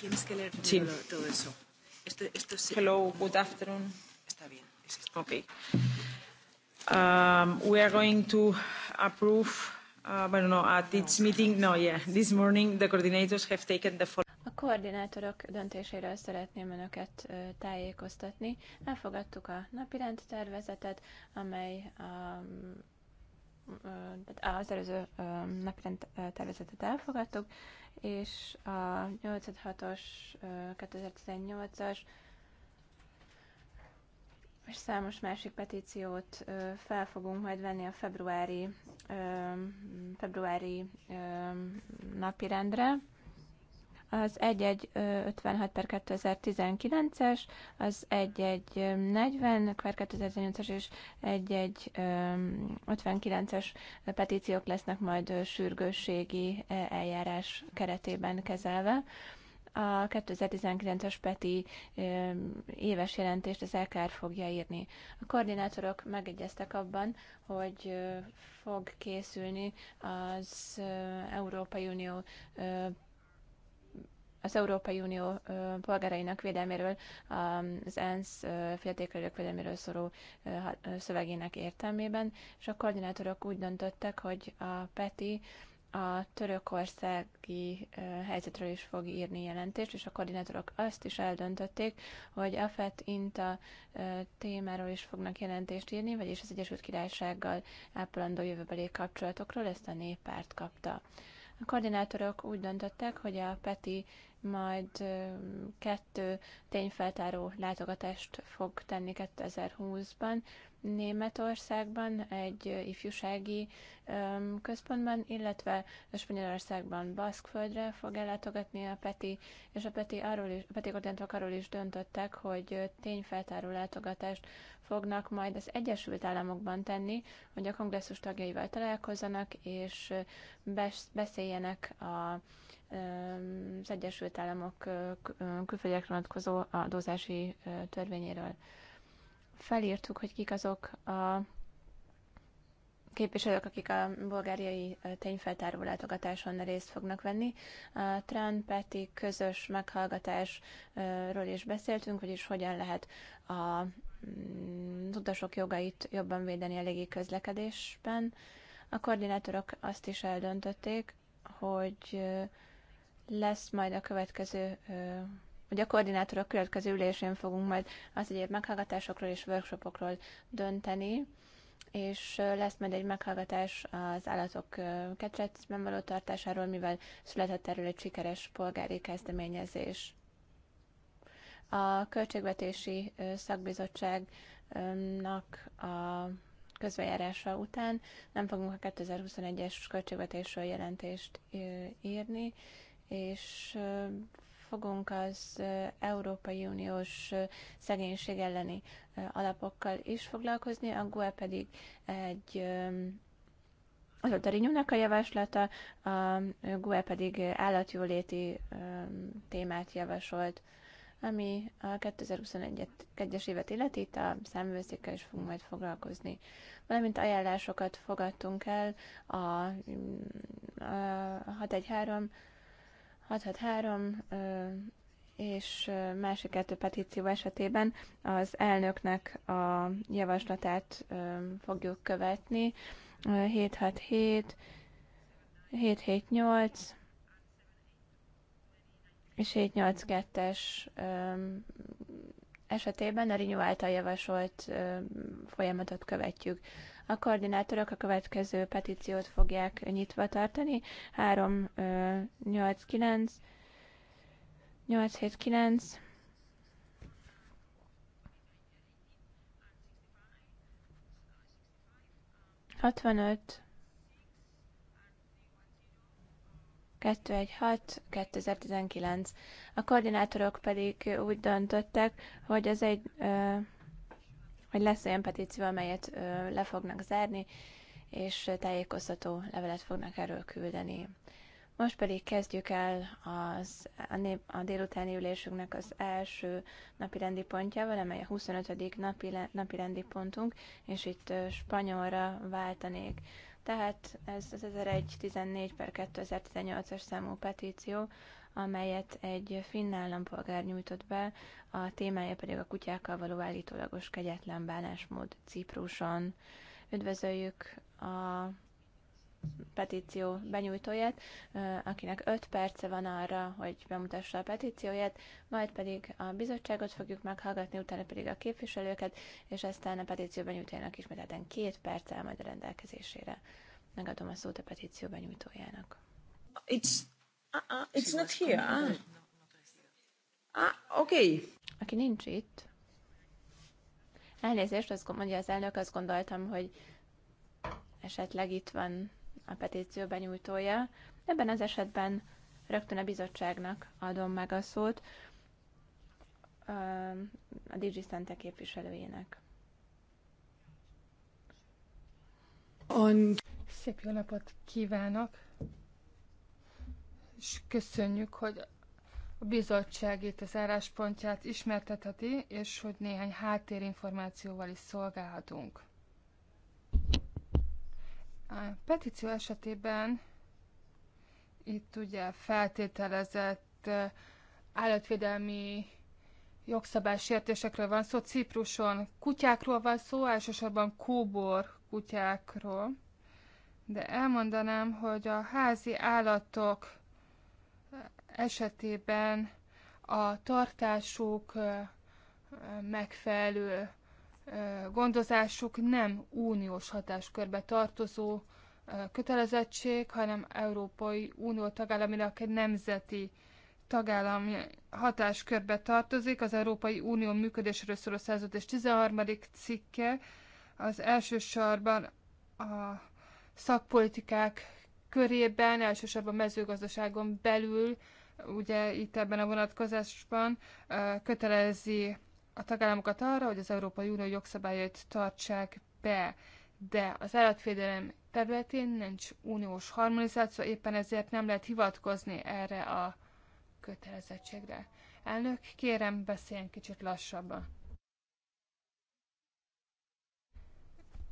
tienes que leer sí. todo eso. Esto, esto Hello, good afternoon. Está bien. Okay. Um, we are going to approve, uh, but no, at its meeting, no, yeah, this morning the coordinators have taken the following. A koordinátorok döntéséről szeretném Önöket tájékoztatni. Elfogadtuk a napirend tervezetet, amely a um, az előző napirend tervezetet elfogadtuk, és a 86-os, 2018-as és számos másik petíciót fel fogunk majd venni a februári, februári napirendre az 1156 per 2019-es, az 1140 per 2018-as és 1159-es petíciók lesznek majd sürgősségi eljárás keretében kezelve. A 2019-es Peti éves jelentést az LKR fogja írni. A koordinátorok megegyeztek abban, hogy fog készülni az Európai Unió az Európai Unió polgárainak védelméről, az ENSZ féltékelők védelméről szóló szövegének értelmében, és a koordinátorok úgy döntöttek, hogy a PETI a törökországi helyzetről is fog írni jelentést, és a koordinátorok azt is eldöntötték, hogy a FET INTA témáról is fognak jelentést írni, vagyis az Egyesült Királysággal ápolandó jövőbeli kapcsolatokról, ezt a néppárt kapta. A koordinátorok úgy döntöttek, hogy a PETI majd kettő tényfeltáró látogatást fog tenni 2020-ban Németországban, egy ifjúsági központban, illetve Spanyolországban Baszkföldre fog ellátogatni a Peti, és a Peti, arról is, a Peti Kodentok arról is döntöttek, hogy tényfeltáró látogatást fognak majd az Egyesült Államokban tenni, hogy a kongresszus tagjaival találkozzanak, és beszéljenek a az Egyesült Államok külföldiekre vonatkozó adózási törvényéről. Felírtuk, hogy kik azok a képviselők, akik a bulgáriai tényfeltáró látogatáson részt fognak venni. A Trán Peti közös meghallgatásról is beszéltünk, vagyis hogyan lehet a mm, tudások jogait jobban védeni a légi közlekedésben. A koordinátorok azt is eldöntötték, hogy lesz majd a következő, vagy a koordinátorok következő ülésén fogunk majd az egyéb meghallgatásokról és workshopokról dönteni, és lesz majd egy meghallgatás az állatok ketrecben való tartásáról, mivel született erről egy sikeres polgári kezdeményezés. A Költségvetési Szakbizottságnak a közbejárása után nem fogunk a 2021-es költségvetésről jelentést írni, és fogunk az Európai Uniós szegénység elleni alapokkal is foglalkozni, a GUE pedig egy az a Rinyúnak a javaslata, a GUE pedig állatjóléti témát javasolt, ami a 2021-es évet illeti, a számvőszékkel is fogunk majd foglalkozni. Valamint ajánlásokat fogadtunk el a, mm, a 613 663 és másik kettő petíció esetében az elnöknek a javaslatát fogjuk követni. 767, 778 és 782-es esetében a Rinyó által javasolt folyamatot követjük. A koordinátorok a következő petíciót fogják nyitva tartani. 3, 8, 8, 9, 389 879 65 216-2019. A koordinátorok pedig úgy döntöttek, hogy ez egy ö, hogy lesz olyan petíció, amelyet le fognak zárni, és tájékoztató levelet fognak erről küldeni. Most pedig kezdjük el az, a, né, a délutáni ülésünknek az első napi rendi pontjával, amely a 25. napi, napi rendi pontunk, és itt spanyolra váltanék. Tehát ez az 1114 per 2018-as számú petíció, amelyet egy finn állampolgár nyújtott be, a témája pedig a kutyákkal való állítólagos kegyetlen bánásmód Cipruson. Üdvözöljük a petíció benyújtóját, akinek 5 perce van arra, hogy bemutassa a petícióját, majd pedig a bizottságot fogjuk meghallgatni, utána pedig a képviselőket, és aztán a petíció benyújtójának ismételten két perc áll majd a rendelkezésére. Megadom a szót a petíció benyújtójának. It's Ah, ah, it's not here. Ah. oké. Ah, okay. Aki nincs itt. Elnézést, azt mondja az elnök, azt gondoltam, hogy esetleg itt van a petíció benyújtója. Ebben az esetben rögtön a bizottságnak adom meg a szót a DG Center képviselőjének. On... Szép jó napot kívánok! és köszönjük, hogy a bizottság itt az álláspontját ismertetheti, és hogy néhány háttérinformációval is szolgálhatunk. A petíció esetében itt ugye feltételezett állatvédelmi jogszabálysértésekről van szó. Cipruson kutyákról van szó, elsősorban kóbor kutyákról. De elmondanám, hogy a házi állatok esetében a tartásuk megfelelő gondozásuk nem uniós hatáskörbe tartozó kötelezettség, hanem Európai Unió tagállaminak egy nemzeti tagállami hatáskörbe tartozik. Az Európai Unió működésről szóló szerződés 13. cikke az elsősorban a szakpolitikák körében, elsősorban mezőgazdaságon belül ugye itt ebben a vonatkozásban kötelezi a tagállamokat arra, hogy az Európai Unió jogszabályait tartsák be, de az állatvédelem területén nincs uniós harmonizáció, éppen ezért nem lehet hivatkozni erre a kötelezettségre. Elnök, kérem, beszéljen kicsit lassabban.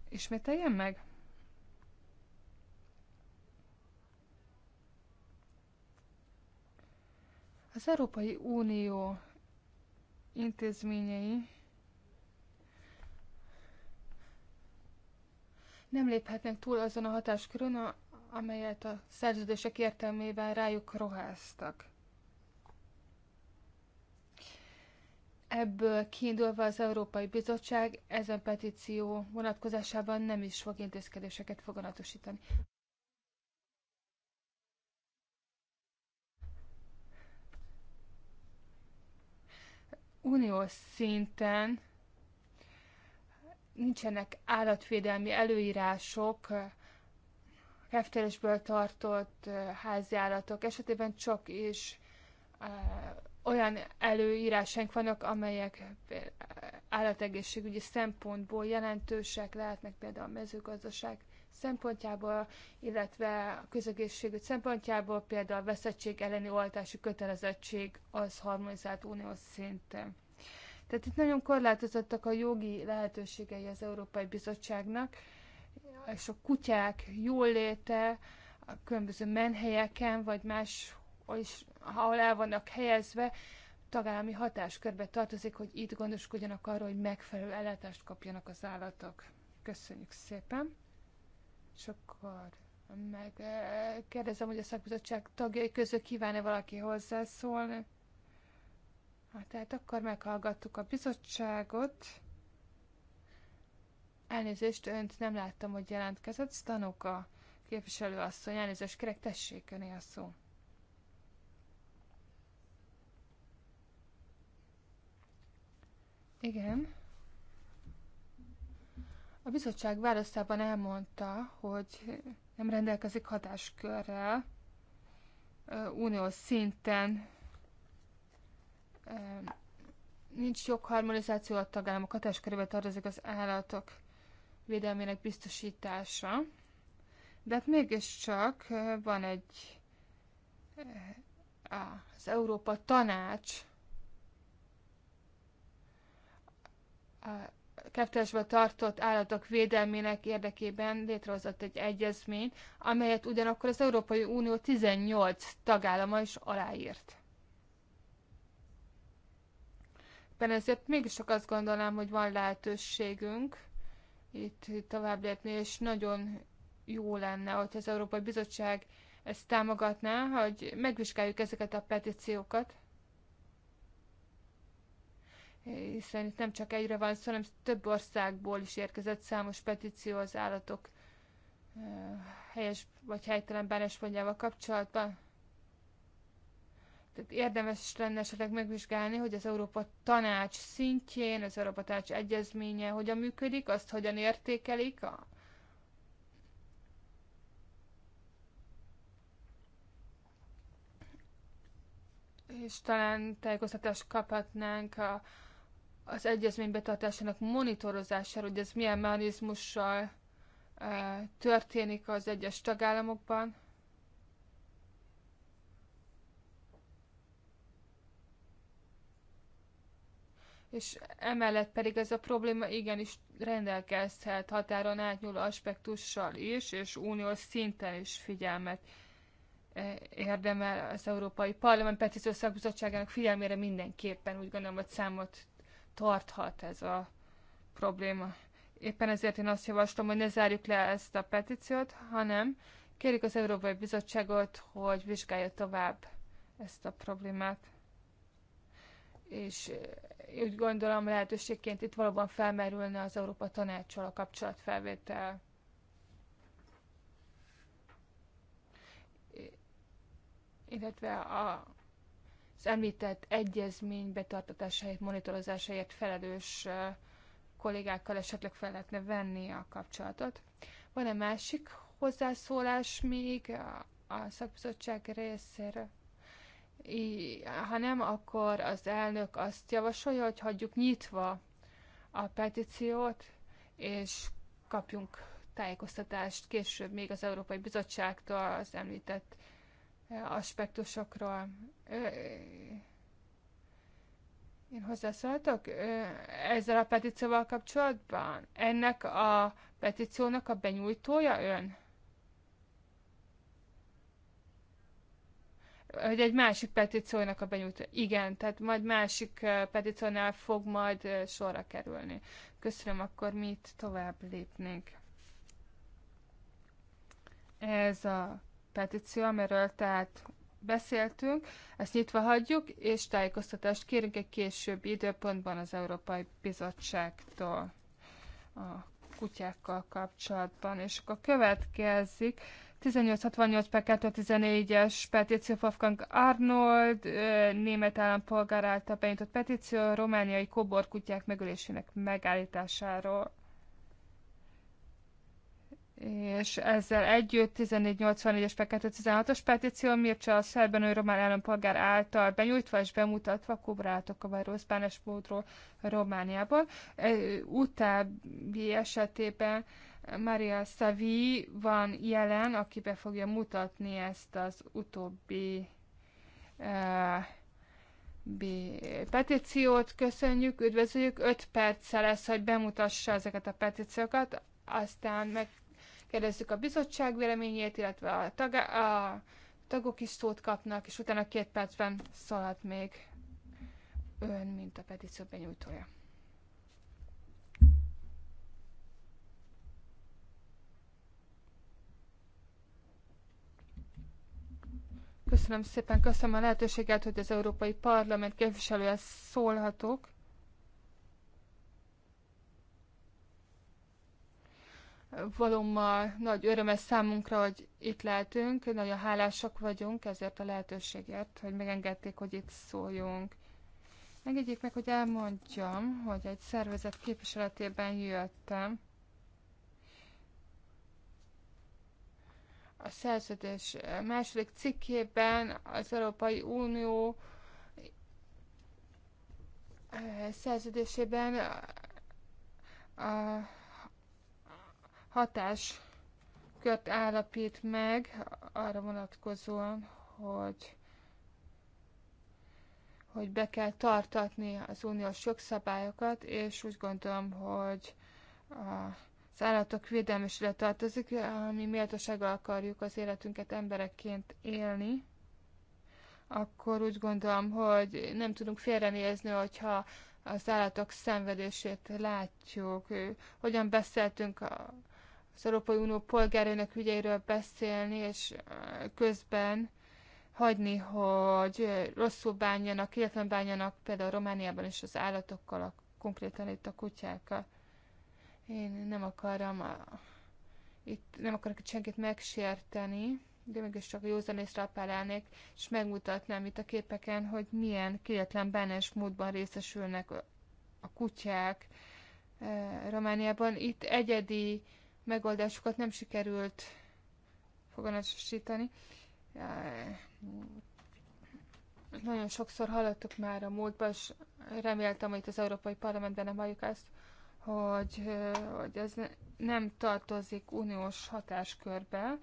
Ismételjen meg? Az Európai Unió intézményei nem léphetnek túl azon a hatáskörön, amelyet a szerződések értelmében rájuk roháztak. Ebből kiindulva az Európai Bizottság ezen petíció vonatkozásában nem is fog intézkedéseket foganatosítani. uniós szinten nincsenek állatvédelmi előírások, keftelésből tartott háziállatok esetében csak is olyan előírásaink vannak, amelyek állategészségügyi szempontból jelentősek lehetnek például a mezőgazdaság szempontjából, illetve a közegészségügy szempontjából, például a veszettség elleni oltási kötelezettség az harmonizált uniós szinten. Tehát itt nagyon korlátozottak a jogi lehetőségei az Európai Bizottságnak, és a kutyák léte a különböző menhelyeken, vagy más, és ahol el vannak helyezve, tagállami hatáskörbe tartozik, hogy itt gondoskodjanak arról, hogy megfelelő ellátást kapjanak az állatok. Köszönjük szépen! És akkor megkérdezem, eh, hogy a szakbizottság tagjai közül kíván-e valaki hozzászólni? Hát, tehát akkor meghallgattuk a bizottságot. Elnézést, önt nem láttam, hogy jelentkezett. Stanok a asszony, elnézést kérek, tessék öné a szó. Igen. A bizottság válaszában elmondta, hogy nem rendelkezik hatáskörrel uniós szinten nincs jogharmonizáció a tagállamok hatáskörébe tartozik az állatok védelmének biztosítása, de hát mégiscsak van egy az Európa Tanács kettesbe tartott állatok védelmének érdekében létrehozott egy egyezményt, amelyet ugyanakkor az Európai Unió 18 tagállama is aláírt. éppen ezért csak azt gondolom, hogy van lehetőségünk itt tovább lépni, és nagyon jó lenne, hogy az Európai Bizottság ezt támogatná, hogy megvizsgáljuk ezeket a petíciókat, hiszen itt nem csak egyre van szó, hanem több országból is érkezett számos petíció az állatok eh, helyes vagy helytelen bánásmódjával kapcsolatban. Tehát érdemes lenne esetleg megvizsgálni, hogy az Európa Tanács szintjén, az Európa Tanács egyezménye hogyan működik, azt hogyan értékelik a, és talán tájékoztatást kaphatnánk a, az egyezmény betartásának monitorozására, hogy ez milyen mechanizmussal e, történik az egyes tagállamokban. és emellett pedig ez a probléma igenis rendelkezhet határon átnyúló aspektussal is, és uniós szinten is figyelmet eh, érdemel az Európai Parlament Petíció Szakbizottságának figyelmére mindenképpen úgy gondolom, hogy számot tarthat ez a probléma. Éppen ezért én azt javaslom, hogy ne zárjuk le ezt a petíciót, hanem kérjük az Európai Bizottságot, hogy vizsgálja tovább ezt a problémát. És úgy gondolom lehetőségként itt valóban felmerülne az Európa Tanácssal a kapcsolatfelvétel. illetve a, az említett egyezmény betartatásáért, monitorozásáért felelős kollégákkal esetleg fel lehetne venni a kapcsolatot. Van-e másik hozzászólás még a, a szakbizottság részéről? ha nem, akkor az elnök azt javasolja, hogy hagyjuk nyitva a petíciót, és kapjunk tájékoztatást később még az Európai Bizottságtól az említett aspektusokról. Én hozzászóltok ezzel a petícióval kapcsolatban? Ennek a petíciónak a benyújtója ön? hogy egy másik petíciónak a benyújtó. Igen, tehát majd másik petíciónál fog majd sorra kerülni. Köszönöm, akkor mi itt tovább lépnénk. Ez a petíció, amiről tehát beszéltünk, ezt nyitva hagyjuk, és tájékoztatást kérünk egy későbbi időpontban az Európai Bizottságtól a kutyákkal kapcsolatban. És akkor következik 1868 per 2014-es petíció Wolfgang Arnold, német állampolgár által benyújtott petíció romániai koborkutyák megölésének megállításáról. És ezzel együtt 1484-es per 2016-os petíció Mircea a ő román állampolgár által benyújtva és bemutatva kobrátokkal a rossz bánásmódról Romániából. Utábbi esetében Maria Savi van jelen, aki be fogja mutatni ezt az utóbbi uh, petíciót. Köszönjük, üdvözlőjük. Öt perccel lesz, hogy bemutassa ezeket a petíciókat, aztán megkérdezzük a bizottság véleményét, illetve a, tag, a tagok is szót kapnak, és utána két percben szólhat még ön, mint a petíció benyújtója. Köszönöm szépen, köszönöm a lehetőséget, hogy az Európai Parlament képviselője szólhatok. Valóban nagy öröme számunkra, hogy itt lehetünk, nagyon hálásak vagyunk ezért a lehetőségért, hogy megengedték, hogy itt szóljunk. Engedjék meg, hogy elmondjam, hogy egy szervezet képviseletében jöttem, a szerződés második cikkében az Európai Unió eh, szerződésében a hatáskört állapít meg arra vonatkozóan, hogy hogy be kell tartatni az uniós jogszabályokat, és úgy gondolom, hogy a az állatok védelme is ide tartozik, mi méltósággal akarjuk az életünket emberekként élni, akkor úgy gondolom, hogy nem tudunk félrenézni, hogyha az állatok szenvedését látjuk. Hogyan beszéltünk az Európai Unió polgárainak ügyeiről beszélni, és közben hagyni, hogy rosszul bánjanak, illetve bánjanak például Romániában is az állatokkal, a, konkrétan itt a kutyákkal. Én nem akarom a, itt nem akarok itt senkit megsérteni, de mégiscsak józanészre appellálnék, és megmutatnám itt a képeken, hogy milyen kéletlen módban részesülnek a kutyák e, Romániában. Itt egyedi megoldásokat nem sikerült foganatosítani. E, nagyon sokszor hallottuk már a múltban, és reméltem, hogy itt az Európai Parlamentben nem halljuk ezt, hogy, hogy ez nem tartozik uniós hatáskörbe,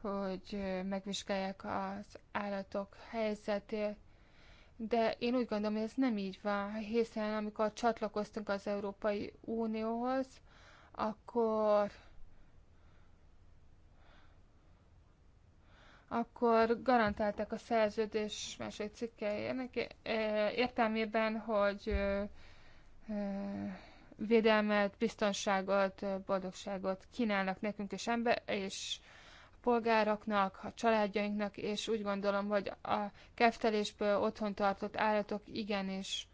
hogy megvizsgálják az állatok helyzetét, de én úgy gondolom, hogy ez nem így van, hiszen amikor csatlakoztunk az Európai Unióhoz, akkor akkor garantálták a szerződés másik cikkeinek értelmében, hogy védelmet, biztonságot, boldogságot kínálnak nekünk és ember, és a polgároknak, a családjainknak, és úgy gondolom, hogy a keftelésből otthon tartott állatok igenis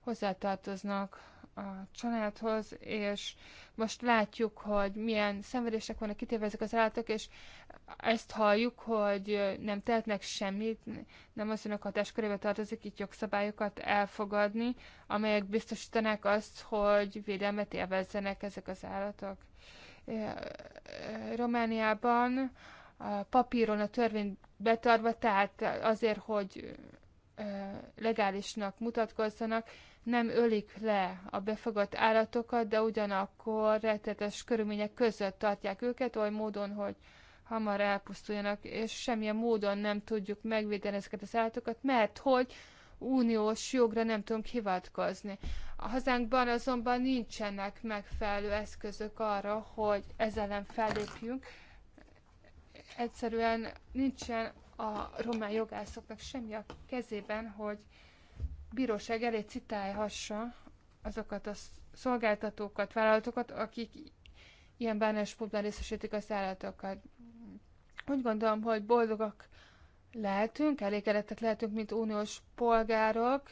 hozzátartoznak a családhoz, és most látjuk, hogy milyen szenvedések vannak kitéve ezek az állatok, és ezt halljuk, hogy nem tehetnek semmit, nem az önök körébe tartozik itt jogszabályokat elfogadni, amelyek biztosítanák azt, hogy védelmet élvezzenek ezek az állatok. Romániában a papíron a törvény betartva, tehát azért, hogy legálisnak mutatkozzanak, nem ölik le a befogott állatokat, de ugyanakkor rettetes körülmények között tartják őket, oly módon, hogy hamar elpusztuljanak, és semmilyen módon nem tudjuk megvédeni ezeket az állatokat, mert hogy uniós jogra nem tudunk hivatkozni. A hazánkban azonban nincsenek megfelelő eszközök arra, hogy ezzel ellen fellépjünk. Egyszerűen nincsen a román jogászoknak semmi a kezében, hogy bíróság elé citálhassa azokat a szolgáltatókat, vállalatokat, akik ilyen bánásmódban részesítik az állatokat. Úgy gondolom, hogy boldogak lehetünk, elégedettek lehetünk, mint uniós polgárok,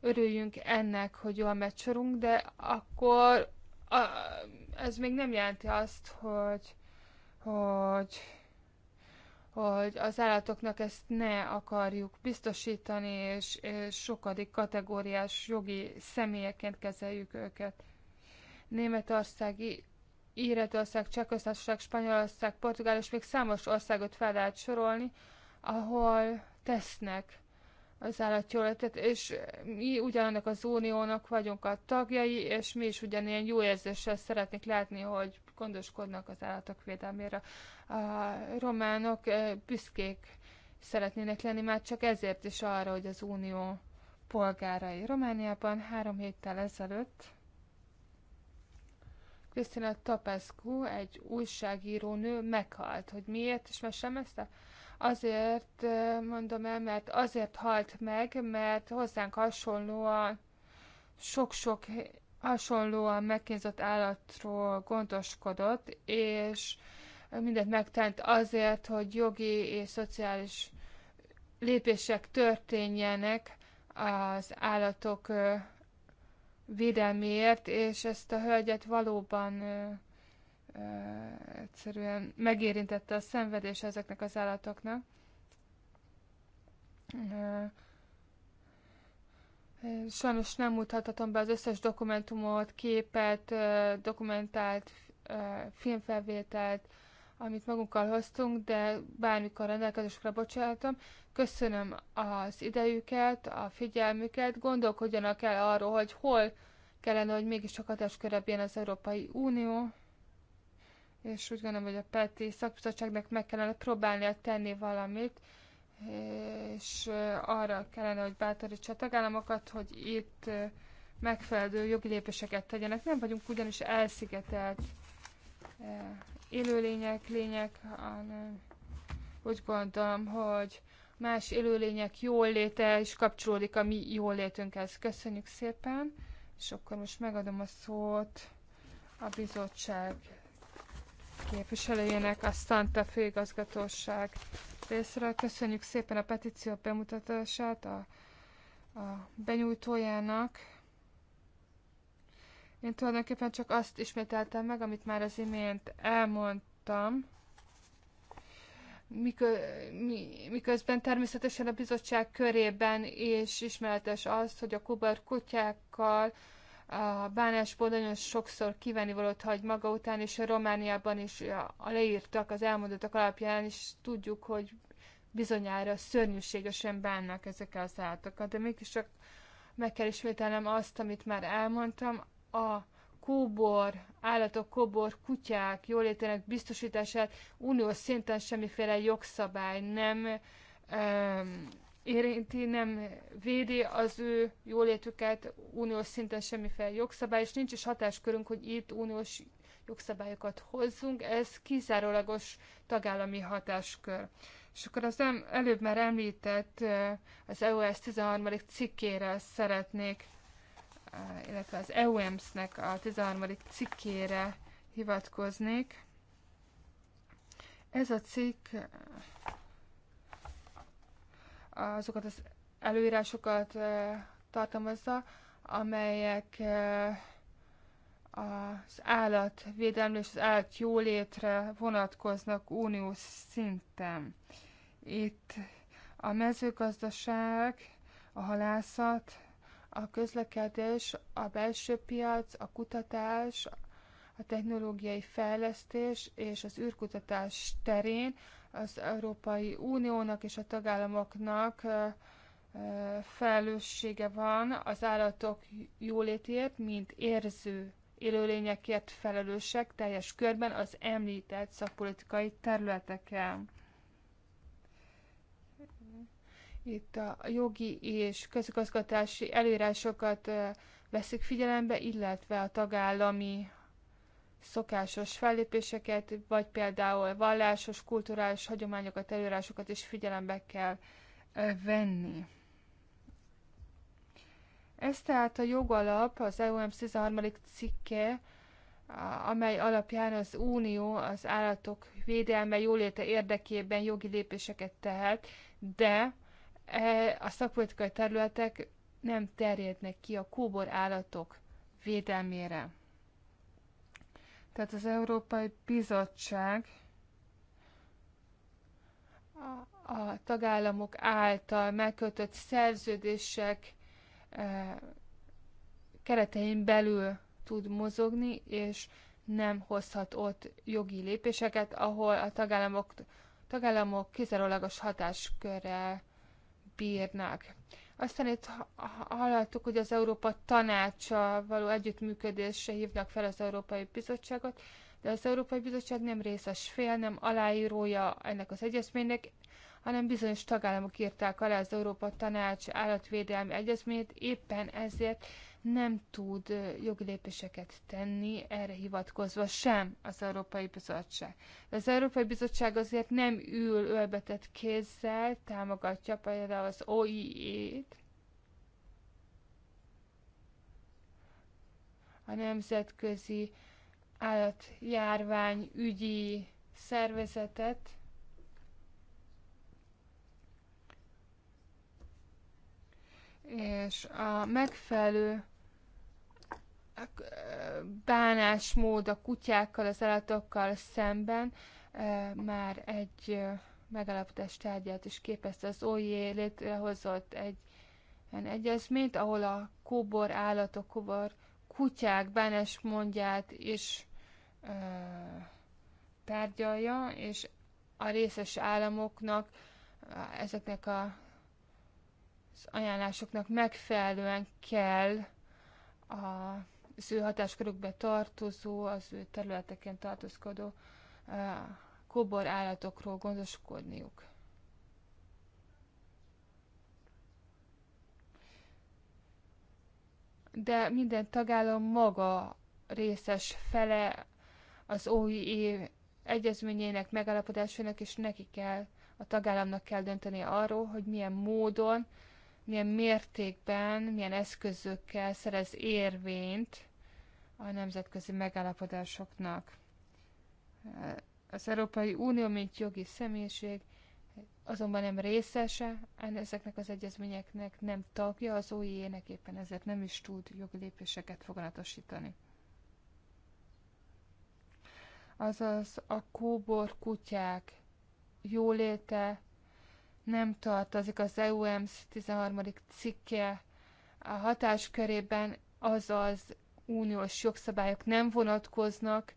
örüljünk ennek, hogy jól megy sorunk, de akkor a, ez még nem jelenti azt, hogy, hogy hogy az állatoknak ezt ne akarjuk biztosítani, és, és sokadik kategóriás jogi személyeként kezeljük őket. Németországi Íretország, Csehköztársaság, Spanyolország, Portugál és még számos országot fel lehet sorolni, ahol tesznek az állatjólétet, és mi ugyanannak az uniónak vagyunk a tagjai, és mi is ugyanilyen jó érzéssel szeretnék látni, hogy gondoskodnak az állatok védelmére. A románok eh, büszkék szeretnének lenni már csak ezért is arra, hogy az unió polgárai. Romániában három héttel ezelőtt Krisztina Tapescu, egy újságíró nő meghalt. Hogy miért is mesem ezt? Azért eh, mondom el, mert azért halt meg, mert hozzánk hasonlóan sok-sok hasonlóan megkínzott állatról gondoskodott, és mindent megtent azért, hogy jogi és szociális lépések történjenek az állatok védelméért, és ezt a hölgyet valóban egyszerűen megérintette a szenvedés ezeknek az állatoknak. Sajnos nem mutathatom be az összes dokumentumot, képet, dokumentált filmfelvételt, amit magunkkal hoztunk, de bármikor rendelkezésre bocsátom. Köszönöm az idejüket, a figyelmüket, gondolkodjanak el arról, hogy hol kellene, hogy mégiscsak hatáskörebb ilyen az Európai Unió, és úgy gondolom, hogy a PETI szakbizottságnak meg kellene próbálnia tenni valamit, és arra kellene, hogy bátorítsa a tagállamokat, hogy itt megfelelő jogi lépéseket tegyenek. Nem vagyunk ugyanis elszigetelt élőlények, lények, hanem úgy gondolom, hogy más élőlények jól léte is kapcsolódik a mi jól létünkhez. Köszönjük szépen, és akkor most megadom a szót a bizottság képviselőjének, a Santa Főigazgatóság részről. Köszönjük szépen a petíció bemutatását a, a benyújtójának. Én tulajdonképpen csak azt ismételtem meg, amit már az imént elmondtam. Mikö, mi, miközben természetesen a bizottság körében is ismeretes az, hogy a kubar kutyákkal a bánásból nagyon sokszor valót hagy maga után, és a Romániában is a leírtak, az elmondottak alapján is tudjuk, hogy bizonyára szörnyűségesen bánnak ezekkel az állatokkal. De mégis csak meg kell ismételnem azt, amit már elmondtam, a kóbor, állatok, kóbor, kutyák jólétének biztosítását uniós szinten semmiféle jogszabály nem um, érinti, nem védi az ő jólétüket uniós szinten semmiféle jogszabály, és nincs is hatáskörünk, hogy itt uniós jogszabályokat hozzunk, ez kizárólagos tagállami hatáskör. És akkor az előbb már említett az EOS 13. cikkére szeretnék, illetve az EUMS-nek a 13. cikkére hivatkoznék. Ez a cikk azokat az előírásokat eh, tartalmazza, amelyek eh, az állatvédelemre és az állat jólétre vonatkoznak uniós szinten. Itt a mezőgazdaság, a halászat, a közlekedés, a belső piac, a kutatás, a technológiai fejlesztés és az űrkutatás terén az Európai Uniónak és a tagállamoknak felelőssége van az állatok jólétért, mint érző élőlényekért felelősek teljes körben az említett szakpolitikai területeken. Itt a jogi és közigazgatási előírásokat veszik figyelembe, illetve a tagállami szokásos fellépéseket, vagy például vallásos, kulturális hagyományokat, előrásokat is figyelembe kell venni. Ez tehát a jogalap, az EUM 13. cikke, amely alapján az Unió az állatok védelme jóléte érdekében jogi lépéseket tehet, de e, a szakpolitikai területek nem terjednek ki a kóbor állatok védelmére. Tehát az Európai Bizottság a tagállamok által megkötött szerződések e, keretein belül tud mozogni, és nem hozhat ott jogi lépéseket, ahol a tagállamok, tagállamok kizárólagos hatáskörrel bírnak. Aztán itt hallottuk, hogy az Európa Tanácsa való együttműködésre hívnak fel az Európai Bizottságot, de az Európai Bizottság nem részes fél, nem aláírója ennek az egyezménynek, hanem bizonyos tagállamok írták alá az Európa Tanács állatvédelmi egyezményét, éppen ezért nem tud jogi lépéseket tenni, erre hivatkozva sem az Európai Bizottság. Az Európai Bizottság azért nem ül ölbetett kézzel, támogatja például az OIE-t, a Nemzetközi Állatjárvány ügyi szervezetet, és a megfelelő bánásmód a kutyákkal, az állatokkal szemben már egy megállapodás tárgyát is képezte. Az OIE létrehozott egy ilyen egyezményt, ahol a kóbor állatok, kóbor kutyák bánásmódját is tárgyalja, és a részes államoknak ezeknek a, az ajánlásoknak megfelelően kell a az ő hatáskörükbe tartozó, az ő területeken tartózkodó eh, kobor állatokról gondoskodniuk. De minden tagállam maga részes fele az OIE egyezményének, megállapodásának, és neki kell, a tagállamnak kell dönteni arról, hogy milyen módon milyen mértékben, milyen eszközökkel szerez érvényt a nemzetközi megállapodásoknak. Az Európai Unió, mint jogi személyiség, azonban nem részese ezeknek az egyezményeknek, nem tagja az OIE-nek, éppen ezért nem is tud jogi lépéseket foganatosítani. Azaz a kóbor kutyák jóléte nem tartozik az EUMS 13. cikke a hatáskörében, azaz uniós jogszabályok nem vonatkoznak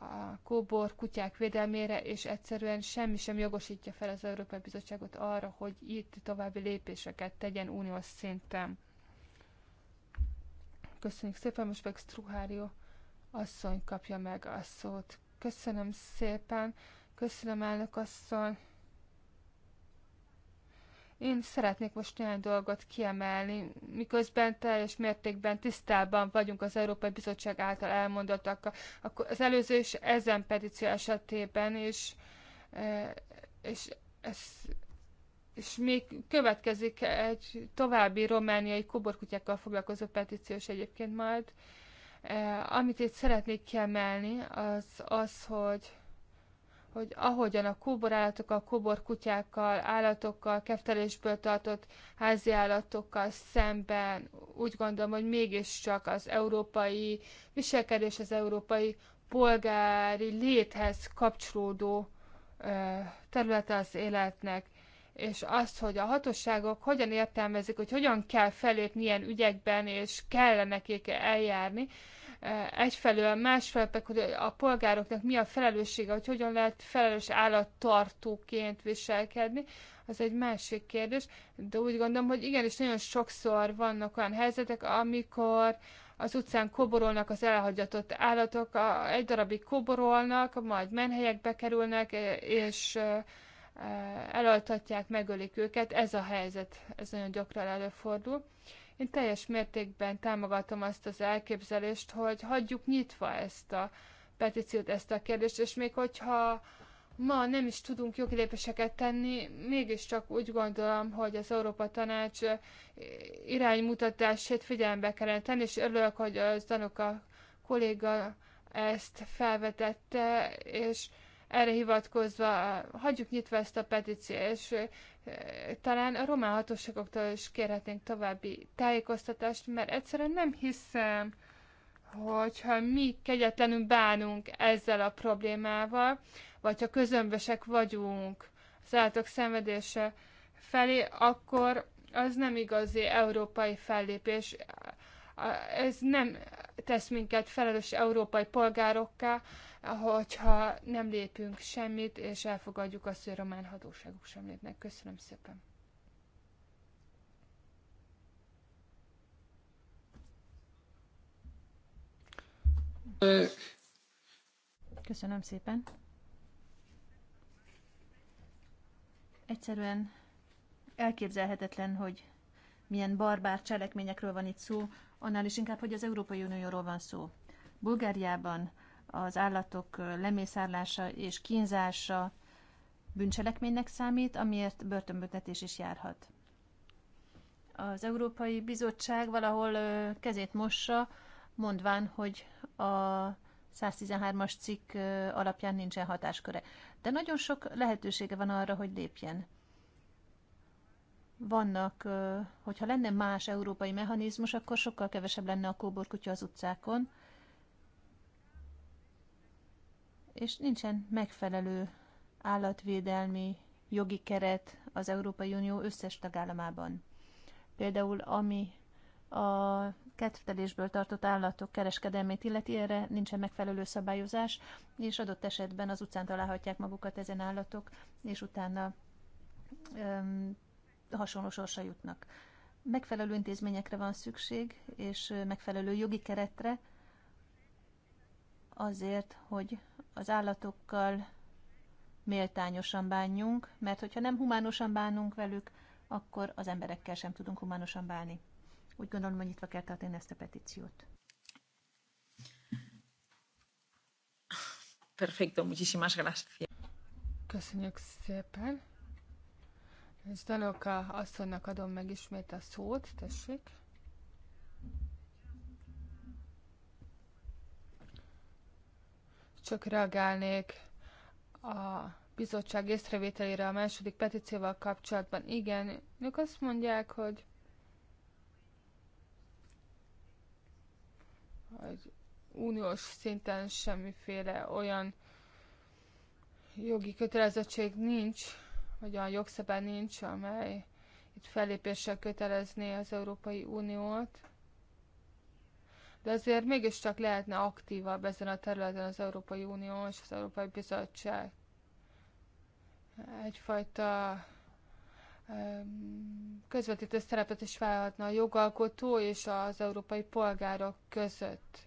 a kóbor kutyák védelmére, és egyszerűen semmi sem jogosítja fel az Európai Bizottságot arra, hogy itt további lépéseket tegyen uniós szinten. Köszönjük szépen, most meg Struhárió asszony kapja meg a szót. Köszönöm szépen, köszönöm elnök asszony. Én szeretnék most néhány dolgot kiemelni, miközben teljes mértékben tisztában vagyunk az Európai Bizottság által elmondottakkal. Akkor az előző és ezen petíció esetében is, e, és, és, és még következik egy további romániai koborkutyákkal foglalkozó petíciós egyébként majd. E, amit itt szeretnék kiemelni, az az, hogy hogy ahogyan a kóborállatokkal, kóborkutyákkal, állatokkal, keftelésből tartott háziállatokkal szemben úgy gondolom, hogy mégiscsak az európai viselkedés, az európai polgári léthez kapcsolódó ö, területe az életnek, és azt, hogy a hatóságok hogyan értelmezik, hogy hogyan kell felépni ilyen ügyekben, és kellene nekik eljárni, egyfelől, másfelől pedig, hogy a polgároknak mi a felelőssége, hogy hogyan lehet felelős állattartóként viselkedni, az egy másik kérdés, de úgy gondolom, hogy igenis nagyon sokszor vannak olyan helyzetek, amikor az utcán koborolnak az elhagyatott állatok, egy darabig koborolnak, majd menhelyekbe kerülnek, e, és e, e, elaltatják, megölik őket. Ez a helyzet, ez nagyon gyakran előfordul. Én teljes mértékben támogatom azt az elképzelést, hogy hagyjuk nyitva ezt a petíciót, ezt a kérdést, és még hogyha ma nem is tudunk lépéseket tenni, mégiscsak úgy gondolom, hogy az Európa Tanács iránymutatását figyelembe kellene tenni, és örülök, hogy az Danuka kolléga ezt felvetette, és erre hivatkozva hagyjuk nyitva ezt a petíciót, és e, talán a román hatóságoktól is kérhetnénk további tájékoztatást, mert egyszerűen nem hiszem, hogyha mi kegyetlenül bánunk ezzel a problémával, vagy ha közömbösek vagyunk az állatok szenvedése felé, akkor az nem igazi európai fellépés. Ez nem tesz minket felelős európai polgárokká, hogyha nem lépünk semmit, és elfogadjuk azt, hogy a román hatóságok sem lépnek. Köszönöm szépen. Köszönöm szépen. Egyszerűen elképzelhetetlen, hogy milyen barbár cselekményekről van itt szó, annál is inkább, hogy az Európai Unióról van szó. Bulgáriában az állatok lemészárlása és kínzása bűncselekménynek számít, amiért börtönbüntetés is járhat. Az Európai Bizottság valahol kezét mossa, mondván, hogy a 113-as cikk alapján nincsen hatásköre. De nagyon sok lehetősége van arra, hogy lépjen vannak, hogyha lenne más európai mechanizmus, akkor sokkal kevesebb lenne a kóborkutya az utcákon, és nincsen megfelelő állatvédelmi jogi keret az Európai Unió összes tagállamában. Például ami a kettelésből tartott állatok kereskedelmét illeti, erre nincsen megfelelő szabályozás, és adott esetben az utcán találhatják magukat ezen állatok, és utána öm, hasonló sorsa jutnak. Megfelelő intézményekre van szükség, és megfelelő jogi keretre azért, hogy az állatokkal méltányosan bánjunk, mert hogyha nem humánosan bánunk velük, akkor az emberekkel sem tudunk humánosan bánni. Úgy gondolom, hogy nyitva kell tartani ezt a petíciót. Perfecto, muchísimas gracias. Köszönjük szépen. Zdanoka asszonynak adom meg ismét a szót, tessék. Csak reagálnék a bizottság észrevételére a második petícióval kapcsolatban. Igen, ők azt mondják, hogy, hogy uniós szinten semmiféle olyan jogi kötelezettség nincs, hogy olyan jogszabály nincs, amely itt fellépéssel kötelezné az Európai Uniót. De azért mégiscsak lehetne aktívabb ezen a területen az Európai Unió és az Európai Bizottság. Egyfajta közvetítő szerepet is vállalhatna a jogalkotó és az európai polgárok között.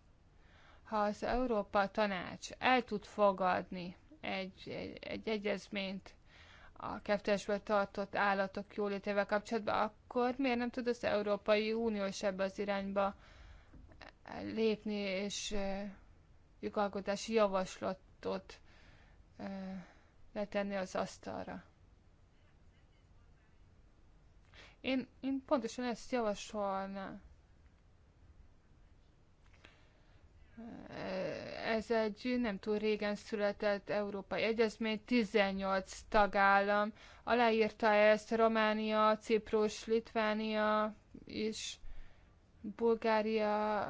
Ha az Európa Tanács el tud fogadni egy, egy, egy egyezményt, a keftesből tartott állatok jólétével kapcsolatban, akkor miért nem tud az Európai Unió is ebbe az irányba lépni, és jogalkotási javaslatot letenni az asztalra? Én, én pontosan ezt javasolnám. ez egy nem túl régen született európai egyezmény, 18 tagállam aláírta ezt, Románia, Ciprus, Litvánia és Bulgária,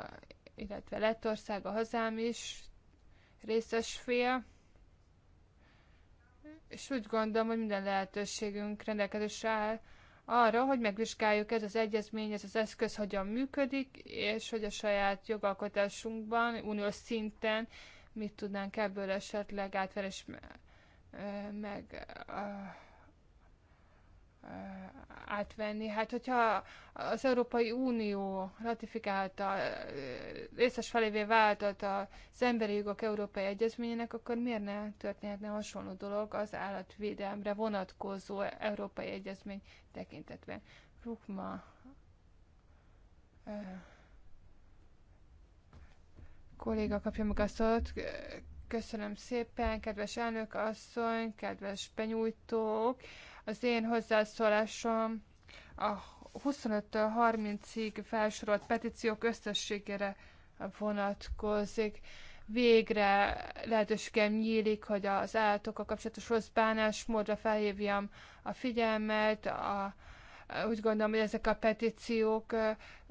illetve Lettország, a hazám is részes fél. És úgy gondolom, hogy minden lehetőségünk rendelkezésre áll arra, hogy megvizsgáljuk ez az egyezmény, ez az eszköz hogyan működik, és hogy a saját jogalkotásunkban, uniós szinten mit tudnánk ebből esetleg átverés meg, meg átvenni. Hát, hogyha az Európai Unió ratifikálta, részes felévé váltott az Emberi Jogok Európai Egyezményének, akkor miért ne történhetne hasonló dolog az állatvédelemre vonatkozó Európai Egyezmény tekintetben? Rukma kolléga kapja meg a szót. Köszönöm szépen, kedves elnök asszony, kedves benyújtók. Az én hozzászólásom a 25-től 30-ig felsorolt petíciók összességére vonatkozik. Végre lehetőségem nyílik, hogy az a kapcsolatos rossz bánásmódra felhívjam a figyelmet, a, úgy gondolom, hogy ezek a petíciók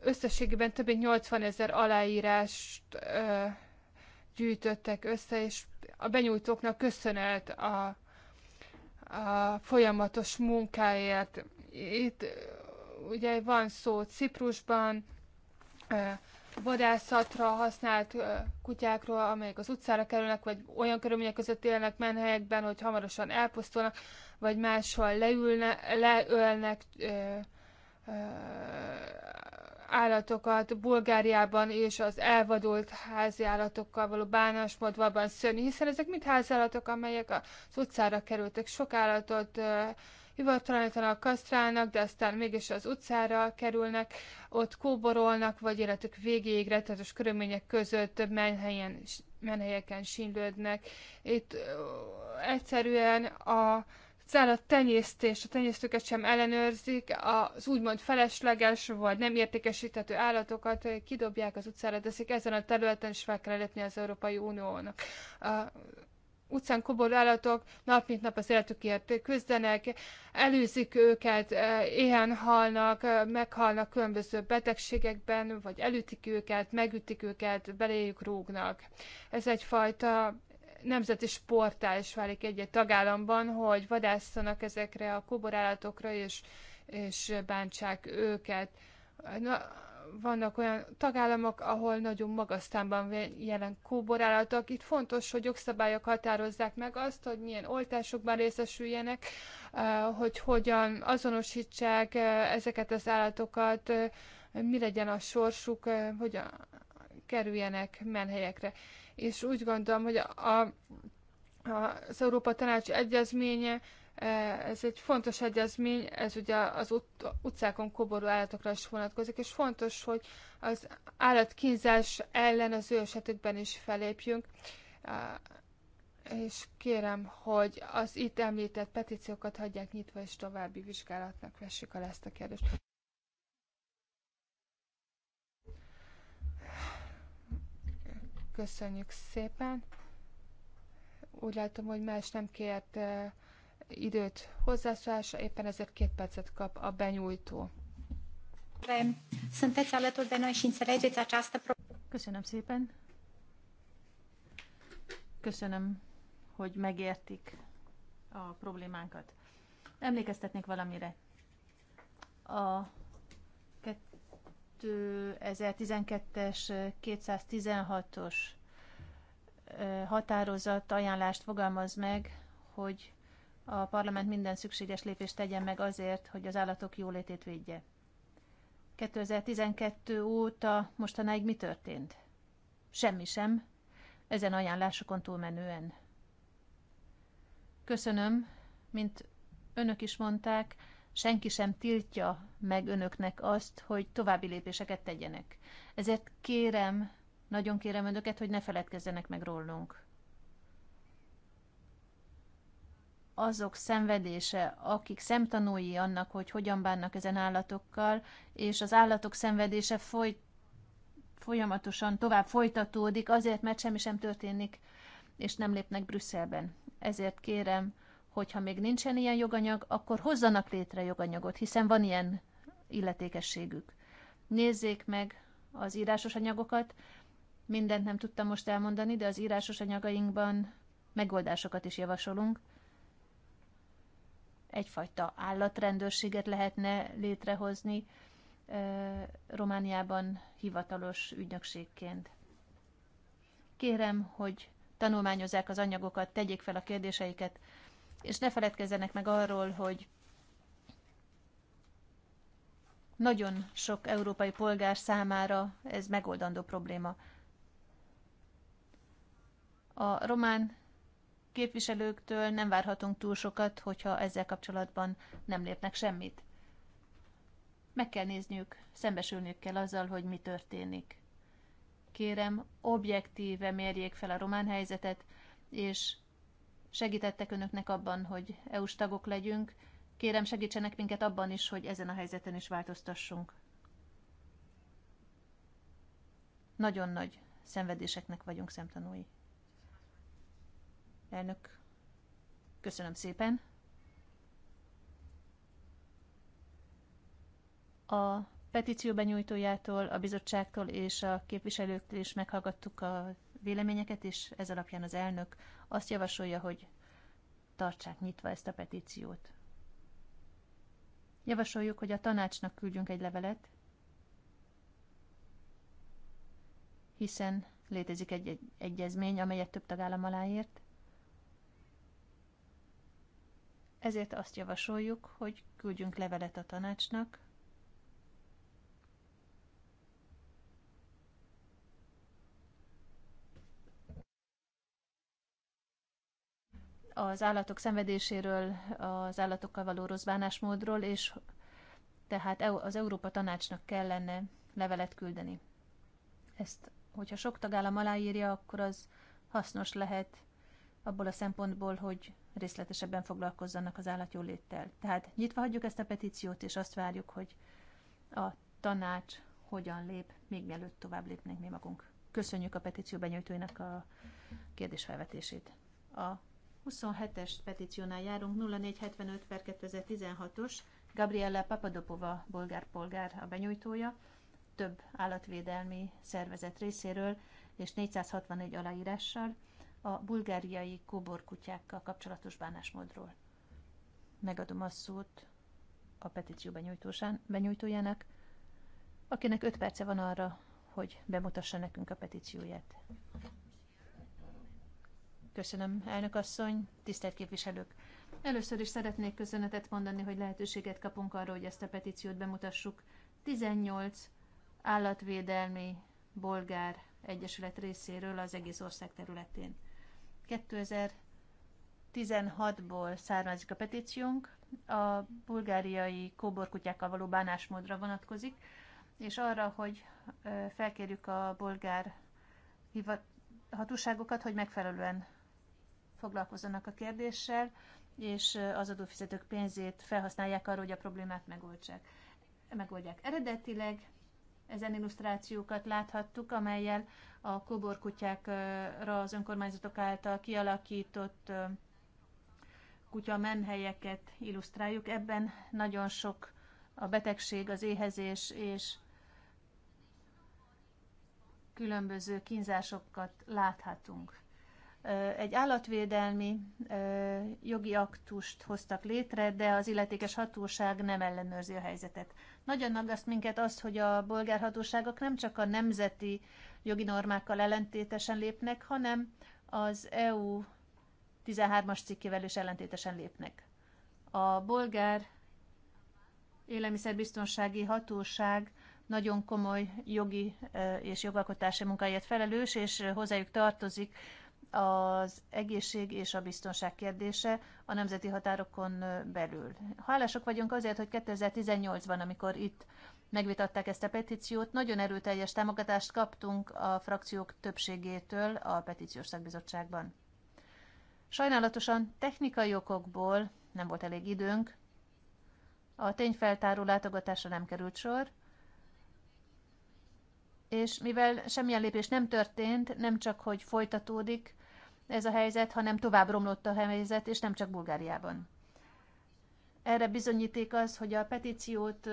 összességében több mint 80 ezer aláírást gyűjtöttek össze, és a benyújtóknak köszönet a a folyamatos munkáért. Itt ugye van szó Ciprusban, vadászatra használt kutyákról, amelyek az utcára kerülnek, vagy olyan körülmények között élnek menhelyekben, hogy hamarosan elpusztulnak, vagy máshol leülne, leölnek, ö, ö, állatokat Bulgáriában és az elvadult házi állatokkal való bánásmód valóban szörnyű, hiszen ezek mind háziállatok, amelyek az utcára kerültek. Sok állatot hivatalanítanak, kasztrálnak, de aztán mégis az utcára kerülnek, ott kóborolnak, vagy életük végéig rettenetes körülmények között több menhelyen, menhelyeken sínlődnek. Itt egyszerűen a az tenyésztés, a tenyésztőket sem ellenőrzik, az úgymond felesleges vagy nem értékesíthető állatokat eh, kidobják az utcára, teszik ezen a területen is fel kell lépni az Európai Uniónak. A utcán kobor állatok nap mint nap az életükért küzdenek, előzik őket, eh, éhen halnak, eh, meghalnak különböző betegségekben, vagy elütik őket, megütik őket, beléjük rúgnak. Ez egyfajta nemzeti sportá is válik egy-egy tagállamban, hogy vadásszanak ezekre a kóborállatokra, és, és bántsák őket. Na, vannak olyan tagállamok, ahol nagyon magas számban jelen kóborállatok. Itt fontos, hogy jogszabályok határozzák meg azt, hogy milyen oltásokban részesüljenek, eh, hogy hogyan azonosítsák eh, ezeket az állatokat, eh, mi legyen a sorsuk, hogyan kerüljenek menhelyekre és úgy gondolom, hogy a, a, az Európa tanácsi egyezménye, e, ez egy fontos egyezmény, ez ugye az ut- utcákon koború állatokra is vonatkozik, és fontos, hogy az állatkínzás ellen az ő esetükben is felépjünk e, és kérem, hogy az itt említett petíciókat hagyják nyitva, és további vizsgálatnak vessék alá ezt a kérdést. Köszönjük szépen. Úgy látom, hogy más nem kért eh, időt hozzászólásra, éppen ezért két percet kap a benyújtó. Köszönöm szépen. Köszönöm, hogy megértik a problémánkat. Emlékeztetnék valamire. A 2012-es 216-os határozat ajánlást fogalmaz meg, hogy a parlament minden szükséges lépést tegyen meg azért, hogy az állatok jólétét védje. 2012 óta mostanáig mi történt? Semmi sem, ezen ajánlásokon túlmenően. Köszönöm, mint önök is mondták, senki sem tiltja meg önöknek azt, hogy további lépéseket tegyenek. Ezért kérem, nagyon kérem önöket, hogy ne feledkezzenek meg rólunk. azok szenvedése, akik szemtanúi annak, hogy hogyan bánnak ezen állatokkal, és az állatok szenvedése foly, folyamatosan tovább folytatódik, azért, mert semmi sem történik, és nem lépnek Brüsszelben. Ezért kérem, hogyha még nincsen ilyen joganyag, akkor hozzanak létre joganyagot, hiszen van ilyen illetékességük. Nézzék meg az írásos anyagokat. Mindent nem tudtam most elmondani, de az írásos anyagainkban megoldásokat is javasolunk. Egyfajta állatrendőrséget lehetne létrehozni Romániában hivatalos ügynökségként. Kérem, hogy tanulmányozzák az anyagokat, tegyék fel a kérdéseiket, és ne feledkezzenek meg arról, hogy nagyon sok európai polgár számára ez megoldandó probléma. A román képviselőktől nem várhatunk túl sokat, hogyha ezzel kapcsolatban nem lépnek semmit. Meg kell nézniük, szembesülniük kell azzal, hogy mi történik. Kérem, objektíve mérjék fel a román helyzetet, és segítettek önöknek abban, hogy EU-s tagok legyünk. Kérem, segítsenek minket abban is, hogy ezen a helyzeten is változtassunk. Nagyon nagy szenvedéseknek vagyunk szemtanúi. Elnök, köszönöm szépen. A petíció benyújtójától, a bizottságtól és a képviselőktől is meghallgattuk a véleményeket, és ez alapján az elnök azt javasolja, hogy tartsák nyitva ezt a petíciót. Javasoljuk, hogy a tanácsnak küldjünk egy levelet, hiszen létezik egy, egyezmény, amelyet több tagállam aláért. Ezért azt javasoljuk, hogy küldjünk levelet a tanácsnak, az állatok szenvedéséről, az állatokkal való rossz bánásmódról, és tehát e az Európa Tanácsnak kellene levelet küldeni. Ezt, hogyha sok tagállam aláírja, akkor az hasznos lehet abból a szempontból, hogy részletesebben foglalkozzanak az állatjóléttel. Tehát nyitva hagyjuk ezt a petíciót, és azt várjuk, hogy a tanács hogyan lép, még mielőtt tovább lépnénk mi magunk. Köszönjük a petíció benyújtóinak a kérdésfelvetését. A 27-es petíciónál járunk, 0475 per 2016-os, Gabriella Papadopova bolgár polgár a benyújtója, több állatvédelmi szervezet részéről és 461 aláírással a bulgáriai kóborkutyákkal kapcsolatos bánásmódról. Megadom a szót a petíció benyújtójának, akinek 5 perce van arra, hogy bemutassa nekünk a petícióját. Köszönöm, elnök asszony, tisztelt képviselők! Először is szeretnék köszönetet mondani, hogy lehetőséget kapunk arra, hogy ezt a petíciót bemutassuk. 18 állatvédelmi bolgár egyesület részéről az egész ország területén. 2016-ból származik a petíciónk, a bulgáriai kóborkutyákkal való bánásmódra vonatkozik, és arra, hogy felkérjük a bolgár hatóságokat, hogy megfelelően foglalkozzanak a kérdéssel, és az adófizetők pénzét felhasználják arra, hogy a problémát megoldják. megoldják. Eredetileg ezen illusztrációkat láthattuk, amelyel a koborkutyákra az önkormányzatok által kialakított kutya menhelyeket illusztráljuk. Ebben nagyon sok a betegség, az éhezés és különböző kínzásokat láthatunk egy állatvédelmi jogi aktust hoztak létre, de az illetékes hatóság nem ellenőrzi a helyzetet. Nagyon aggaszt minket az, hogy a bolgár hatóságok nem csak a nemzeti jogi normákkal ellentétesen lépnek, hanem az EU 13-as cikkével is ellentétesen lépnek. A bolgár élelmiszerbiztonsági hatóság nagyon komoly jogi és jogalkotási munkáért felelős, és hozzájuk tartozik az egészség és a biztonság kérdése a nemzeti határokon belül. Hálások vagyunk azért, hogy 2018-ban, amikor itt megvitatták ezt a petíciót, nagyon erőteljes támogatást kaptunk a frakciók többségétől a petíciós szakbizottságban. Sajnálatosan technikai okokból nem volt elég időnk, a tényfeltáró látogatásra nem került sor, és mivel semmilyen lépés nem történt, nem csak hogy folytatódik, ez a helyzet, hanem tovább romlott a helyzet, és nem csak Bulgáriában. Erre bizonyíték az, hogy a petíciót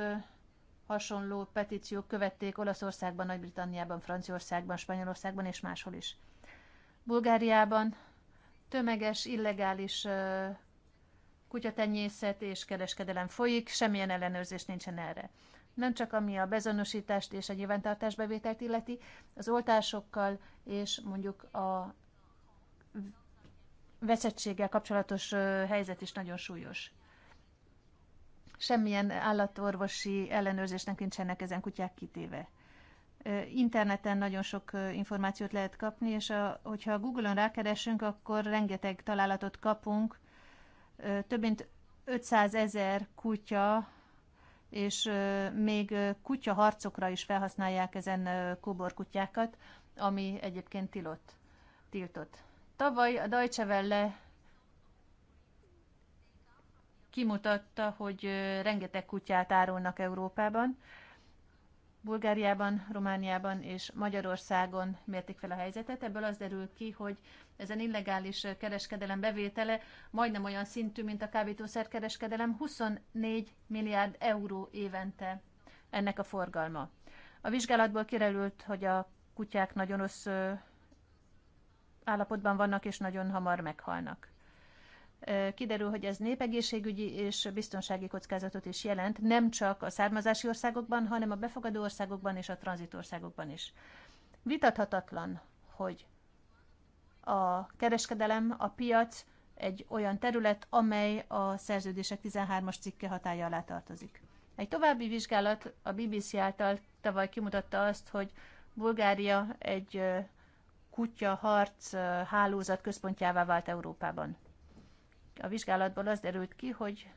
hasonló petíciók követték Olaszországban, Nagy-Britanniában, Franciaországban, Spanyolországban és máshol is. Bulgáriában tömeges, illegális kutyatenyészet és kereskedelem folyik, semmilyen ellenőrzés nincsen erre. Nem csak ami a bezonosítást és a nyilvántartásbevételt illeti, az oltásokkal és mondjuk a veszettséggel kapcsolatos helyzet is nagyon súlyos. Semmilyen állatorvosi ellenőrzésnek nincsenek ezen kutyák kitéve. Interneten nagyon sok információt lehet kapni, és a, hogyha a Google-on rákeresünk, akkor rengeteg találatot kapunk. Több mint 500 ezer kutya, és még harcokra is felhasználják ezen kóborkutyákat, ami egyébként tilott, tiltott Tavaly a Deutsche Welle kimutatta, hogy rengeteg kutyát árulnak Európában. Bulgáriában, Romániában és Magyarországon mérték fel a helyzetet. Ebből az derül ki, hogy ezen illegális kereskedelem bevétele majdnem olyan szintű, mint a kábítószerkereskedelem, 24 milliárd euró évente ennek a forgalma. A vizsgálatból kiderült, hogy a kutyák nagyon rossz állapotban vannak, és nagyon hamar meghalnak. Kiderül, hogy ez népegészségügyi és biztonsági kockázatot is jelent, nem csak a származási országokban, hanem a befogadó országokban és a tranzitországokban is. Vitathatatlan, hogy a kereskedelem, a piac egy olyan terület, amely a szerződések 13-as cikke hatája alá tartozik. Egy további vizsgálat a BBC által tavaly kimutatta azt, hogy Bulgária egy kutya harc hálózat központjává vált Európában. A vizsgálatból az derült ki, hogy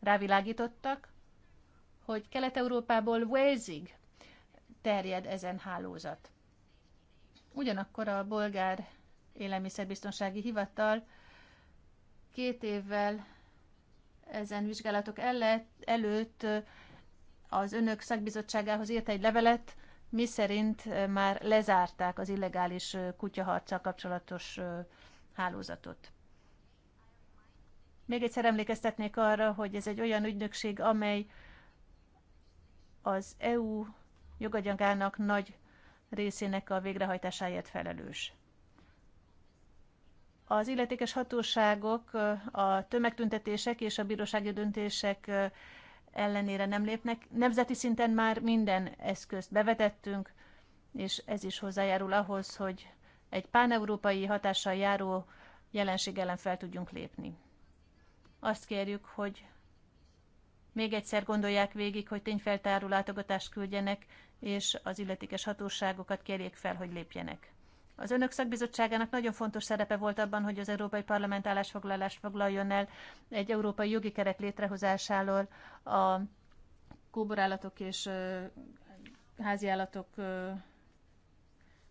rávilágítottak, hogy Kelet-Európából Walesig terjed ezen hálózat. Ugyanakkor a bolgár élelmiszerbiztonsági hivatal két évvel ezen vizsgálatok előtt az önök szakbizottságához írt egy levelet, mi szerint már lezárták az illegális kutyaharccal kapcsolatos hálózatot. Még egyszer emlékeztetnék arra, hogy ez egy olyan ügynökség, amely az EU jogagyagának nagy részének a végrehajtásáért felelős. Az illetékes hatóságok a tömegtüntetések és a bírósági döntések ellenére nem lépnek. Nemzeti szinten már minden eszközt bevetettünk, és ez is hozzájárul ahhoz, hogy egy páneurópai hatással járó jelenség ellen fel tudjunk lépni. Azt kérjük, hogy még egyszer gondolják végig, hogy tényfeltáró látogatást küldjenek, és az illetékes hatóságokat kérjék fel, hogy lépjenek. Az önök szakbizottságának nagyon fontos szerepe volt abban, hogy az Európai Parlament állásfoglalást foglaljon el egy európai jogi keret létrehozásáról a kóborállatok és háziállatok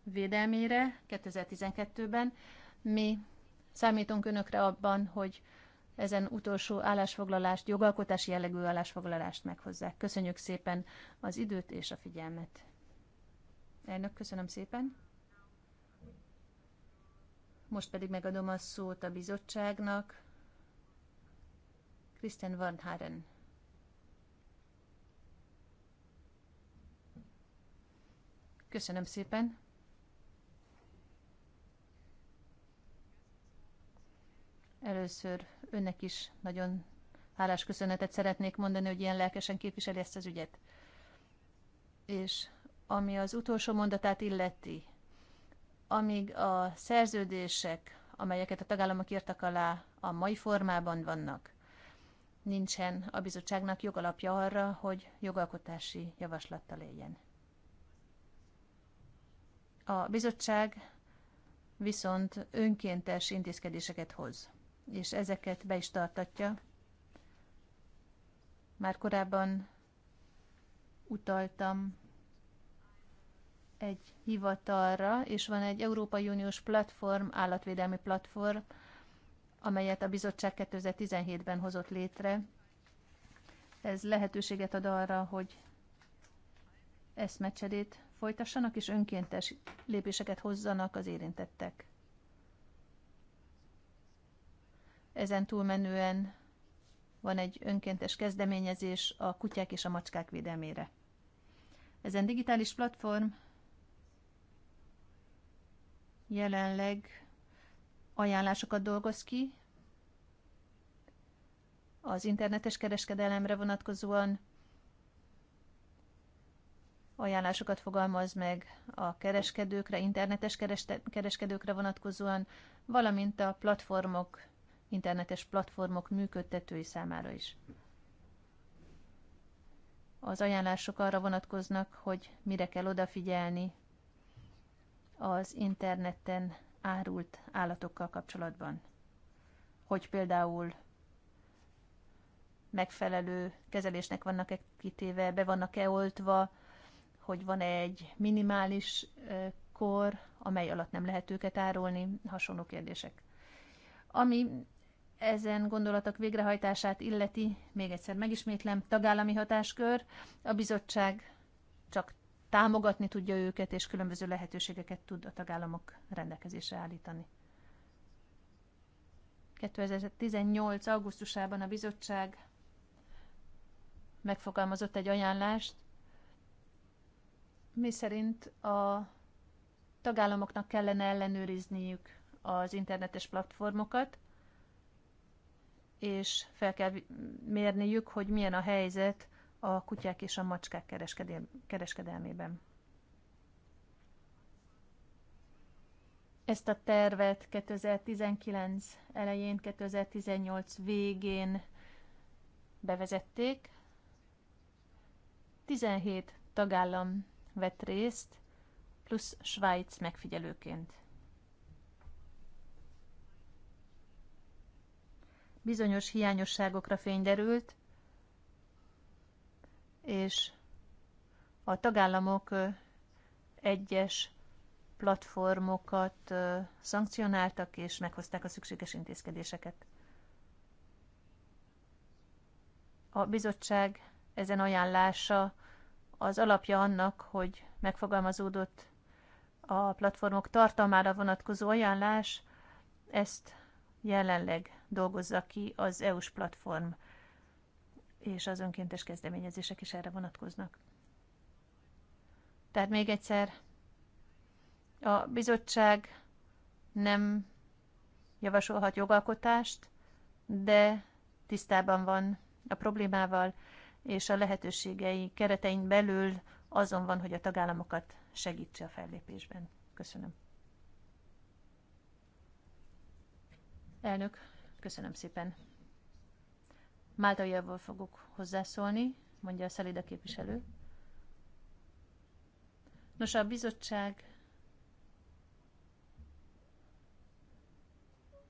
védelmére 2012-ben. Mi számítunk önökre abban, hogy ezen utolsó állásfoglalást, jogalkotási jellegű állásfoglalást meghozzák. Köszönjük szépen az időt és a figyelmet. Elnök, köszönöm szépen. Most pedig megadom a szót a bizottságnak. Christian Van Haren. Köszönöm szépen. Először önnek is nagyon hálás köszönetet szeretnék mondani, hogy ilyen lelkesen képviseli ezt az ügyet. És ami az utolsó mondatát illeti, amíg a szerződések, amelyeket a tagállamok írtak alá, a mai formában vannak, nincsen a bizottságnak jogalapja arra, hogy jogalkotási javaslattal éljen. A bizottság viszont önkéntes intézkedéseket hoz, és ezeket be is tartatja. Már korábban utaltam egy hivatalra, és van egy Európai Uniós platform, állatvédelmi platform, amelyet a bizottság 2017-ben hozott létre. Ez lehetőséget ad arra, hogy eszmecserét folytassanak, és önkéntes lépéseket hozzanak az érintettek. Ezen túlmenően van egy önkéntes kezdeményezés a kutyák és a macskák védelmére. Ezen digitális platform jelenleg ajánlásokat dolgoz ki az internetes kereskedelemre vonatkozóan, ajánlásokat fogalmaz meg a kereskedőkre, internetes kereskedőkre vonatkozóan, valamint a platformok, internetes platformok működtetői számára is. Az ajánlások arra vonatkoznak, hogy mire kell odafigyelni az interneten árult állatokkal kapcsolatban. Hogy például megfelelő kezelésnek vannak-e kitéve, be vannak-e oltva, hogy van -e egy minimális kor, amely alatt nem lehet őket árulni, hasonló kérdések. Ami ezen gondolatok végrehajtását illeti, még egyszer megismétlem, tagállami hatáskör, a bizottság csak támogatni tudja őket, és különböző lehetőségeket tud a tagállamok rendelkezésre állítani. 2018. augusztusában a bizottság megfogalmazott egy ajánlást, miszerint a tagállamoknak kellene ellenőrizniük az internetes platformokat, és fel kell mérniük, hogy milyen a helyzet a kutyák és a macskák kereskedelmében. Ezt a tervet 2019 elején, 2018 végén bevezették. 17 tagállam vett részt, plusz Svájc megfigyelőként. Bizonyos hiányosságokra fény derült, és a tagállamok egyes platformokat szankcionáltak, és meghozták a szükséges intézkedéseket. A bizottság ezen ajánlása az alapja annak, hogy megfogalmazódott a platformok tartalmára vonatkozó ajánlás, ezt jelenleg dolgozza ki az EU-s platform és az önkéntes kezdeményezések is erre vonatkoznak. Tehát még egyszer, a bizottság nem javasolhat jogalkotást, de tisztában van a problémával, és a lehetőségei keretein belül azon van, hogy a tagállamokat segítse a fellépésben. Köszönöm. Elnök, köszönöm szépen. Máltaiaból fogok hozzászólni, mondja a Szelida képviselő. Nos, a bizottság,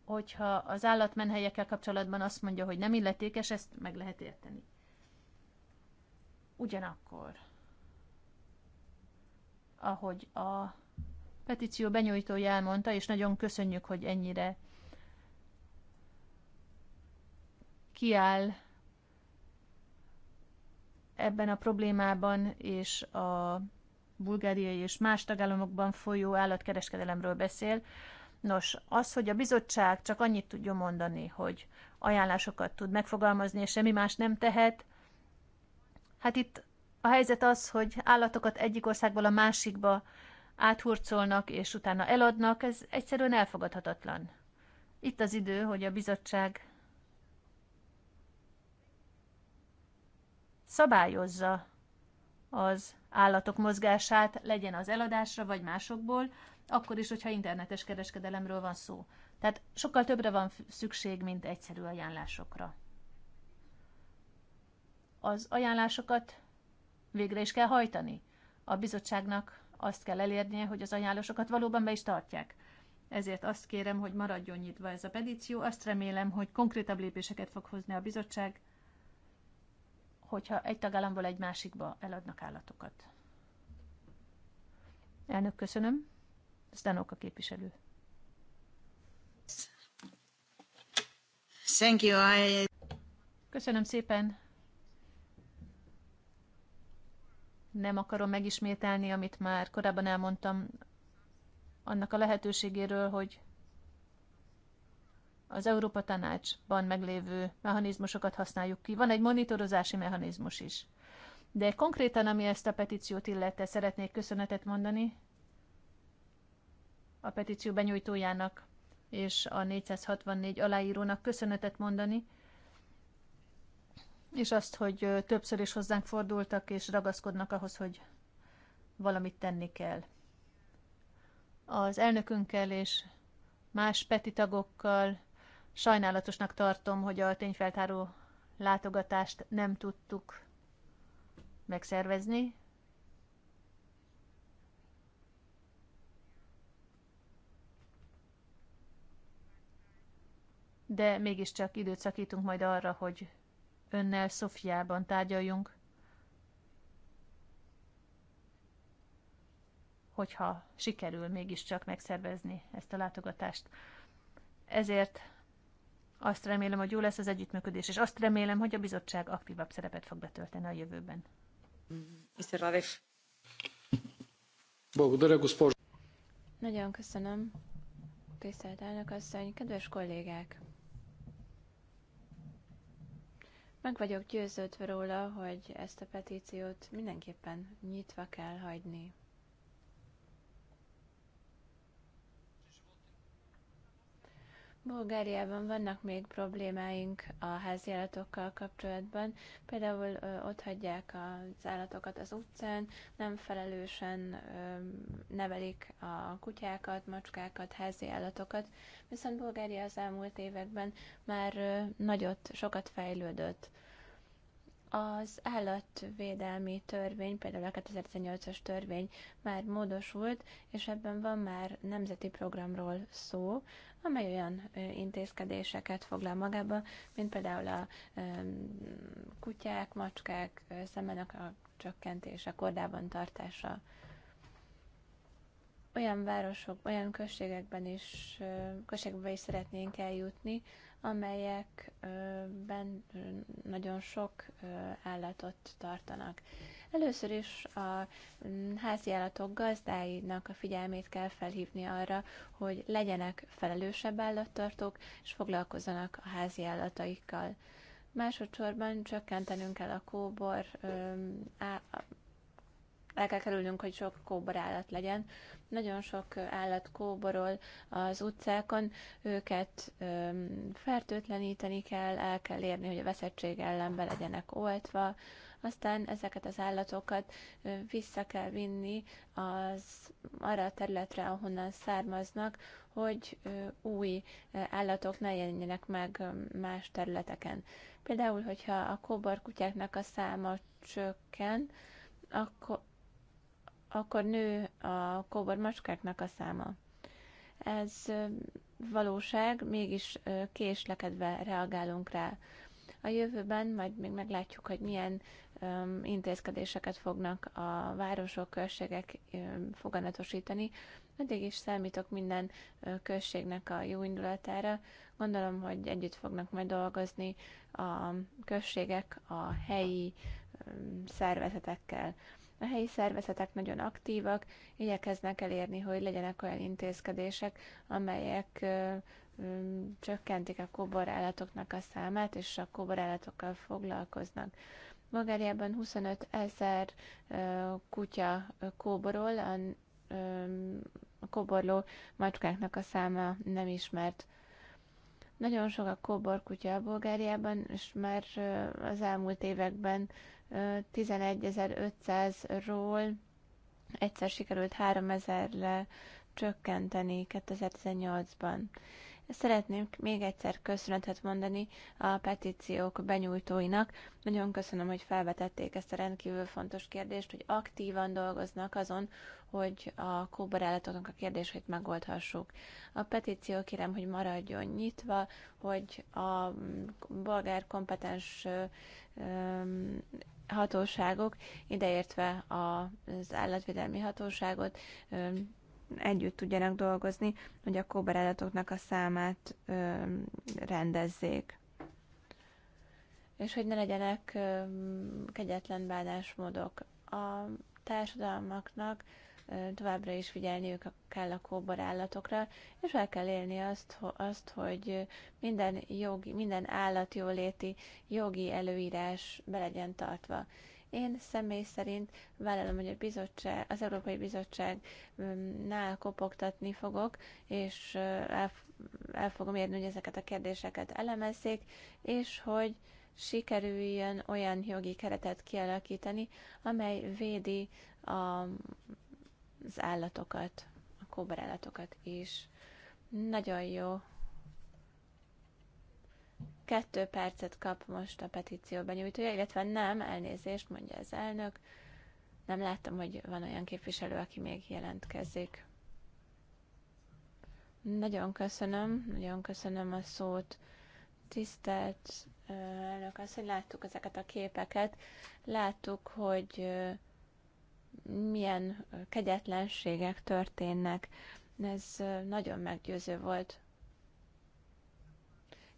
hogyha az állatmenhelyekkel kapcsolatban azt mondja, hogy nem illetékes, ezt meg lehet érteni. Ugyanakkor, ahogy a petíció benyújtója elmondta, és nagyon köszönjük, hogy ennyire kiáll ebben a problémában, és a bulgáriai és más tagállamokban folyó állatkereskedelemről beszél. Nos, az, hogy a bizottság csak annyit tudja mondani, hogy ajánlásokat tud megfogalmazni, és semmi más nem tehet, hát itt a helyzet az, hogy állatokat egyik országból a másikba áthurcolnak, és utána eladnak, ez egyszerűen elfogadhatatlan. Itt az idő, hogy a bizottság szabályozza az állatok mozgását, legyen az eladásra vagy másokból, akkor is, hogyha internetes kereskedelemről van szó. Tehát sokkal többre van szükség, mint egyszerű ajánlásokra. Az ajánlásokat végre is kell hajtani. A bizottságnak azt kell elérnie, hogy az ajánlásokat valóban be is tartják. Ezért azt kérem, hogy maradjon nyitva ez a petíció. Azt remélem, hogy konkrétabb lépéseket fog hozni a bizottság hogyha egy tagállamból egy másikba eladnak állatokat. Elnök, köszönöm. Zdanok a képviselő. Thank you. I... Köszönöm szépen. Nem akarom megismételni, amit már korábban elmondtam, annak a lehetőségéről, hogy az Európa Tanácsban meglévő mechanizmusokat használjuk ki. Van egy monitorozási mechanizmus is. De konkrétan, ami ezt a petíciót illette, szeretnék köszönetet mondani a petíció benyújtójának és a 464 aláírónak köszönetet mondani, és azt, hogy többször is hozzánk fordultak, és ragaszkodnak ahhoz, hogy valamit tenni kell. Az elnökünkkel és más petitagokkal tagokkal Sajnálatosnak tartom, hogy a tényfeltáró látogatást nem tudtuk megszervezni. De mégiscsak időt szakítunk majd arra, hogy önnel Szofiában tárgyaljunk. hogyha sikerül mégiscsak megszervezni ezt a látogatást. Ezért azt remélem, hogy jó lesz az együttműködés, és azt remélem, hogy a bizottság aktívabb szerepet fog betölteni a jövőben. Mr. Radev. Nagyon köszönöm, tisztelt elnök asszony, kedves kollégák! Meg vagyok győződve róla, hogy ezt a petíciót mindenképpen nyitva kell hagyni. Bulgáriában vannak még problémáink a háziállatokkal kapcsolatban. Például ö, ott hagyják az állatokat az utcán, nem felelősen ö, nevelik a kutyákat, macskákat, háziállatokat. Viszont Bulgária az elmúlt években már ö, nagyot, sokat fejlődött. Az állatvédelmi törvény, például a 2018-as törvény már módosult, és ebben van már nemzeti programról szó, amely olyan intézkedéseket foglal magába, mint például a kutyák, macskák szemenek a csökkentése, kordában tartása. Olyan városok, olyan községekben is, községekben is szeretnénk eljutni, amelyekben nagyon sok állatot tartanak. Először is a házi állatok gazdáinak a figyelmét kell felhívni arra, hogy legyenek felelősebb állattartók, és foglalkozzanak a házi állataikkal. Másodszorban csökkentenünk kell a kóbor, el kell kerülnünk, hogy sok kóbor állat legyen, nagyon sok állat kóborol az utcákon, őket fertőtleníteni kell, el kell érni, hogy a veszettség ellen be legyenek oltva, aztán ezeket az állatokat vissza kell vinni az, arra a területre, ahonnan származnak, hogy új állatok ne jelenjenek meg más területeken. Például, hogyha a kóborkutyáknak a száma csökken, akkor akkor nő a kóbor macskáknak a száma. Ez valóság, mégis késlekedve reagálunk rá. A jövőben majd még meglátjuk, hogy milyen intézkedéseket fognak a városok, községek foganatosítani. Addig is számítok minden községnek a jó indulatára. Gondolom, hogy együtt fognak majd dolgozni a községek a helyi szervezetekkel. A helyi szervezetek nagyon aktívak, igyekeznek elérni, hogy legyenek olyan intézkedések, amelyek csökkentik a kóborállatoknak a számát, és a kóborállatokkal foglalkoznak. Bulgáriában 25 ezer kutya kóborol, a, a kóborló macskáknak a száma nem ismert. Nagyon sok a kóborkutya a Bulgáriában, és már az elmúlt években 11.500-ról egyszer sikerült 3000-re csökkenteni 2018-ban. Szeretném még egyszer köszönetet mondani a petíciók benyújtóinak. Nagyon köszönöm, hogy felvetették ezt a rendkívül fontos kérdést, hogy aktívan dolgoznak azon, hogy a kóborállatoknak a kérdését megoldhassuk. A petíció kérem, hogy maradjon nyitva, hogy a bolgár kompetens hatóságok, ideértve az állatvédelmi hatóságot együtt tudjanak dolgozni, hogy a kóberállatoknak a számát rendezzék. És hogy ne legyenek kegyetlen bánásmódok. A társadalmaknak továbbra is figyelniük kell a kóbor állatokra, és el kell élni azt, azt hogy minden, jogi, minden állatjóléti jogi előírás be legyen tartva. Én személy szerint vállalom, hogy a bizottság, az Európai Bizottságnál kopogtatni fogok, és el, el fogom érni, hogy ezeket a kérdéseket elemezzék, és hogy sikerüljön olyan jogi keretet kialakítani, amely védi a az állatokat, a kóberállatokat is. Nagyon jó. Kettő percet kap most a petíció benyújtója, illetve nem, elnézést, mondja az elnök. Nem láttam, hogy van olyan képviselő, aki még jelentkezik. Nagyon köszönöm, nagyon köszönöm a szót. Tisztelt elnök azt, hogy láttuk ezeket a képeket, láttuk, hogy milyen kegyetlenségek történnek. Ez nagyon meggyőző volt.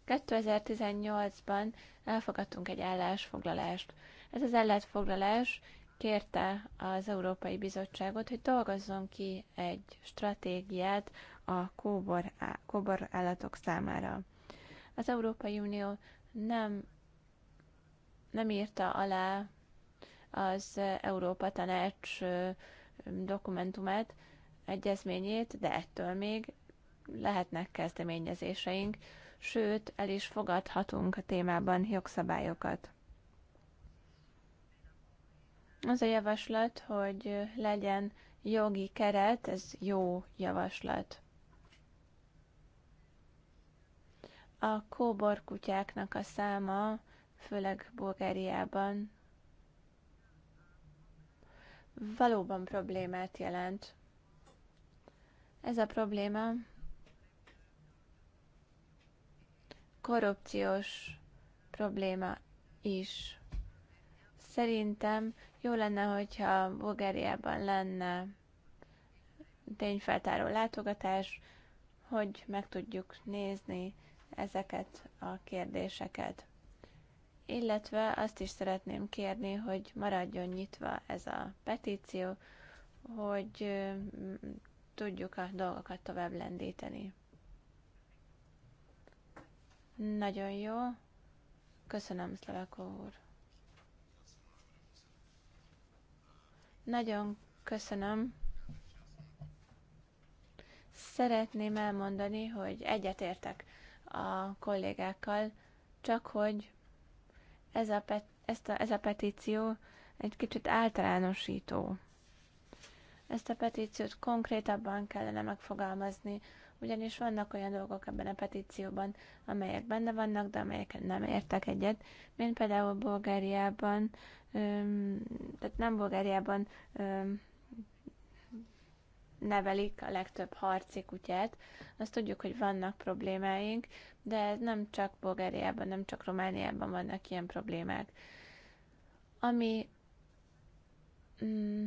2018-ban elfogadtunk egy állásfoglalást. Ez az állásfoglalás kérte az Európai Bizottságot, hogy dolgozzon ki egy stratégiát a kóbor, á, kóbor állatok számára. Az Európai Unió nem, nem írta alá az Európa Tanács dokumentumát, egyezményét, de ettől még lehetnek kezdeményezéseink, sőt, el is fogadhatunk a témában jogszabályokat. Az a javaslat, hogy legyen jogi keret, ez jó javaslat. A kóborkutyáknak a száma, főleg Bulgáriában, valóban problémát jelent. Ez a probléma korrupciós probléma is. Szerintem jó lenne, hogyha Bulgáriában lenne tényfeltáró látogatás, hogy meg tudjuk nézni ezeket a kérdéseket illetve azt is szeretném kérni, hogy maradjon nyitva ez a petíció, hogy tudjuk a dolgokat tovább lendíteni. Nagyon jó. Köszönöm, Szlovakó úr. Nagyon köszönöm. Szeretném elmondani, hogy egyetértek a kollégákkal, csak hogy ez a, pet, ezt a, ez a petíció egy kicsit általánosító. Ezt a petíciót konkrétabban kellene megfogalmazni, ugyanis vannak olyan dolgok ebben a petícióban, amelyek benne vannak, de amelyeket nem értek egyet, mint például Bulgáriában, öm, tehát nem Bulgáriában öm, nevelik a legtöbb harci kutyát. Azt tudjuk, hogy vannak problémáink, de ez nem csak Bulgáriában, nem csak Romániában vannak ilyen problémák. Ami, mm,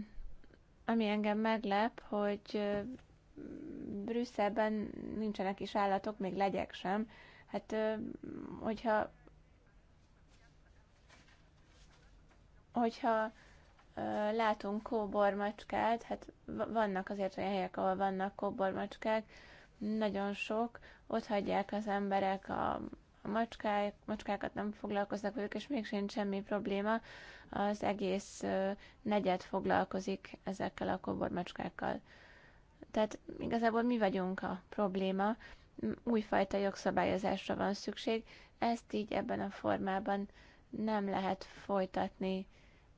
ami engem meglep, hogy Brüsszelben nincsenek is állatok, még legyek sem. Hát, hogyha hogyha látunk kóbormacskát, hát vannak azért olyan helyek, ahol vannak kóbormacskák, nagyon sok, ott hagyják az emberek a macskák, macskákat nem foglalkoznak velük, és még sincs semmi probléma, az egész negyed foglalkozik ezekkel a kobormacskákkal. Tehát igazából mi vagyunk a probléma, újfajta jogszabályozásra van szükség, ezt így ebben a formában nem lehet folytatni.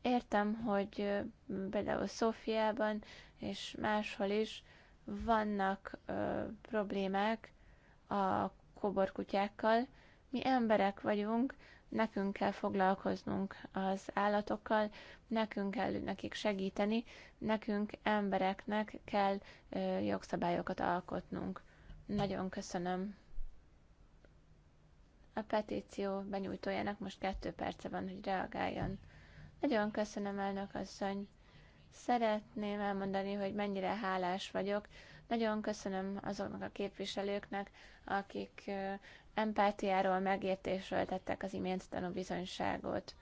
Értem, hogy például Szófiában és máshol is vannak ö, problémák a koborkutyákkal. Mi emberek vagyunk, nekünk kell foglalkoznunk az állatokkal, nekünk kell nekik segíteni, nekünk embereknek kell ö, jogszabályokat alkotnunk. Nagyon köszönöm. A petíció benyújtójának most kettő perce van, hogy reagáljon. Nagyon köszönöm, elnök asszony. Szeretném elmondani, hogy mennyire hálás vagyok. Nagyon köszönöm azoknak a képviselőknek, akik empátiáról, megértésről tettek az imént tanú bizonyságot.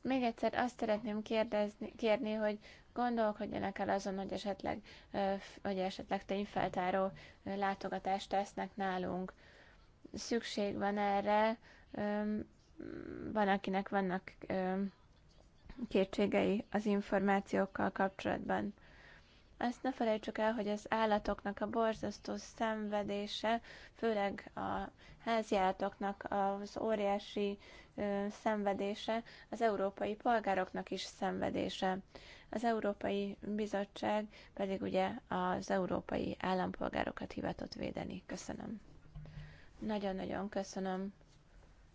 Még egyszer azt szeretném kérdezni, kérni, hogy gondolkodjanak el azon, hogy esetleg, hogy esetleg tényfeltáró látogatást tesznek nálunk. Szükség van erre, van akinek vannak kétségei az információkkal kapcsolatban. Azt ne felejtsük el, hogy az állatoknak a borzasztó szenvedése, főleg a háziállatoknak az óriási ö, szenvedése, az európai polgároknak is szenvedése. Az Európai Bizottság pedig ugye az európai állampolgárokat hivatott védeni. Köszönöm. Nagyon-nagyon köszönöm.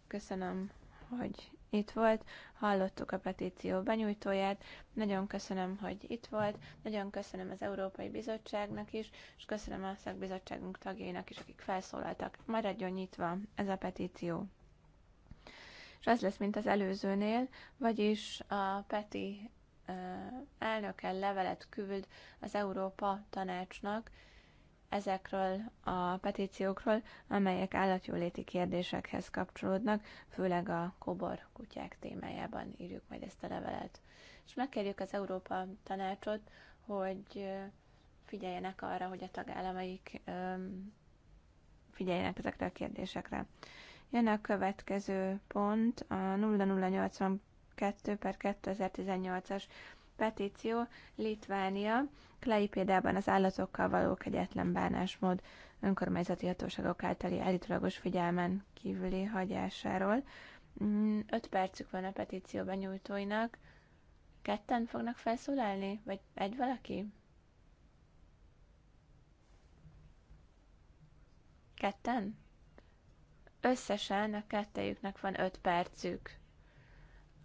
Köszönöm, hogy itt volt, hallottuk a petíció benyújtóját, nagyon köszönöm, hogy itt volt, nagyon köszönöm az Európai Bizottságnak is, és köszönöm a szakbizottságunk tagjainak is, akik felszólaltak. Maradjon nyitva ez a petíció. És az lesz, mint az előzőnél, vagyis a Peti elnöke levelet küld az Európa Tanácsnak, ezekről a petíciókról, amelyek állatjóléti kérdésekhez kapcsolódnak, főleg a kobor kutyák témájában írjuk majd ezt a levelet. És megkérjük az Európa tanácsot, hogy figyeljenek arra, hogy a tagállamaik figyeljenek ezekre a kérdésekre. Jön a következő pont, a 0082 per 2018-as petíció Litvánia, Kleipédában az állatokkal való kegyetlen bánásmód önkormányzati hatóságok általi állítólagos figyelmen kívüli hagyásáról. 5 mm, percük van a petíció benyújtóinak. Ketten fognak felszólalni? Vagy egy valaki? Ketten? Összesen a kettejüknek van 5 percük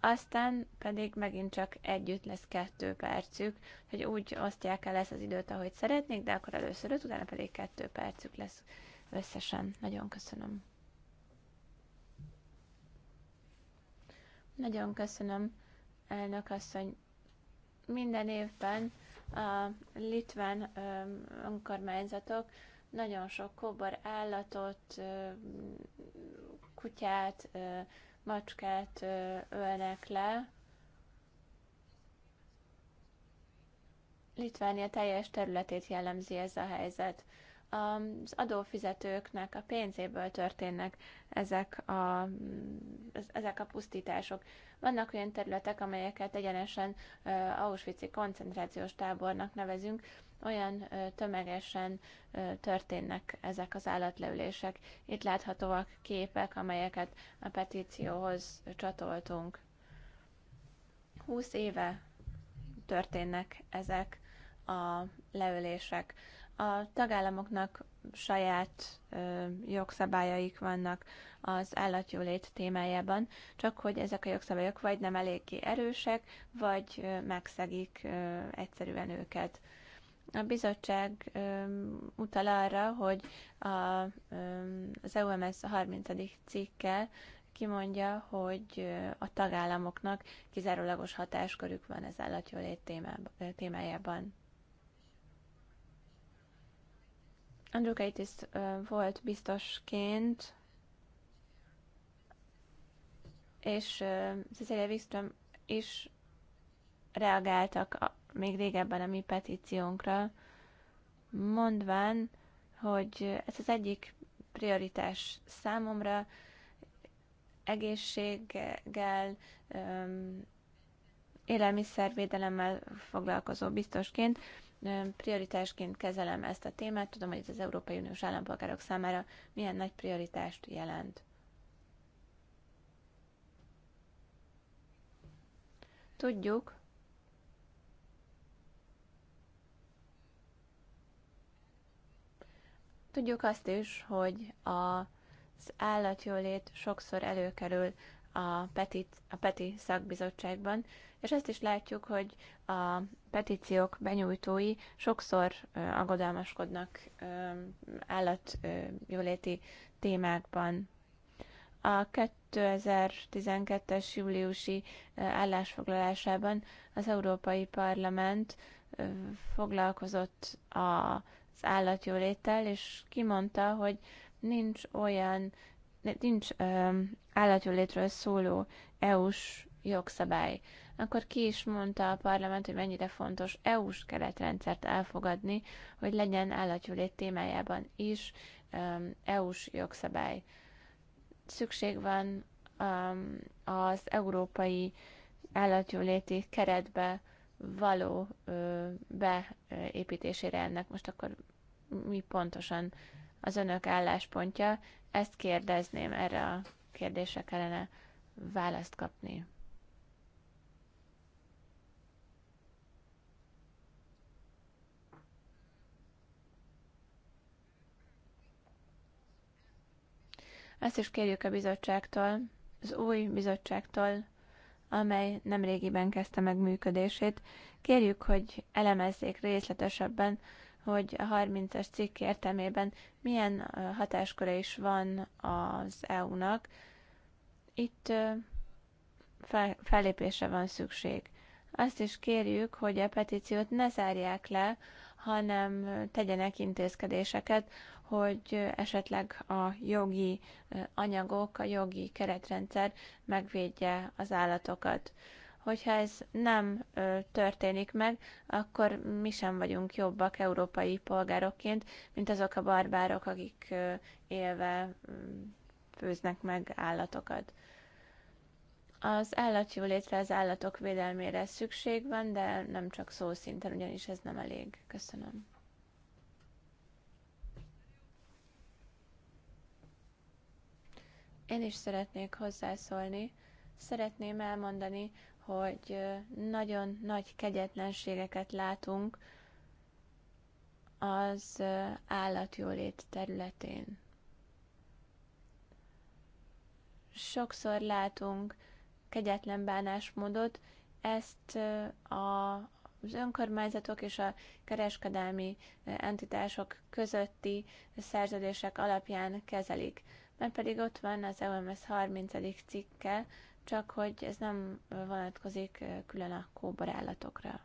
aztán pedig megint csak együtt lesz kettő percük, hogy úgy osztják el ezt az időt, ahogy szeretnék, de akkor először öt, utána pedig kettő percük lesz összesen. Nagyon köszönöm. Nagyon köszönöm, elnök asszony. Minden évben a litván önkormányzatok nagyon sok kóbor állatot, kutyát, macskát ölnek le. Litvánia teljes területét jellemzi ez a helyzet. Az adófizetőknek a pénzéből történnek ezek a, ezek a pusztítások. Vannak olyan területek, amelyeket egyenesen Auschwitz-i koncentrációs tábornak nevezünk, olyan tömegesen történnek ezek az állatleülések. Itt láthatóak képek, amelyeket a petícióhoz csatoltunk. 20 éve történnek ezek a leülések. A tagállamoknak saját ö, jogszabályaik vannak az állatjólét témájában, csak hogy ezek a jogszabályok vagy nem eléggé erősek, vagy ö, megszegik ö, egyszerűen őket. A bizottság utal arra, hogy a, az EUMS 30. cikke kimondja, hogy a tagállamoknak kizárólagos hatáskörük van az állatjólét témájában. Andrukaitis volt biztosként, és Cecilia Wikström is reagáltak még régebben a mi petíciónkra, mondván, hogy ez az egyik prioritás számomra, egészséggel, élelmiszervédelemmel foglalkozó biztosként, prioritásként kezelem ezt a témát, tudom, hogy ez az Európai Uniós állampolgárok számára milyen nagy prioritást jelent. Tudjuk, Tudjuk azt is, hogy az állatjólét sokszor előkerül a, petit, a PETI szakbizottságban, és ezt is látjuk, hogy a petíciók benyújtói sokszor aggodalmaskodnak állatjóléti témákban. A 2012-es júliusi állásfoglalásában az Európai Parlament foglalkozott a az állatjóléttel, és kimondta, hogy nincs olyan, nincs állatjólétről szóló EU-s jogszabály. Akkor ki is mondta a parlament, hogy mennyire fontos EU-s keretrendszert elfogadni, hogy legyen állatjólét témájában is um, EU-s jogszabály. Szükség van az európai állatjóléti keretbe való beépítésére ennek most akkor mi pontosan az önök álláspontja? Ezt kérdezném, erre a kérdésre kellene választ kapni. Ezt is kérjük a bizottságtól, az új bizottságtól, amely nemrégiben kezdte meg működését. Kérjük, hogy elemezzék részletesebben, hogy a 30-as cikk értelmében milyen hatásköre is van az EU-nak. Itt fel, fellépésre van szükség. Azt is kérjük, hogy a petíciót ne zárják le, hanem tegyenek intézkedéseket hogy esetleg a jogi anyagok, a jogi keretrendszer megvédje az állatokat. Hogyha ez nem történik meg, akkor mi sem vagyunk jobbak európai polgárokként, mint azok a barbárok, akik élve mm, főznek meg állatokat az állatjólétre, az állatok védelmére szükség van, de nem csak szó szinten, ugyanis ez nem elég. Köszönöm. Én is szeretnék hozzászólni. Szeretném elmondani, hogy nagyon nagy kegyetlenségeket látunk az állatjólét területén. Sokszor látunk kegyetlen bánásmódot, ezt a, az önkormányzatok és a kereskedelmi entitások közötti szerződések alapján kezelik mert pedig ott van az EOMS 30. cikke, csak hogy ez nem vonatkozik külön a kóborállatokra.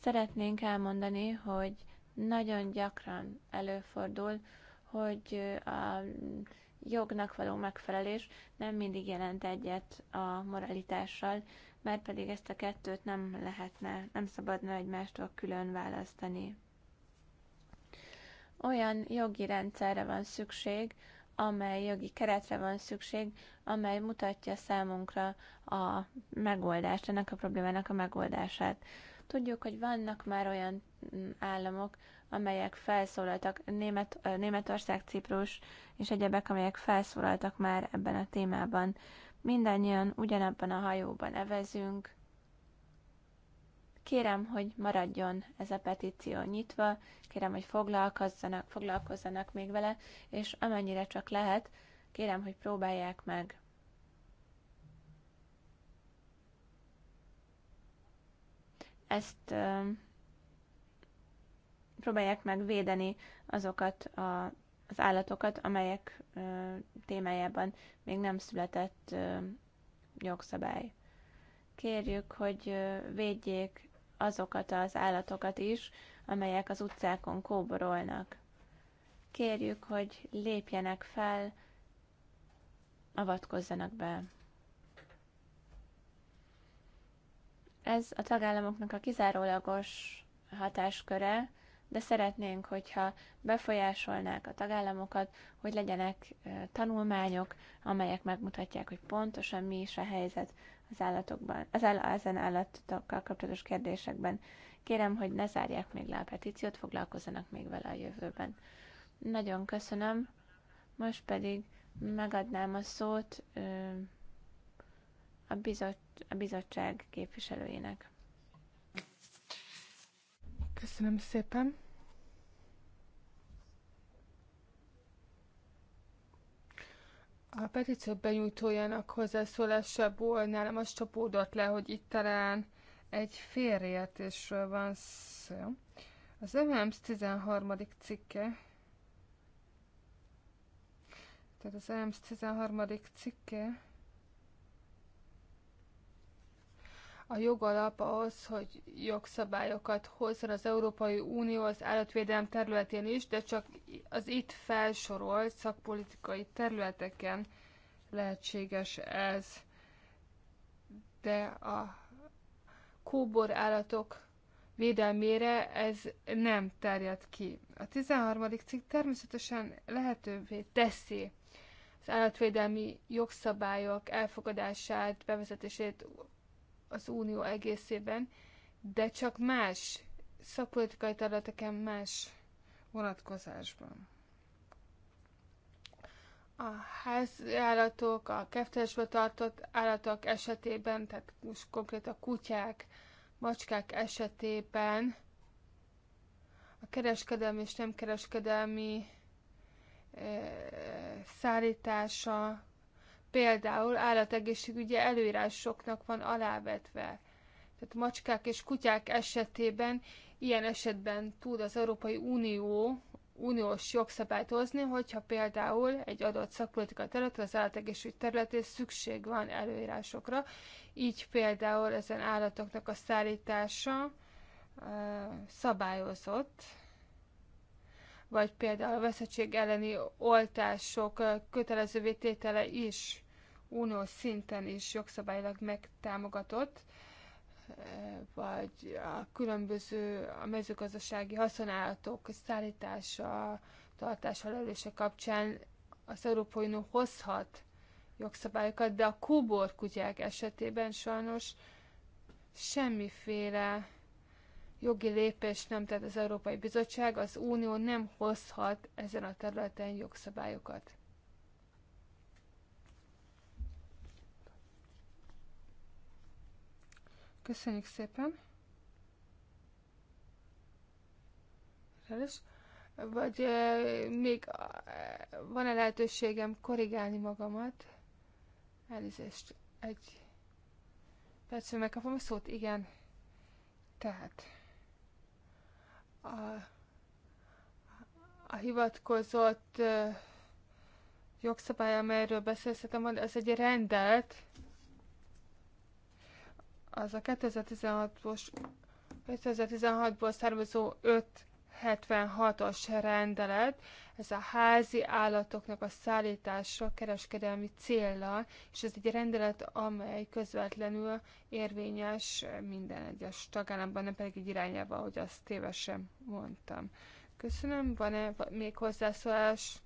Szeretnénk elmondani, hogy nagyon gyakran előfordul, hogy a jognak való megfelelés nem mindig jelent egyet a moralitással, mert pedig ezt a kettőt nem lehetne, nem szabadna egymástól külön választani. Olyan jogi rendszerre van szükség, amely jogi keretre van szükség, amely mutatja számunkra a megoldást, ennek a problémának a megoldását. Tudjuk, hogy vannak már olyan mm, államok, amelyek felszólaltak, Német, Németország, Ciprus és egyebek, amelyek felszólaltak már ebben a témában. Mindannyian ugyanabban a hajóban evezünk, Kérem, hogy maradjon ez a petíció nyitva, kérem, hogy foglalkozzanak, foglalkozzanak még vele, és amennyire csak lehet, kérem, hogy próbálják meg. Ezt ö, próbálják meg védeni azokat a, az állatokat, amelyek ö, témájában még nem született ö, jogszabály kérjük, hogy védjék azokat az állatokat is, amelyek az utcákon kóborolnak. Kérjük, hogy lépjenek fel, avatkozzanak be. Ez a tagállamoknak a kizárólagos hatásköre, de szeretnénk, hogyha befolyásolnák a tagállamokat, hogy legyenek tanulmányok, amelyek megmutatják, hogy pontosan mi is a helyzet az állatokban, az áll- ezen állatokkal kapcsolatos kérdésekben. Kérem, hogy ne zárják még le a petíciót, foglalkozzanak még vele a jövőben. Nagyon köszönöm. Most pedig megadnám a szót ö, a, bizot, a bizottság képviselőjének. Köszönöm szépen. A petíció benyújtójának hozzászólásából nálam az csapódott le, hogy itt talán egy félreértésről van szó. Az MMS 13. cikke, tehát az MMS 13. cikke a jogalap ahhoz, hogy jogszabályokat hozzon az Európai Unió az állatvédelem területén is, de csak az itt felsorolt szakpolitikai területeken lehetséges ez. De a kóbor állatok védelmére ez nem terjed ki. A 13. cikk természetesen lehetővé teszi az állatvédelmi jogszabályok elfogadását, bevezetését az unió egészében, de csak más szakpolitikai területeken más vonatkozásban. A háziállatok, a keftesbe tartott állatok esetében, tehát most konkrét a kutyák, macskák esetében a kereskedelmi és nem kereskedelmi e, szállítása például állategészségügyi előírásoknak van alávetve. Tehát macskák és kutyák esetében ilyen esetben tud az Európai Unió uniós jogszabályt hozni, hogyha például egy adott szakpolitika területre, az állategészség területén szükség van előírásokra, így például ezen állatoknak a szállítása szabályozott, vagy például a veszettség elleni oltások kötelező vététele is uniós szinten is jogszabályilag megtámogatott, vagy a különböző a mezőgazdasági használatok szállítása, tartása, levelése kapcsán az Európai Unió hozhat jogszabályokat, de a kóborkutyák esetében sajnos semmiféle jogi lépést nem tett az Európai Bizottság, az Unió nem hozhat ezen a területen jogszabályokat. Köszönjük szépen! Relis. Vagy e, még e, van-e lehetőségem korrigálni magamat? Elnézést, egy percben megkapom a szót? Igen. Tehát a, a hivatkozott jogszabály, amelyről beszélhetem, az egy rendelt, az a 2016-os 2016-ból származó 576-os rendelet, ez a házi állatoknak a szállítása kereskedelmi célra, és ez egy rendelet, amely közvetlenül érvényes minden egyes tagállamban, nem pedig egy irányába, hogy azt tévesen mondtam. Köszönöm. Van-e még hozzászólás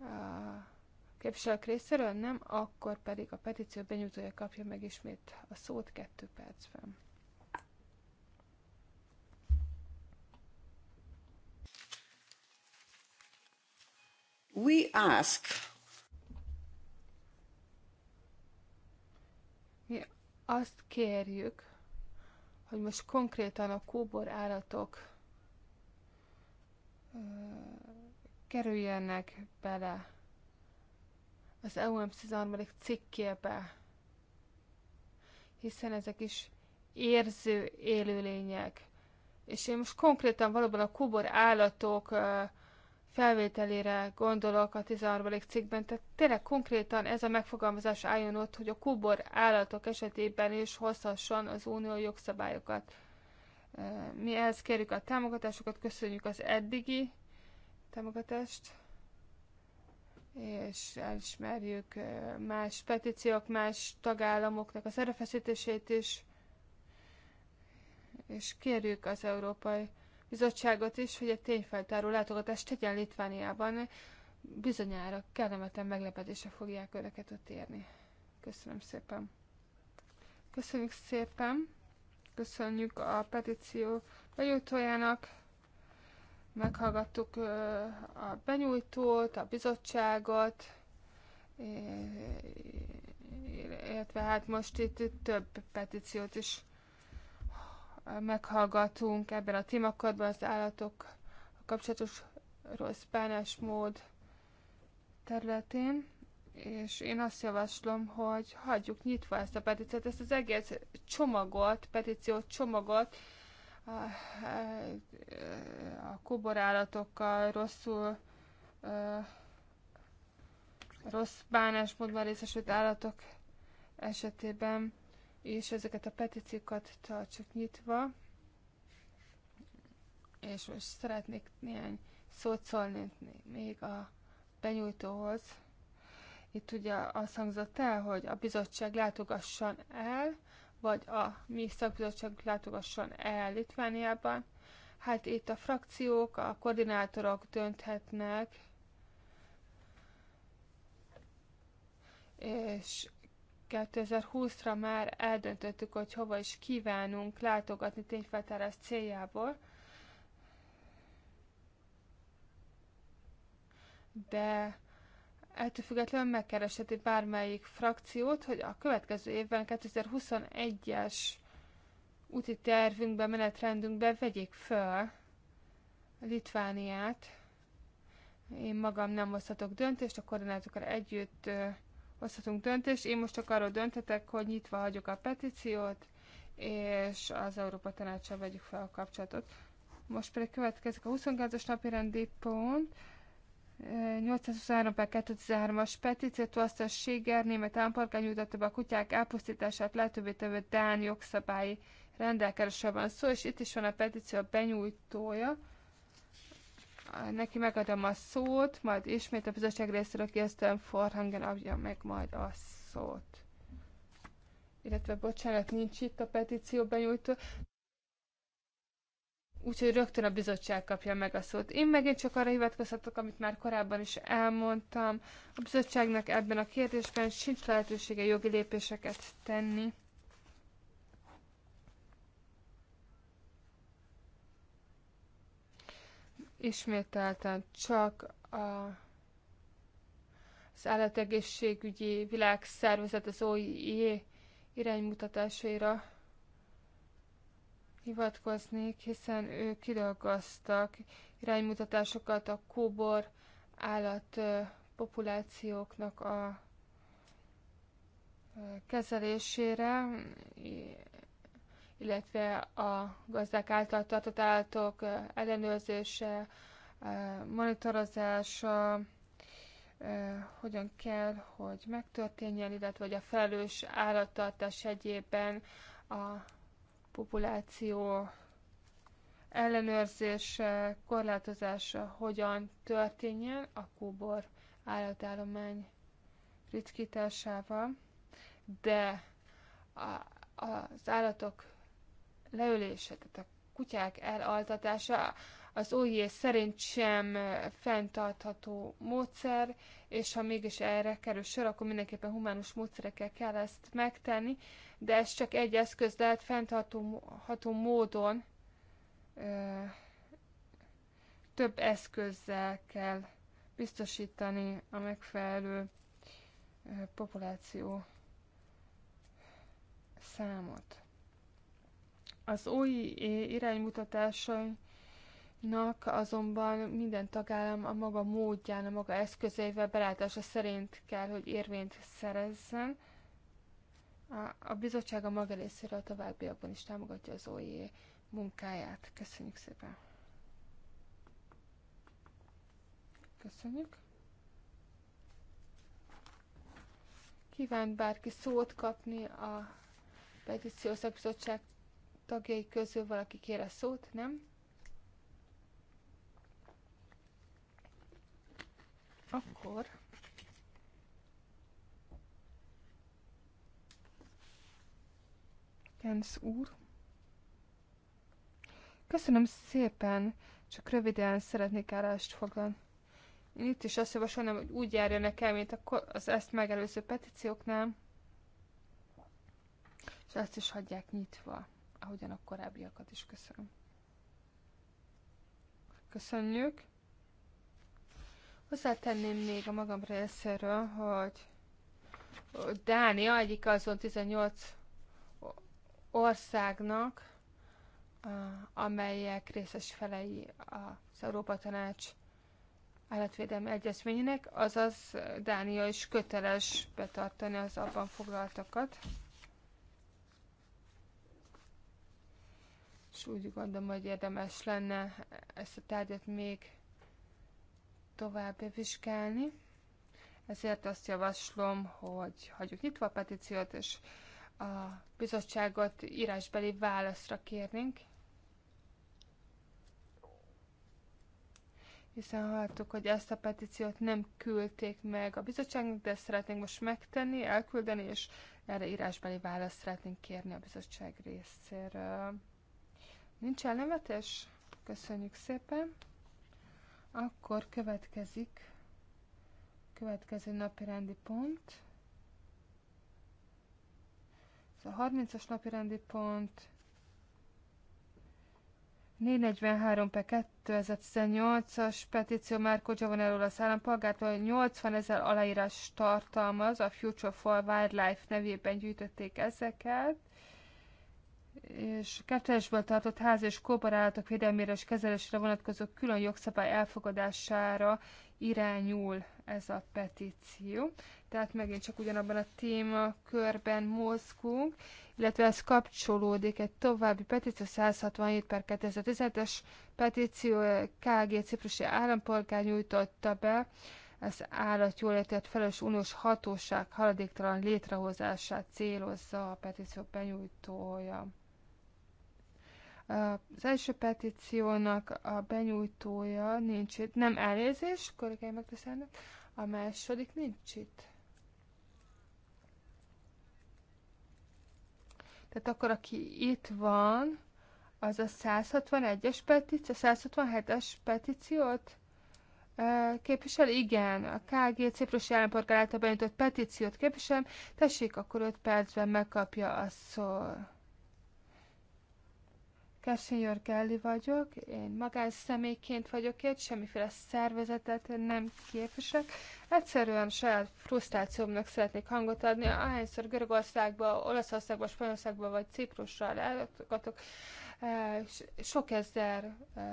a képviselők részéről? Nem, akkor pedig a petíció benyújtója kapja meg ismét a szót kettő percben. We ask. Mi azt kérjük, hogy most konkrétan a kóbor állatok kerüljenek bele az EUM 13. cikkébe, hiszen ezek is érző élőlények. És én most konkrétan valóban a kóbor állatok uh, felvételére gondolok a 13. cikkben, tehát tényleg konkrétan ez a megfogalmazás álljon ott, hogy a Kubor állatok esetében is hozhasson az unió jogszabályokat. Mi ehhez kérjük a támogatásokat, köszönjük az eddigi támogatást, és elismerjük más petíciók, más tagállamoknak az erőfeszítését is, és kérjük az Európai bizottságot is, hogy egy tényfeltáró látogatást tegyen Litvániában. Bizonyára kellemetlen meglepetése fogják önöket ott érni. Köszönöm szépen. Köszönjük szépen. Köszönjük a petíció benyújtójának. Meghallgattuk a benyújtót, a bizottságot, illetve hát most itt több petíciót is meghallgatunk ebben a témakörben az állatok kapcsolatos rossz bánásmód területén, és én azt javaslom, hogy hagyjuk nyitva ezt a petíciót, ezt az egész csomagot, petíciót, csomagot a, a, a kuborállatokkal rosszul a, rossz bánásmódban részesült állatok esetében és ezeket a petíciókat tartsuk nyitva. És most szeretnék néhány szót szólni még a benyújtóhoz. Itt ugye azt hangzott el, hogy a bizottság látogasson el, vagy a mi szakbizottság látogasson el Litvániában. Hát itt a frakciók, a koordinátorok dönthetnek, és 2020-ra már eldöntöttük, hogy hova is kívánunk látogatni tényfeltárás céljából, de ettől függetlenül megkeresheti bármelyik frakciót, hogy a következő évben 2021-es úti tervünkbe, menetrendünkbe vegyék föl Litvániát. Én magam nem hozhatok döntést, a koordinátokkal együtt hozhatunk döntést. Én most csak arról döntetek, hogy nyitva hagyjuk a petíciót, és az Európa Tanácssal vegyük fel a kapcsolatot. Most pedig következik a 22-as napi rendi pont. 823 per 2013-as petíció Tuasztas Séger német állampolgár nyújtotta be a kutyák elpusztítását lehetővé tevő Dán jogszabályi rendelkezésre van szó, és itt is van a petíció benyújtója, neki megadom a szót, majd ismét a bizottság részéről Kirsten Forhangen adja meg majd a szót. Illetve bocsánat, nincs itt a petíció benyújtó. Úgyhogy rögtön a bizottság kapja meg a szót. Én megint csak arra hivatkozhatok, amit már korábban is elmondtam. A bizottságnak ebben a kérdésben sincs lehetősége jogi lépéseket tenni. ismételten csak a, az állategészségügyi világszervezet, az OIE iránymutatásaira hivatkoznék, hiszen ők kidolgoztak iránymutatásokat a kóbor állat populációknak a kezelésére, illetve a gazdák által tartott állatok ellenőrzése, monitorozása, hogyan kell, hogy megtörténjen, illetve hogy a felelős állattartás egyében a populáció ellenőrzése, korlátozása hogyan történjen a kóbor állatállomány ritkításával, de a, az állatok leölése, tehát a kutyák elaltatása az új szerint sem fenntartható módszer, és ha mégis erre kerül sor, akkor mindenképpen humánus módszerekkel kell ezt megtenni, de ez csak egy eszköz lehet fenntartható módon ö, több eszközzel kell biztosítani a megfelelő ö, populáció számot. Az új iránymutatásainak azonban minden tagállam a maga módján, a maga eszközeivel belátása szerint kell, hogy érvényt szerezzen. A, bizottság a maga részéről a továbbiakban is támogatja az OIE munkáját. Köszönjük szépen! Köszönjük! Kívánt bárki szót kapni a petíció szakbizottság tagjai közül valaki kér a szót, nem? Akkor... Jens úr. Köszönöm szépen, csak röviden szeretnék állást foglalni. Én itt is azt javasolnám, hogy úgy járjanak el, mint az ezt megelőző petícióknál, és azt is hagyják nyitva ahogyan a korábbiakat is köszönöm. Köszönjük! Hozzátenném még a magam részéről, hogy Dánia egyik azon 18 országnak, eh, amelyek részes felei az Európa Tanács állatvédelmi egyezményének, azaz Dánia is köteles betartani az abban foglaltakat. és úgy gondolom, hogy érdemes lenne ezt a tárgyat még tovább vizsgálni. Ezért azt javaslom, hogy hagyjuk nyitva a petíciót, és a bizottságot írásbeli válaszra kérnénk. Hiszen hallottuk, hogy ezt a petíciót nem küldték meg a bizottságnak, de ezt szeretnénk most megtenni, elküldeni, és erre írásbeli választ szeretnénk kérni a bizottság részéről. Nincs elnevetés? Köszönjük szépen. Akkor következik következő napi rendi pont. Ez a 30-as napi rendi pont 443 per 2018-as petíció Márko a az állampolgártól 80 ezer aláírás tartalmaz, a Future for Wildlife nevében gyűjtötték ezeket, és kettesből tartott ház és kóborállatok védelmére és kezelésre vonatkozó külön jogszabály elfogadására irányul ez a petíció. Tehát megint csak ugyanabban a témakörben mozgunk, illetve ez kapcsolódik egy további petíció 167 per 2017-es petíció KG ciprusi állampolgár nyújtotta be ez állatjólétet felelős uniós hatóság haladéktalan létrehozását célozza a petíció benyújtója. Az első petíciónak a benyújtója nincs itt. Nem elnézés, kollégáim megviszállnak. A második nincs itt. Tehát akkor, aki itt van, az a 161-es petíció, 167-es petíciót képvisel? Igen, a KG ciprusi állampolgár által benyújtott petíciót képvisel. Tessék, akkor 5 percben megkapja a szót. Kersinyőr Kelly vagyok, én magánszemélyként vagyok itt, semmiféle szervezetet nem képesek. Egyszerűen saját frusztrációmnak szeretnék hangot adni, ahányszor Görögországba, Olaszországba, Spanyolországba vagy Ciprusra látogatok, eh, sok ezer eh,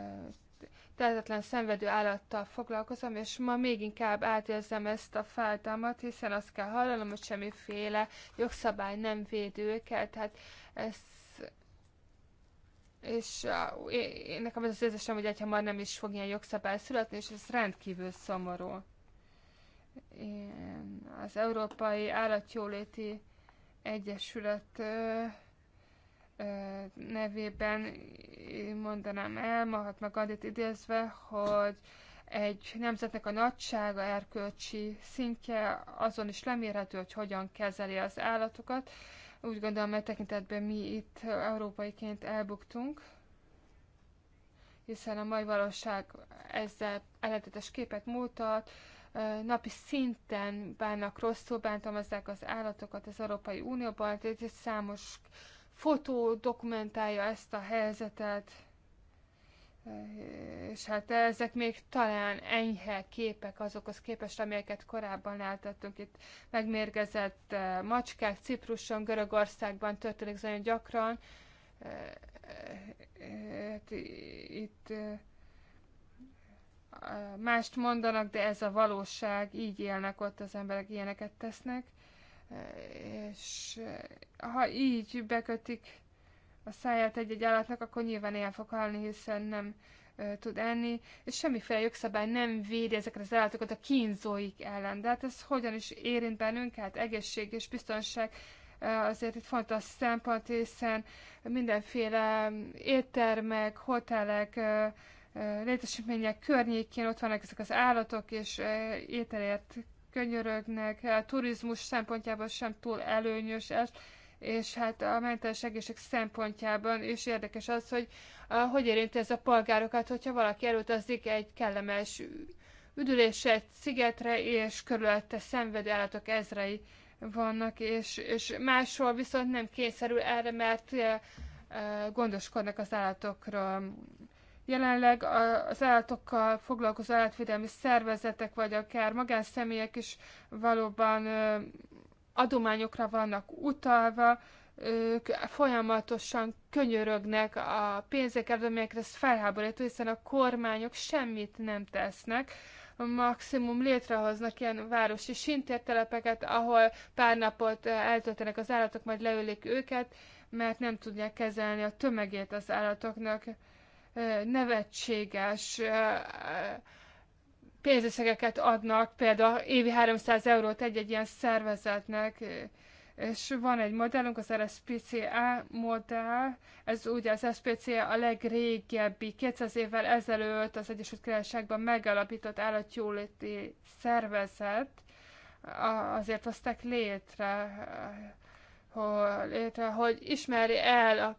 tehetetlen szenvedő állattal foglalkozom, és ma még inkább átérzem ezt a fájdalmat, hiszen azt kell hallanom, hogy semmiféle jogszabály nem véd őket, tehát ezt és én, nekem az az érzésem, hogy már nem is fog ilyen jogszabály születni, és ez rendkívül szomorú. Én az Európai Állatjóléti Egyesület ö, ö, nevében mondanám el, meg Gandhit idézve, hogy egy nemzetnek a nagysága, erkölcsi szintje azon is lemérhető, hogy hogyan kezeli az állatokat, úgy gondolom, mert tekintetben mi itt európaiként elbuktunk, hiszen a mai valóság ezzel ellentétes képet mutat, napi szinten bánnak rosszul, bántalmazzák az állatokat az Európai Unióban, tehát számos fotó dokumentálja ezt a helyzetet, és hát ezek még talán enyhe képek azokhoz képest, amelyeket korábban láthattunk. Itt megmérgezett eh, macskák Cipruson, Görögországban történik nagyon gyakran. Eh, eh, hát itt mást mondanak, de ez a valóság, így élnek ott az emberek, ilyeneket tesznek. És ha így bekötik a száját egy-egy állatnak, akkor nyilván el fog halni, hiszen nem ö, tud enni, és semmiféle jogszabály nem védi ezeket az állatokat a kínzóik ellen. De hát ez hogyan is érint bennünket? Hát egészség és biztonság azért itt fontos szempont, hiszen mindenféle éttermek, hotelek, létesítmények környékén ott vannak ezek az állatok, és ételért könyörögnek, a turizmus szempontjából sem túl előnyös ez, és hát a mentális egészség szempontjában is érdekes az, hogy hogy érinti ez a polgárokat, hogyha valaki elutazik egy kellemes üdülésre, egy szigetre, és körülötte szenvedő állatok ezrei vannak, és, és máshol viszont nem kényszerül erre, mert e, e, gondoskodnak az állatokról. Jelenleg az állatokkal foglalkozó állatvédelmi szervezetek, vagy akár magánszemélyek is valóban e, adományokra vannak utalva, ők folyamatosan könyörögnek a pénzekért, amelyekre ez felháborító, hiszen a kormányok semmit nem tesznek, maximum létrehoznak ilyen városi sintértelepeket, ahol pár napot eltöltenek az állatok, majd leülik őket, mert nem tudják kezelni a tömegét az állatoknak. Nevetséges pénzösszegeket adnak, például évi 300 eurót egy-egy ilyen szervezetnek, és van egy modellünk, az RSPCA modell, ez ugye az SPCA a legrégebbi, 200 évvel ezelőtt az Egyesült Királyságban megalapított állatjóléti szervezet, azért hozták létre, hogy, létre, hogy ismeri el a,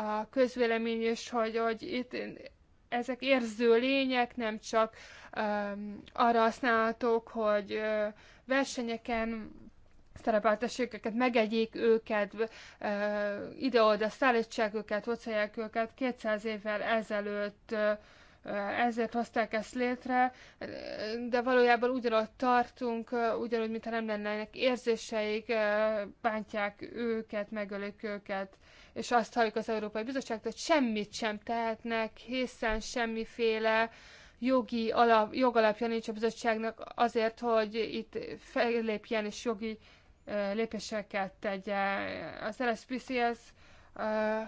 a közvélemény is, hogy, hogy itt ezek érző lények, nem csak um, arra használhatók, hogy uh, versenyeken szerepeltességeket, megegyék őket, uh, ide-oda szállítsák őket, hozzáják őket. 200 évvel ezelőtt uh, ezért hozták ezt létre, de valójában ugyanott tartunk, ugyanúgy, mintha nem lennének érzéseik, bántják őket, megölik őket és azt halljuk az Európai Bizottságtól, hogy semmit sem tehetnek, hiszen semmiféle jogi alap, jogalapja nincs a bizottságnak azért, hogy itt fellépjen és jogi lépéseket tegye. Az LSPC-hez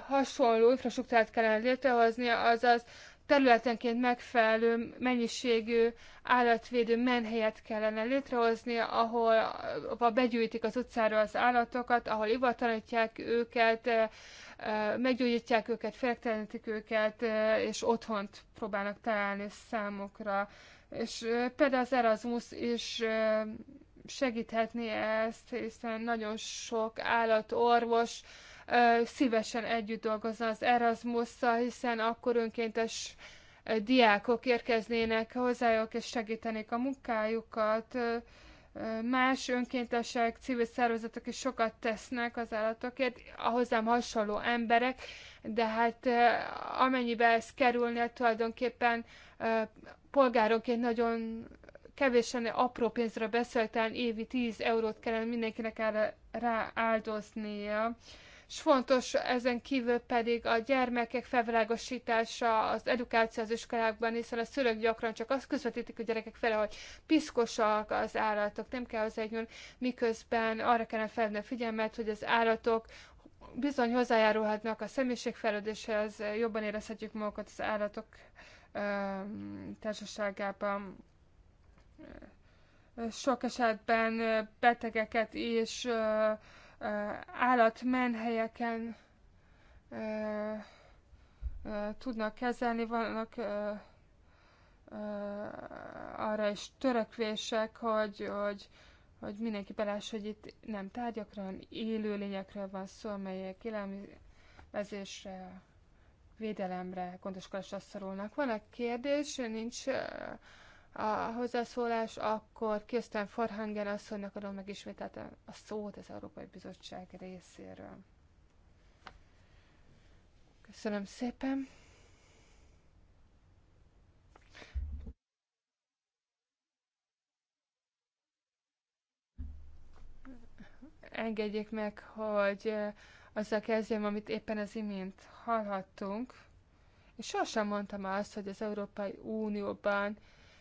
hasonló infrastruktúrát kellene létrehozni, azaz területenként megfelelő mennyiségű állatvédő menhelyet kellene létrehozni, ahol begyűjtik az utcára az állatokat, ahol ivatlanítják őket, eh, eh, meggyógyítják őket, fertelenítik őket, eh, és otthont próbálnak találni számukra. És például az Erasmus is segíthetni ezt, hiszen nagyon sok állatorvos, orvos, szívesen együtt dolgozna az erasmus hiszen akkor önkéntes diákok érkeznének hozzájuk és segítenék a munkájukat. Más önkéntesek, civil szervezetek is sokat tesznek az állatokért, a hozzám hasonló emberek, de hát amennyiben ez kerülne, tulajdonképpen polgáronként nagyon kevésen apró pénzre beszéltán évi 10 eurót kellene mindenkinek erre rááldoznia és fontos ezen kívül pedig a gyermekek felvilágosítása, az edukáció az iskolákban, hiszen a szülők gyakran csak azt közvetítik a gyerekek fele, hogy piszkosak az állatok, nem kell az egyön, miközben arra kellene felvenni a figyelmet, hogy az állatok bizony hozzájárulhatnak a személyiségfejlődéshez, jobban érezhetjük magukat az állatok társaságában. Sok esetben betegeket is állatmenhelyeken tudnak kezelni, vannak arra is törekvések, hogy, hogy, hogy mindenki beláss, hogy itt nem tárgyakra, hanem élőlényekről van szó, amelyek élelmezésre, védelemre, gondoskodásra szorulnak. Van egy kérdés, nincs a hozzászólás, akkor Kirsten Forhangen asszonynak adom meg ismételten a szót az Európai Bizottság részéről. Köszönöm szépen! Engedjék meg, hogy eh, azzal kezdjem, amit éppen az imént hallhattunk. És sosem mondtam azt, hogy az Európai Unióban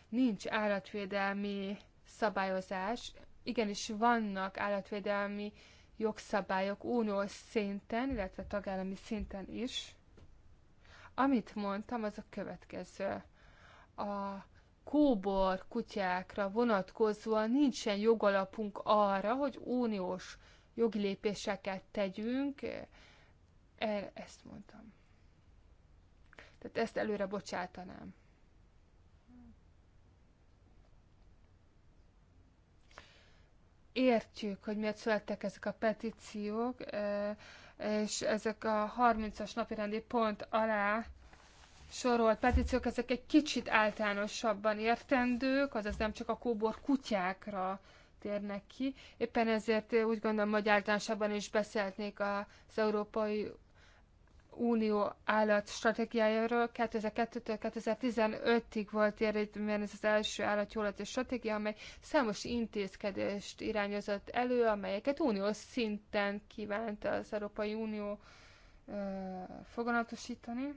nincs állatvédelmi szabályozás, igenis vannak állatvédelmi jogszabályok uniós szinten, illetve tagállami szinten is. Amit mondtam, az a következő. A kóbor kutyákra vonatkozóan nincsen jogalapunk arra, hogy uniós jogi lépéseket tegyünk. E, ezt mondtam. Tehát ezt előre bocsátanám. értjük, hogy miért születtek ezek a petíciók, és ezek a 30-as napirendi pont alá sorolt petíciók, ezek egy kicsit általánosabban értendők, azaz nem csak a kóbor kutyákra térnek ki. Éppen ezért úgy gondolom, hogy általánosabban is beszélnék az Európai Unió állatstratégiájáról 2002-től 2015-ig volt érvényben ez az első állatjóléti stratégia, amely számos intézkedést irányozott elő, amelyeket uniós szinten kívánt az Európai Unió ö, foganatosítani.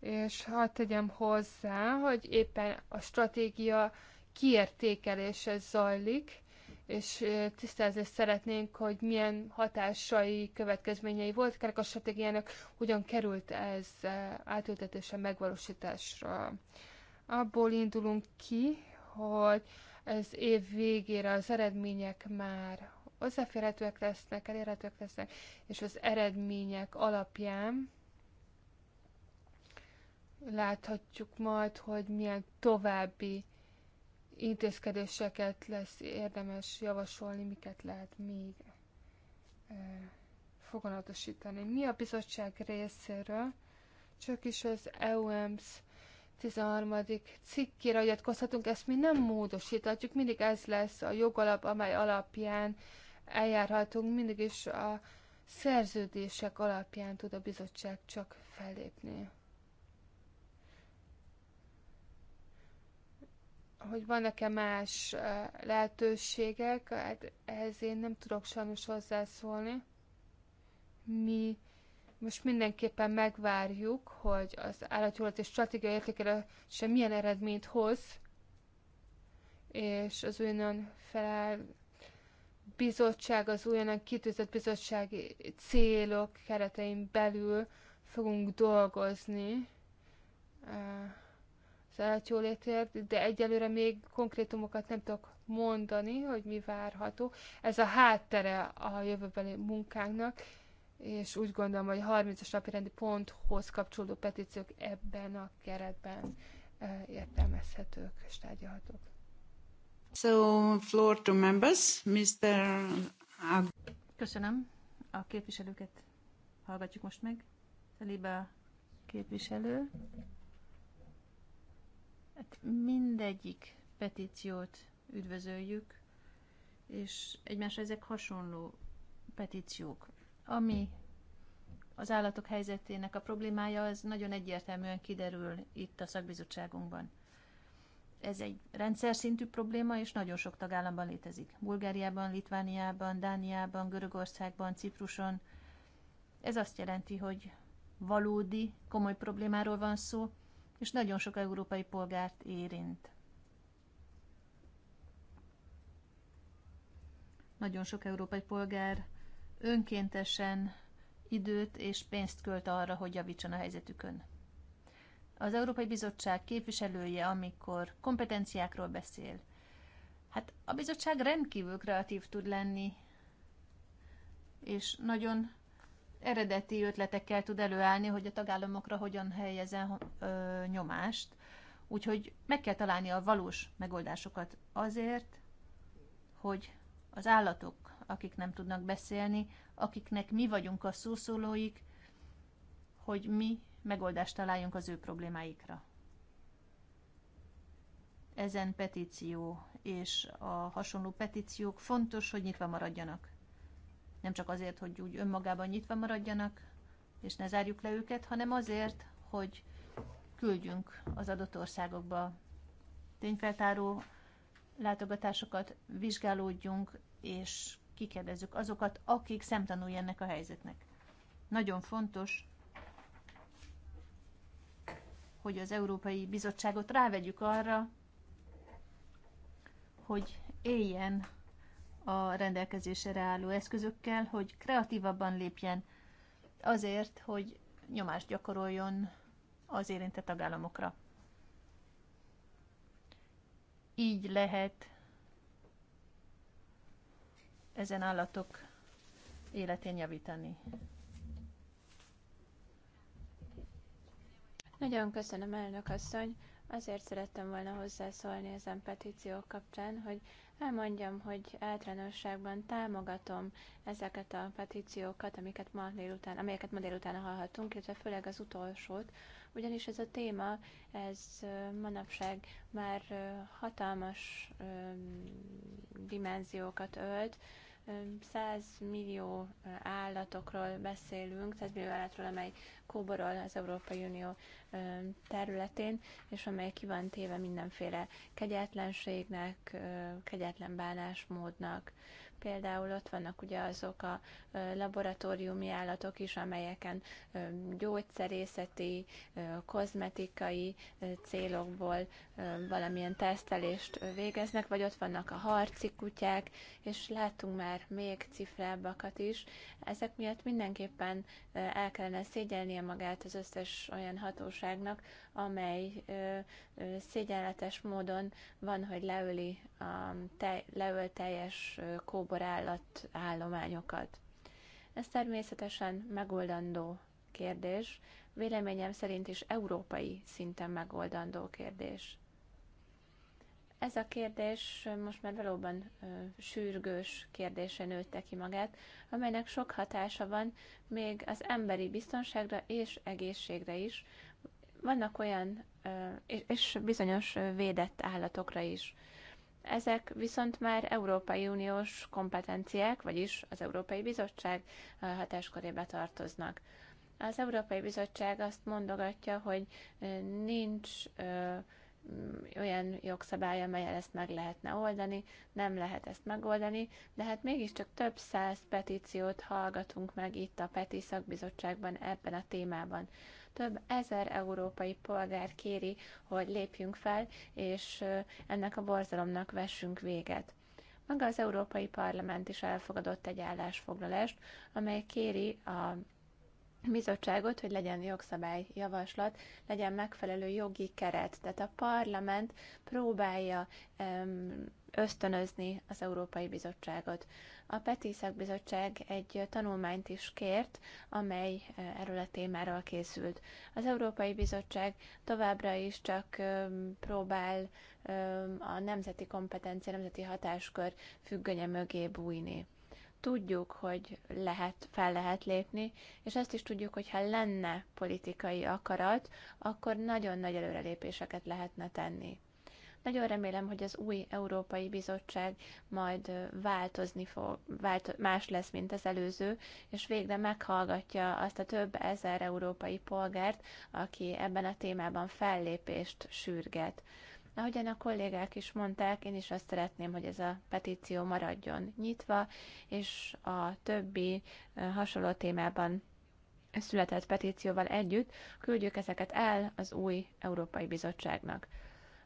És hadd tegyem hozzá, hogy éppen a stratégia kiértékelése zajlik, és tisztázni szeretnénk, hogy milyen hatásai, következményei voltak kerek a stratégiának, hogyan került ez átültetése, megvalósításra. Abból indulunk ki, hogy az év végére az eredmények már hozzáférhetőek lesznek, elérhetőek lesznek, és az eredmények alapján láthatjuk majd, hogy milyen további intézkedéseket lesz érdemes javasolni, miket lehet még foganatosítani. Mi a bizottság részéről? Csak is az EUMS 13. cikkére hagyatkozhatunk, ezt mi nem módosíthatjuk, mindig ez lesz a jogalap, amely alapján eljárhatunk, mindig is a szerződések alapján tud a bizottság csak fellépni. hogy vannak-e más lehetőségek, hát ehhez én nem tudok sajnos hozzászólni. Mi most mindenképpen megvárjuk, hogy az állatjóléti stratégia értékelése milyen eredményt hoz, és az újonnan felel bizottság, az újonnan kitűzött bizottsági célok keretein belül fogunk dolgozni tehát jólétért, de egyelőre még konkrétumokat nem tudok mondani, hogy mi várható. Ez a háttere a jövőbeli munkánknak, és úgy gondolom, hogy a 30-as napi rendi ponthoz kapcsolódó petíciók ebben a keretben értelmezhetők és tárgyalhatók. So, floor to members, Mr. Ag Köszönöm. A képviselőket hallgatjuk most meg. a képviselő. Hát mindegyik petíciót üdvözöljük, és egymásra ezek hasonló petíciók. Ami az állatok helyzetének a problémája, az nagyon egyértelműen kiderül itt a szakbizottságunkban. Ez egy rendszer szintű probléma, és nagyon sok tagállamban létezik. Bulgáriában, Litvániában, Dániában, Görögországban, Cipruson. Ez azt jelenti, hogy valódi, komoly problémáról van szó, és nagyon sok európai polgárt érint. Nagyon sok európai polgár önkéntesen időt és pénzt költ arra, hogy javítson a helyzetükön. Az Európai Bizottság képviselője, amikor kompetenciákról beszél, hát a bizottság rendkívül kreatív tud lenni, és nagyon eredeti ötletekkel tud előállni, hogy a tagállamokra hogyan helyezen ö, nyomást. Úgyhogy meg kell találni a valós megoldásokat azért, hogy az állatok, akik nem tudnak beszélni, akiknek mi vagyunk a szószólóik, hogy mi megoldást találjunk az ő problémáikra. Ezen petíció és a hasonló petíciók fontos, hogy nyitva maradjanak nem csak azért, hogy úgy önmagában nyitva maradjanak, és ne zárjuk le őket, hanem azért, hogy küldjünk az adott országokba tényfeltáró látogatásokat, vizsgálódjunk, és kikérdezzük azokat, akik szemtanulj ennek a helyzetnek. Nagyon fontos, hogy az Európai Bizottságot rávegyük arra, hogy éljen a rendelkezésére álló eszközökkel, hogy kreatívabban lépjen azért, hogy nyomást gyakoroljon az érintett tagállamokra. Így lehet ezen állatok életén javítani. Nagyon köszönöm, elnök asszony. Azért szerettem volna hozzászólni ezen petíció kapcsán, hogy Elmondjam, hogy általánosságban támogatom ezeket a petíciókat, amiket ma délután, amelyeket ma délután hallhatunk, illetve főleg az utolsót, ugyanis ez a téma, ez manapság már hatalmas dimenziókat ölt, 100 millió állatokról beszélünk, 100 millió állatról, amely kóborol az Európai Unió területén, és amely ki van téve mindenféle kegyetlenségnek, kegyetlen bánásmódnak. Például ott vannak ugye azok a laboratóriumi állatok is, amelyeken gyógyszerészeti, kozmetikai célokból valamilyen tesztelést végeznek, vagy ott vannak a harci kutyák, és láttunk már még cifrábbakat is. Ezek miatt mindenképpen el kellene szégyelnie magát az összes olyan hatóságnak, amely szégyenletes módon van, hogy leöli a te, leöl teljes kóborállat állományokat. Ez természetesen megoldandó kérdés, véleményem szerint is európai szinten megoldandó kérdés. Ez a kérdés most már valóban ö, sürgős kérdése nőtte ki magát, amelynek sok hatása van még az emberi biztonságra és egészségre is, vannak olyan, és bizonyos védett állatokra is. Ezek viszont már Európai Uniós kompetenciák, vagyis az Európai Bizottság hatáskörébe tartoznak. Az Európai Bizottság azt mondogatja, hogy nincs olyan jogszabály, amelyel ezt meg lehetne oldani, nem lehet ezt megoldani, de hát mégiscsak több száz petíciót hallgatunk meg itt a Peti Szakbizottságban ebben a témában. Több ezer európai polgár kéri, hogy lépjünk fel, és ennek a borzalomnak vessünk véget. Maga az Európai Parlament is elfogadott egy állásfoglalást, amely kéri a bizottságot, hogy legyen jogszabályjavaslat, legyen megfelelő jogi keret. Tehát a parlament próbálja ösztönözni az Európai Bizottságot. A PETI bizottság egy tanulmányt is kért, amely eh, erről a témáról készült. Az Európai Bizottság továbbra is csak eh, próbál eh, a nemzeti kompetencia, nemzeti hatáskör függönye mögé bújni tudjuk, hogy lehet, fel lehet lépni, és azt is tudjuk, hogy ha lenne politikai akarat, akkor nagyon nagy előrelépéseket lehetne tenni. Nagyon remélem, hogy az új Európai Bizottság majd változni fog, vált, más lesz, mint az előző, és végre meghallgatja azt a több ezer európai polgárt, aki ebben a témában fellépést sürget. Ahogyan a kollégák is mondták, én is azt szeretném, hogy ez a petíció maradjon nyitva, és a többi hasonló témában született petícióval együtt küldjük ezeket el az új Európai Bizottságnak.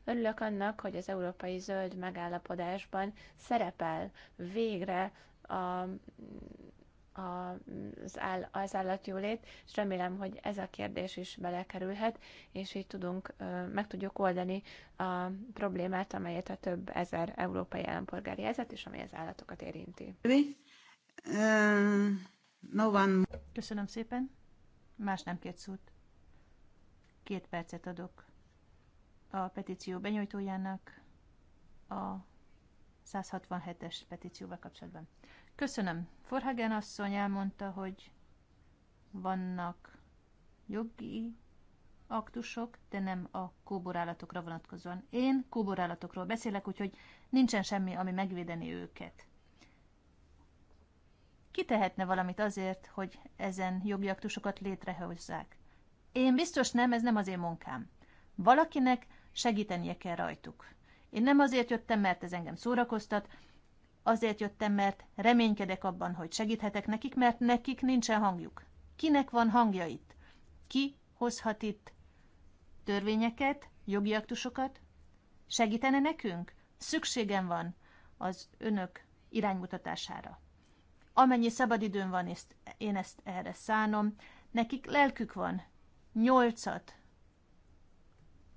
Örülök annak, hogy az európai zöld megállapodásban szerepel végre a az, áll, az állatjólét, és remélem, hogy ez a kérdés is belekerülhet, és így tudunk, meg tudjuk oldani a problémát, amelyet a több ezer európai állampolgár jelzett, és amely az állatokat érinti. No one. Köszönöm szépen. Más nem két szót. Két percet adok a petíció benyújtójának a 167-es petícióval kapcsolatban. Köszönöm. Forhagen asszony elmondta, hogy vannak jogi aktusok, de nem a kóborállatokra vonatkozóan. Én kóborállatokról beszélek, úgyhogy nincsen semmi, ami megvédeni őket. Ki tehetne valamit azért, hogy ezen jogi aktusokat létrehozzák? Én biztos nem, ez nem az én munkám. Valakinek segítenie kell rajtuk. Én nem azért jöttem, mert ez engem szórakoztat, azért jöttem, mert reménykedek abban, hogy segíthetek nekik, mert nekik nincsen hangjuk. Kinek van hangja itt? Ki hozhat itt törvényeket, jogi aktusokat? Segítene nekünk? Szükségem van az önök iránymutatására. Amennyi szabadidőm van, én ezt erre szánom, nekik lelkük van. Nyolcat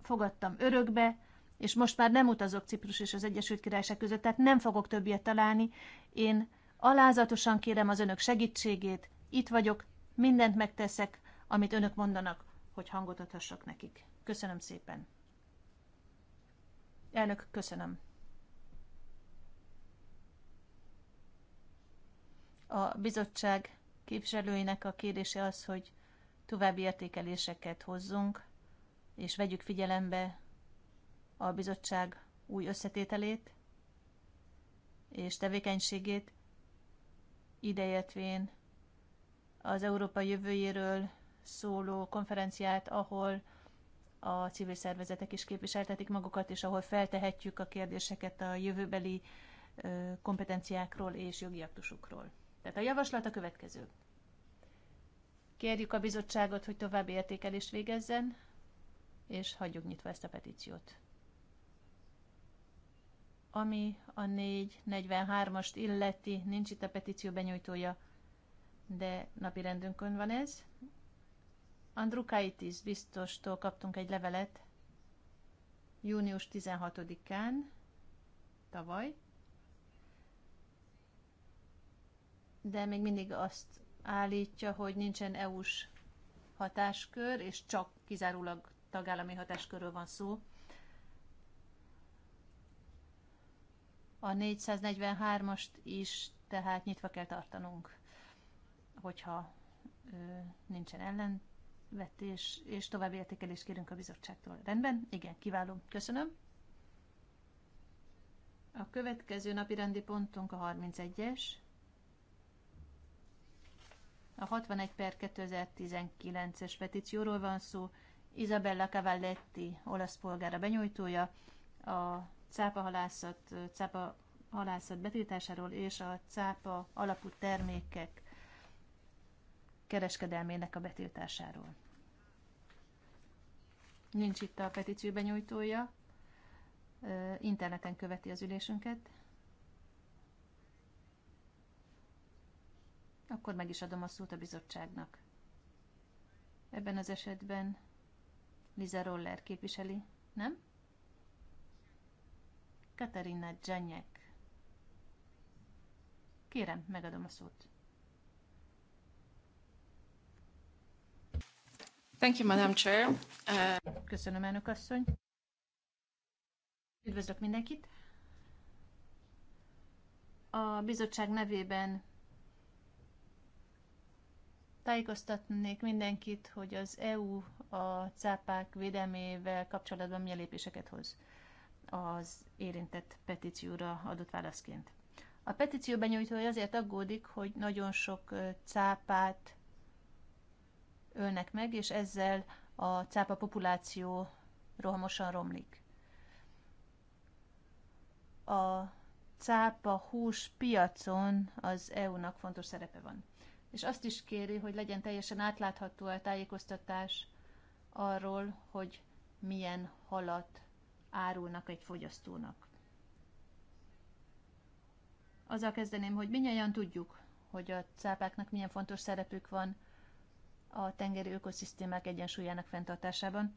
fogadtam örökbe, és most már nem utazok Ciprus és az Egyesült Királyság között, tehát nem fogok többiet találni. Én alázatosan kérem az önök segítségét, itt vagyok, mindent megteszek, amit önök mondanak, hogy hangot adhassak nekik. Köszönöm szépen. Elnök, köszönöm. A bizottság képviselőinek a kérdése az, hogy további értékeléseket hozzunk és vegyük figyelembe a bizottság új összetételét és tevékenységét, idejetvén az Európa jövőjéről szóló konferenciát, ahol a civil szervezetek is képviseltetik magukat, és ahol feltehetjük a kérdéseket a jövőbeli kompetenciákról és jogi aktusukról. Tehát a javaslat a következő. Kérjük a bizottságot, hogy további értékelést végezzen, és hagyjuk nyitva ezt a petíciót. Ami a 443-ast illeti, nincs itt a petíció benyújtója, de napi rendünkön van ez. Andrukaitis biztostól kaptunk egy levelet június 16-án, tavaly, de még mindig azt állítja, hogy nincsen EU-s hatáskör, és csak kizárólag tagállami hatáskörről van szó. A 443-ast is tehát nyitva kell tartanunk, hogyha ö, nincsen ellenvetés, és további értékelést kérünk a bizottságtól. Rendben? Igen, kiváló. Köszönöm. A következő napi rendi pontunk a 31-es. A 61 per 2019-es petícióról van szó, Isabella Cavalletti, olasz polgára benyújtója, a halászat, cápa halászat betiltásáról és a cápa alapú termékek kereskedelmének a betiltásáról. Nincs itt a petíció benyújtója, interneten követi az ülésünket. Akkor meg is adom a szót a bizottságnak. Ebben az esetben Liza Roller képviseli, nem? Katarina Dzsanyek. Kérem, megadom a szót. Thank you, Madam Chair. Uh... Köszönöm, elnök asszony. Üdvözlök mindenkit. A bizottság nevében Tájékoztatnék mindenkit, hogy az EU a cápák védelmével kapcsolatban milyen lépéseket hoz az érintett petícióra adott válaszként. A petíció benyújtója azért aggódik, hogy nagyon sok cápát ölnek meg, és ezzel a cápa populáció rohamosan romlik. A cápa hús piacon az EU-nak fontos szerepe van és azt is kéri, hogy legyen teljesen átlátható a tájékoztatás arról, hogy milyen halat árulnak egy fogyasztónak. Azzal kezdeném, hogy minnyáján tudjuk, hogy a cápáknak milyen fontos szerepük van a tengeri ökoszisztémák egyensúlyának fenntartásában.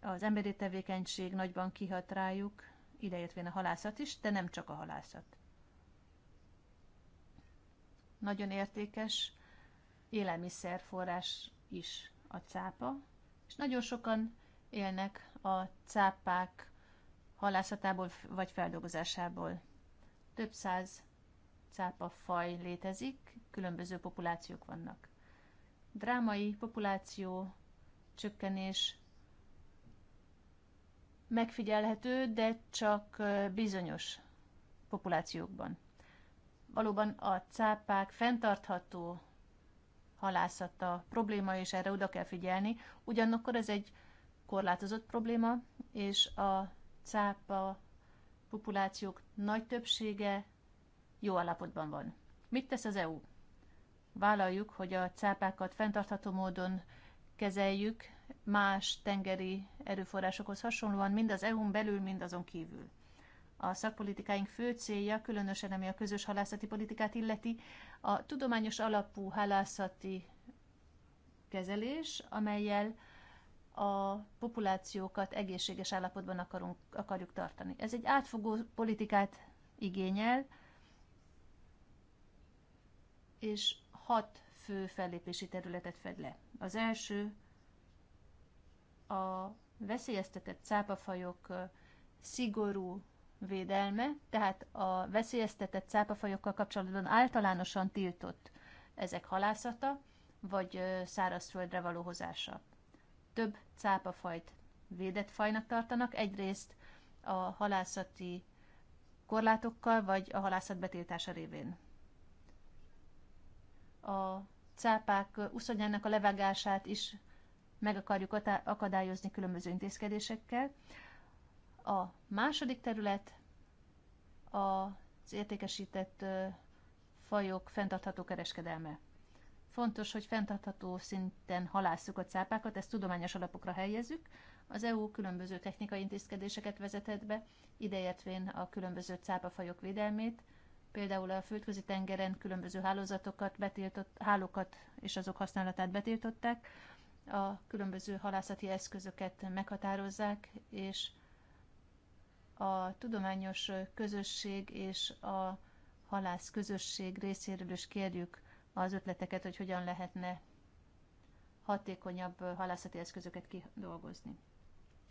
Az emberi tevékenység nagyban kihat rájuk, ideértvén a halászat is, de nem csak a halászat nagyon értékes élelmiszerforrás is a cápa, és nagyon sokan élnek a cápák halászatából vagy feldolgozásából. Több száz cápa faj létezik, különböző populációk vannak. Drámai populáció csökkenés megfigyelhető, de csak bizonyos populációkban valóban a cápák fenntartható halászata probléma, és erre oda kell figyelni. Ugyanakkor ez egy korlátozott probléma, és a cápa populációk nagy többsége jó állapotban van. Mit tesz az EU? Vállaljuk, hogy a cápákat fenntartható módon kezeljük, más tengeri erőforrásokhoz hasonlóan, mind az EU-n belül, mind azon kívül a szakpolitikáink fő célja, különösen ami a közös halászati politikát illeti, a tudományos alapú halászati kezelés, amelyel a populációkat egészséges állapotban akarunk, akarjuk tartani. Ez egy átfogó politikát igényel, és hat fő fellépési területet fed le. Az első a veszélyeztetett cápafajok szigorú védelme, tehát a veszélyeztetett cápafajokkal kapcsolatban általánosan tiltott ezek halászata, vagy szárazföldre való hozása. Több cápafajt védett fajnak tartanak, egyrészt a halászati korlátokkal, vagy a halászat betiltása révén. A cápák uszonyának a levágását is meg akarjuk akadályozni különböző intézkedésekkel. A második terület az értékesített fajok fenntartható kereskedelme. Fontos, hogy fenntartható szinten halásszuk a cápákat, ezt tudományos alapokra helyezzük. Az EU különböző technikai intézkedéseket vezetett be, idejétvén a különböző cápafajok védelmét, például a földközi tengeren különböző hálózatokat, betiltott, hálókat és azok használatát betiltották, a különböző halászati eszközöket meghatározzák, és a tudományos közösség és a halász közösség részéről is kérjük az ötleteket, hogy hogyan lehetne hatékonyabb halászati eszközöket kidolgozni.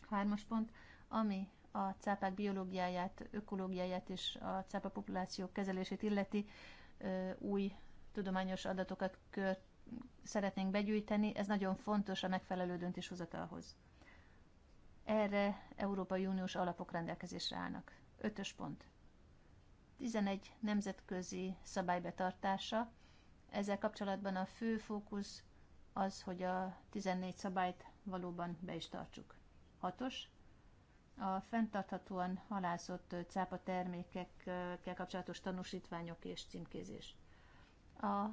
Hármas pont, ami a cápák biológiáját, ökológiáját és a cápa populációk kezelését illeti, új tudományos adatokat kör szeretnénk begyűjteni, ez nagyon fontos a megfelelő döntéshozatalhoz. Erre Európai Uniós alapok rendelkezésre állnak. Ötös pont. 11 nemzetközi szabály betartása. Ezzel kapcsolatban a fő fókusz az, hogy a 14 szabályt valóban be is tartsuk. Hatos. A fenntarthatóan halászott cápa termékekkel kapcsolatos tanúsítványok és címkézés. A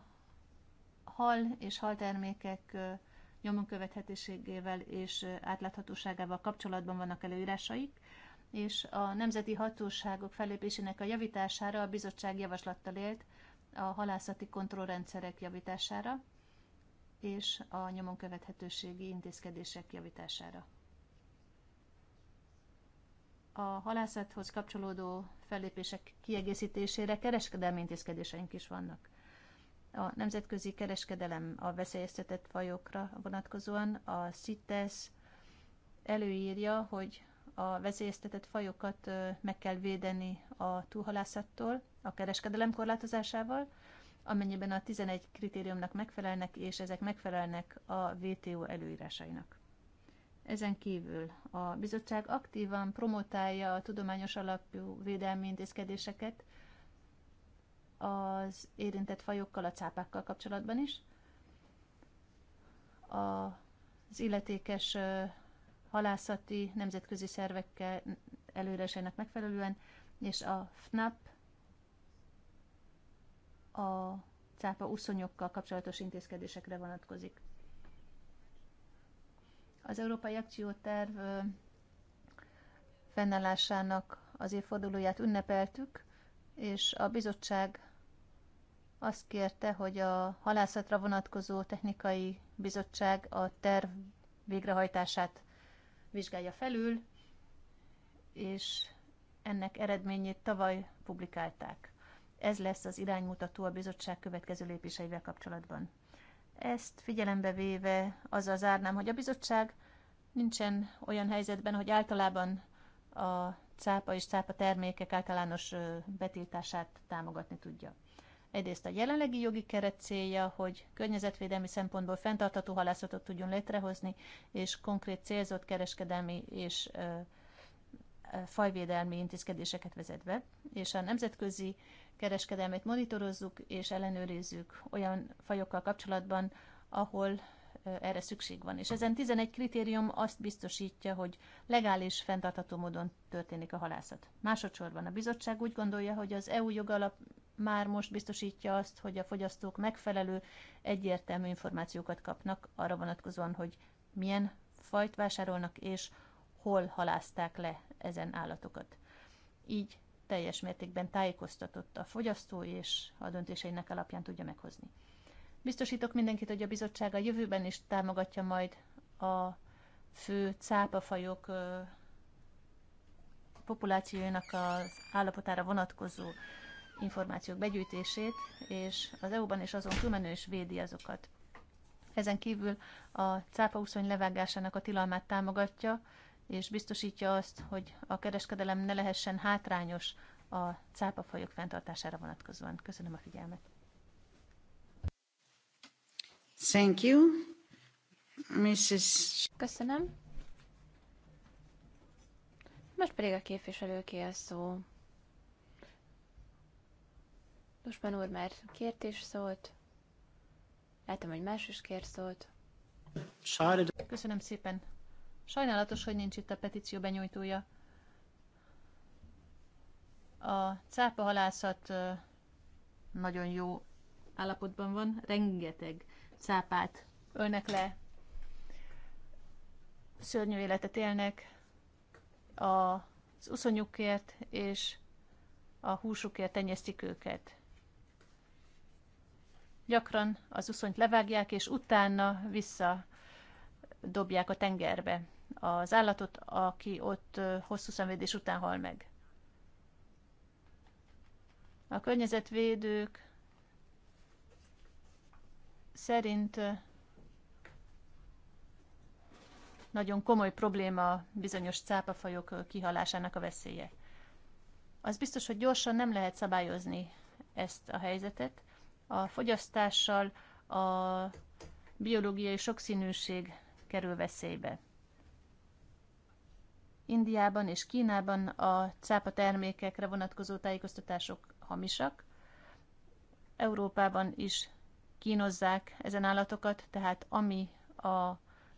hal és haltermékek nyomon követhetőségével és átláthatóságával kapcsolatban vannak előírásaik, és a nemzeti hatóságok fellépésének a javítására a bizottság javaslattal élt a halászati kontrollrendszerek javítására és a nyomon követhetőségi intézkedések javítására. A halászathoz kapcsolódó fellépések kiegészítésére kereskedelmi intézkedéseink is vannak a nemzetközi kereskedelem a veszélyeztetett fajokra vonatkozóan, a CITES előírja, hogy a veszélyeztetett fajokat meg kell védeni a túlhalászattól, a kereskedelem korlátozásával, amennyiben a 11 kritériumnak megfelelnek, és ezek megfelelnek a WTO előírásainak. Ezen kívül a bizottság aktívan promotálja a tudományos alapú védelmi intézkedéseket, az érintett fajokkal, a cápákkal kapcsolatban is. Az illetékes halászati nemzetközi szervekkel előírásainak megfelelően, és a FNAP a cápa uszonyokkal kapcsolatos intézkedésekre vonatkozik. Az Európai Akcióterv fennállásának az évfordulóját ünnepeltük, és a bizottság azt kérte, hogy a halászatra vonatkozó technikai bizottság a terv végrehajtását vizsgálja felül, és ennek eredményét tavaly publikálták. Ez lesz az iránymutató a bizottság következő lépéseivel kapcsolatban. Ezt figyelembe véve azzal zárnám, hogy a bizottság nincsen olyan helyzetben, hogy általában a cápa és cápa termékek általános betiltását támogatni tudja. Egyrészt a jelenlegi jogi keret célja, hogy környezetvédelmi szempontból fenntartható halászatot tudjon létrehozni, és konkrét célzott kereskedelmi és fajvédelmi intézkedéseket vezet be, és a nemzetközi kereskedelmet monitorozzuk és ellenőrizzük olyan fajokkal kapcsolatban, ahol erre szükség van. És ezen 11 kritérium azt biztosítja, hogy legális, fenntartható módon történik a halászat. Másodszorban a bizottság úgy gondolja, hogy az EU jogalap már most biztosítja azt, hogy a fogyasztók megfelelő, egyértelmű információkat kapnak arra vonatkozóan, hogy milyen fajt vásárolnak, és hol halázták le ezen állatokat. Így teljes mértékben tájékoztatott a fogyasztó, és a döntéseinek alapján tudja meghozni. Biztosítok mindenkit, hogy a bizottság a jövőben is támogatja majd a fő cápafajok populációjának az állapotára vonatkozó információk begyűjtését, és az EU-ban és azon túlmenő is védi azokat. Ezen kívül a úszony levágásának a tilalmát támogatja, és biztosítja azt, hogy a kereskedelem ne lehessen hátrányos a cápafajok fenntartására vonatkozóan. Köszönöm a figyelmet. Thank you. Mrs. Köszönöm. Most pedig a képviselőké a szó. Tusman úr már kért is szólt. Látom, hogy más is kér szólt. Köszönöm szépen. Sajnálatos, hogy nincs itt a petíció benyújtója. A cápa halászat nagyon jó állapotban van. Rengeteg cápát ölnek le, szörnyű életet élnek az uszonyukért és a húsukért tenyésztik őket. Gyakran az uszonyt levágják, és utána vissza dobják a tengerbe az állatot, aki ott hosszú szenvedés után hal meg. A környezetvédők szerint nagyon komoly probléma bizonyos cápafajok kihalásának a veszélye. Az biztos, hogy gyorsan nem lehet szabályozni ezt a helyzetet, a fogyasztással a biológiai sokszínűség kerül veszélybe. Indiában és Kínában a cápa termékekre vonatkozó tájékoztatások hamisak. Európában is kínozzák ezen állatokat, tehát ami a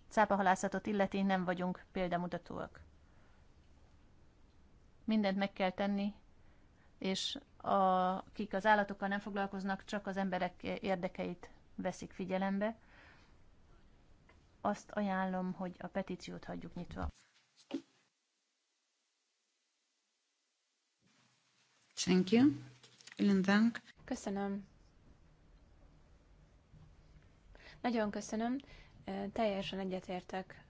cápahalászatot illeti, nem vagyunk példamutatóak. Mindent meg kell tenni, és akik az állatokkal nem foglalkoznak, csak az emberek érdekeit veszik figyelembe. Azt ajánlom, hogy a petíciót hagyjuk nyitva. Thank you. Dank. Köszönöm. Nagyon köszönöm. Teljesen egyetértek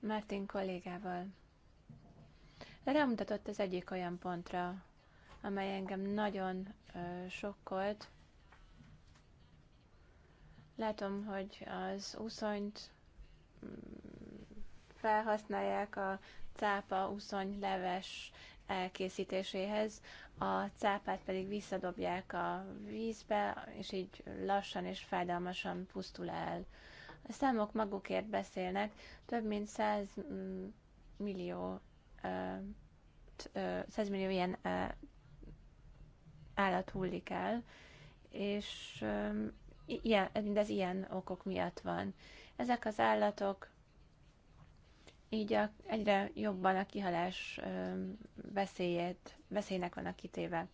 Martin kollégával rámutatott az egyik olyan pontra, amely engem nagyon ö, sokkolt. Látom, hogy az úszonyt mm, felhasználják a cápa úszony leves elkészítéséhez, a cápát pedig visszadobják a vízbe, és így lassan és fájdalmasan pusztul el. A számok magukért beszélnek, több mint 100 mm, millió 100 millió ilyen állat hullik el, és ilyen, mindez ilyen okok miatt van. Ezek az állatok így a, egyre jobban a kihalás veszélyét, veszélynek vannak kitéve.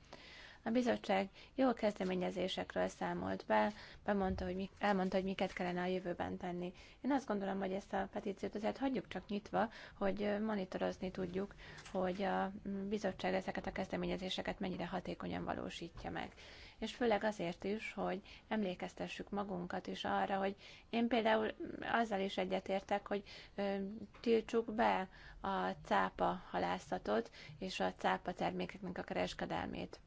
A bizottság jó kezdeményezésekről számolt be, bemondta, hogy mi, elmondta, hogy miket kellene a jövőben tenni. Én azt gondolom, hogy ezt a petíciót azért hagyjuk csak nyitva, hogy monitorozni tudjuk, hogy a bizottság ezeket a kezdeményezéseket mennyire hatékonyan valósítja meg és főleg azért is, hogy emlékeztessük magunkat is arra, hogy én például azzal is egyetértek, hogy ö, tiltsuk be a cápa halászatot és a cápa termékeknek a kereskedelmét.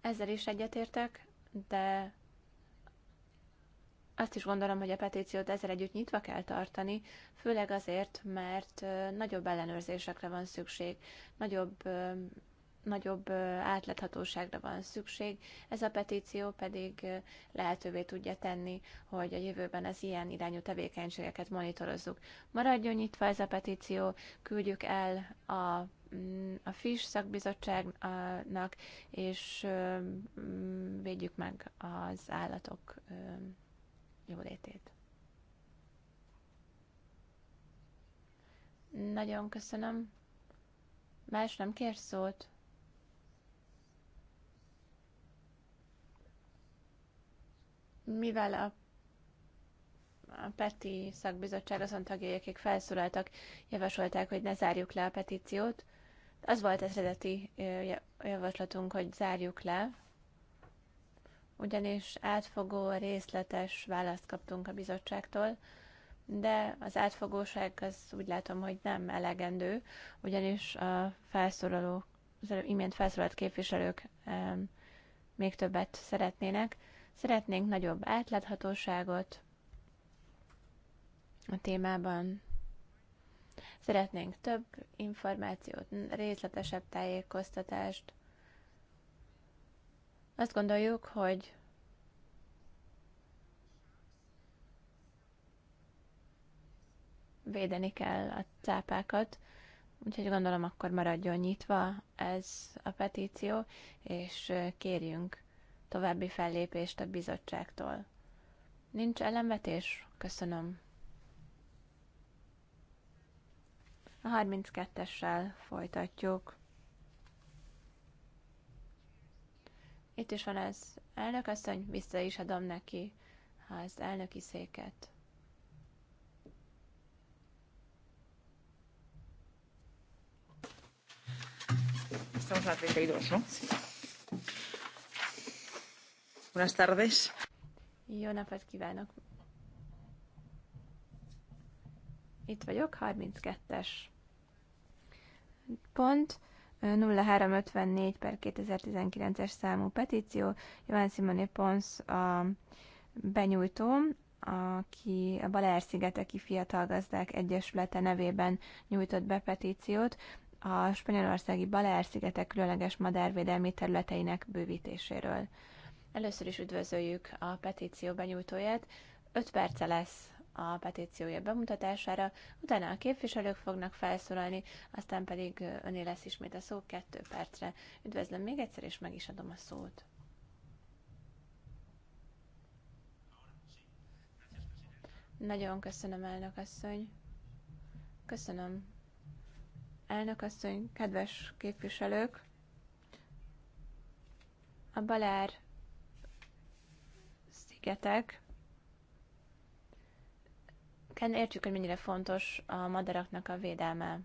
Ezzel is egyetértek, de azt is gondolom, hogy a petíciót ezzel együtt nyitva kell tartani, főleg azért, mert nagyobb ellenőrzésekre van szükség, nagyobb, nagyobb átláthatóságra van szükség. Ez a petíció pedig lehetővé tudja tenni, hogy a jövőben az ilyen irányú tevékenységeket monitorozzuk. Maradjon nyitva ez a petíció, küldjük el a a FIS szakbizottságnak, és védjük meg az állatok jólétét. Nagyon köszönöm. Más nem kér szót? Mivel a a PETI szakbizottság azon tagjai, akik felszólaltak, javasolták, hogy ne zárjuk le a petíciót. Az volt az eredeti javaslatunk, hogy zárjuk le, ugyanis átfogó, részletes választ kaptunk a bizottságtól, de az átfogóság az úgy látom, hogy nem elegendő, ugyanis a felszólalók, az imént felszólalt képviselők még többet szeretnének. Szeretnénk nagyobb átláthatóságot a témában, Szeretnénk több információt, részletesebb tájékoztatást. Azt gondoljuk, hogy védeni kell a cápákat, úgyhogy gondolom akkor maradjon nyitva ez a petíció, és kérjünk további fellépést a bizottságtól. Nincs ellenvetés? Köszönöm. A 32-essel folytatjuk. Itt is van ez. Elnök asszony, vissza is adom neki az elnöki széket. Estamos a 32, ¿no? Sí. Buenas tardes. Jó napot kívánok! itt vagyok, 32-es pont. 0354 per 2019-es számú petíció. Iván Simoni Pons a benyújtó, aki a Balear-szigeteki Fiatal Gazdák Egyesülete nevében nyújtott be petíciót a spanyolországi Balear-szigetek különleges madárvédelmi területeinek bővítéséről. Először is üdvözöljük a petíció benyújtóját. 5 perce lesz a petíciója bemutatására, utána a képviselők fognak felszólalni, aztán pedig öné lesz ismét a szó kettő percre. Üdvözlöm még egyszer, és meg is adom a szót. Nagyon köszönöm, elnök asszony. Köszönöm. Elnök asszony, kedves képviselők, a Balár szigetek Kell értjük, hogy mennyire fontos a madaraknak a védelme.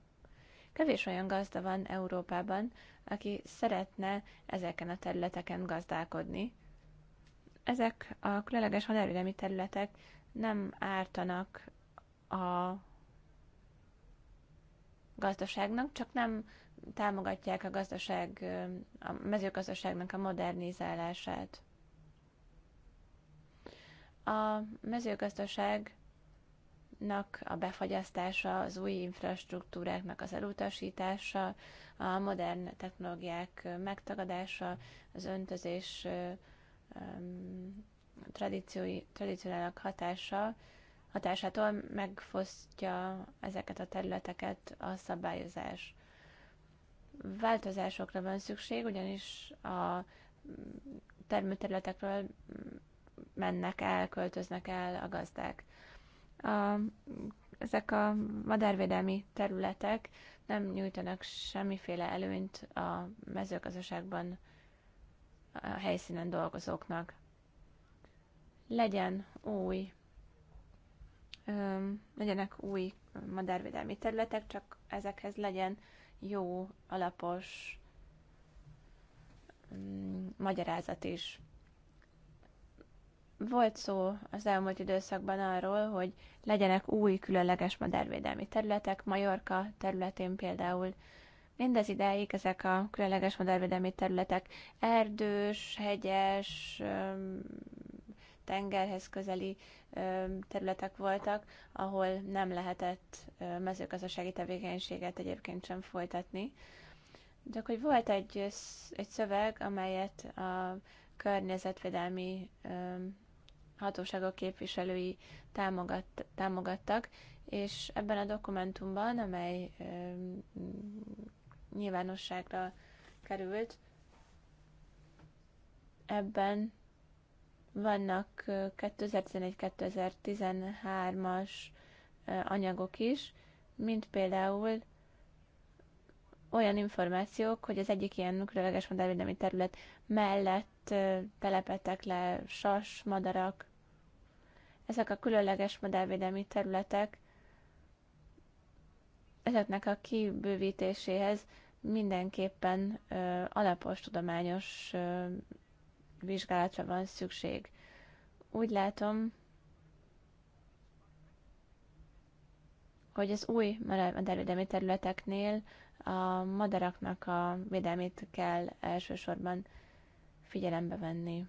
Kevés olyan gazda van Európában, aki szeretne ezeken a területeken gazdálkodni. Ezek a különleges honérvédelmi területek nem ártanak a gazdaságnak, csak nem támogatják a gazdaság, a mezőgazdaságnak a modernizálását. A mezőgazdaság a befagyasztása, az új infrastruktúráknak az elutasítása, a modern technológiák megtagadása, az öntözés tradicionálnak hatása, hatásától megfosztja ezeket a területeket a szabályozás. Változásokra van szükség, ugyanis a termőterületekről mennek el, költöznek el a gazdák a, ezek a madárvédelmi területek nem nyújtanak semmiféle előnyt a mezőgazdaságban a helyszínen dolgozóknak. Legyen új, öm, legyenek új madárvédelmi területek, csak ezekhez legyen jó, alapos öm, mm, magyarázat is. Volt szó az elmúlt időszakban arról, hogy legyenek új különleges madárvédelmi területek, Majorka területén például. Mindez idáig ezek a különleges madárvédelmi területek erdős, hegyes, tengerhez közeli területek voltak, ahol nem lehetett mezőgazdasági tevékenységet egyébként sem folytatni. De hogy volt egy, egy szöveg, amelyet a környezetvédelmi hatóságok képviselői támogat, támogattak, és ebben a dokumentumban, amely ö, nyilvánosságra került, ebben vannak 2011-2013-as anyagok is, mint például olyan információk, hogy az egyik ilyen nukleáris madárvédelmi terület mellett telepettek le sas, madarak, ezek a különleges madárvédelmi területek, ezeknek a kibővítéséhez mindenképpen ö, alapos tudományos ö, vizsgálatra van szükség. Úgy látom, hogy az új madárvédelmi területeknél a madaraknak a védelmét kell elsősorban figyelembe venni.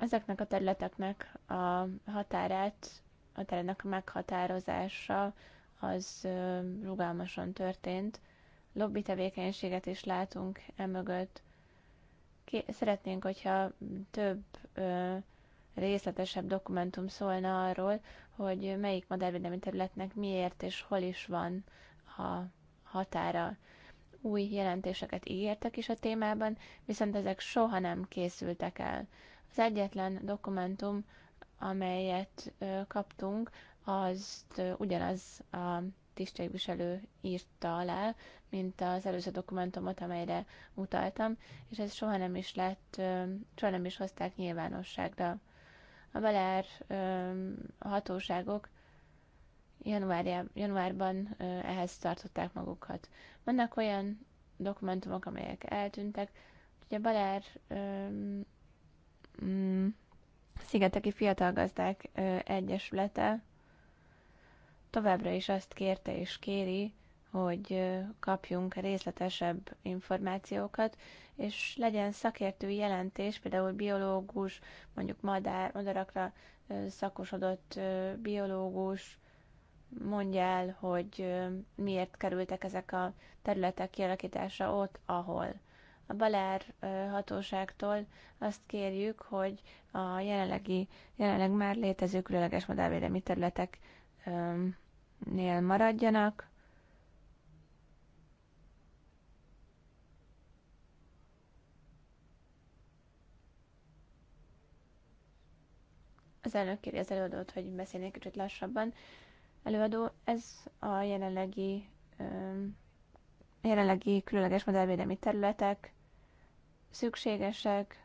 Ezeknek a területeknek a határát, területnek a meghatározása az rugalmasan történt. Lobby tevékenységet is látunk emögött. szeretnénk, hogyha több részletesebb dokumentum szólna arról, hogy melyik madárvédelmi területnek miért és hol is van a határa. Új jelentéseket ígértek is a témában, viszont ezek soha nem készültek el. Az egyetlen dokumentum, amelyet kaptunk, azt ugyanaz a tisztségviselő írta alá, mint az előző dokumentumot, amelyre utaltam, és ez soha nem is lett, soha nem is hozták nyilvánosságra. A belár hatóságok januárjá, januárban ehhez tartották magukat. Vannak olyan dokumentumok, amelyek eltűntek. Ugye Balár mm, Szigeteki Fiatal Gazdák Egyesülete továbbra is azt kérte és kéri, hogy kapjunk részletesebb információkat, és legyen szakértői jelentés, például biológus, mondjuk madár, madarakra szakosodott biológus mondja el, hogy miért kerültek ezek a területek kialakítása ott, ahol. A Balár hatóságtól azt kérjük, hogy a jelenlegi, jelenleg már létező különleges madárvédelmi területeknél maradjanak, az elnök kéri az előadót, hogy beszéljen kicsit lassabban. Előadó, ez a jelenlegi, jelenlegi különleges modellvédelmi területek, szükségesek,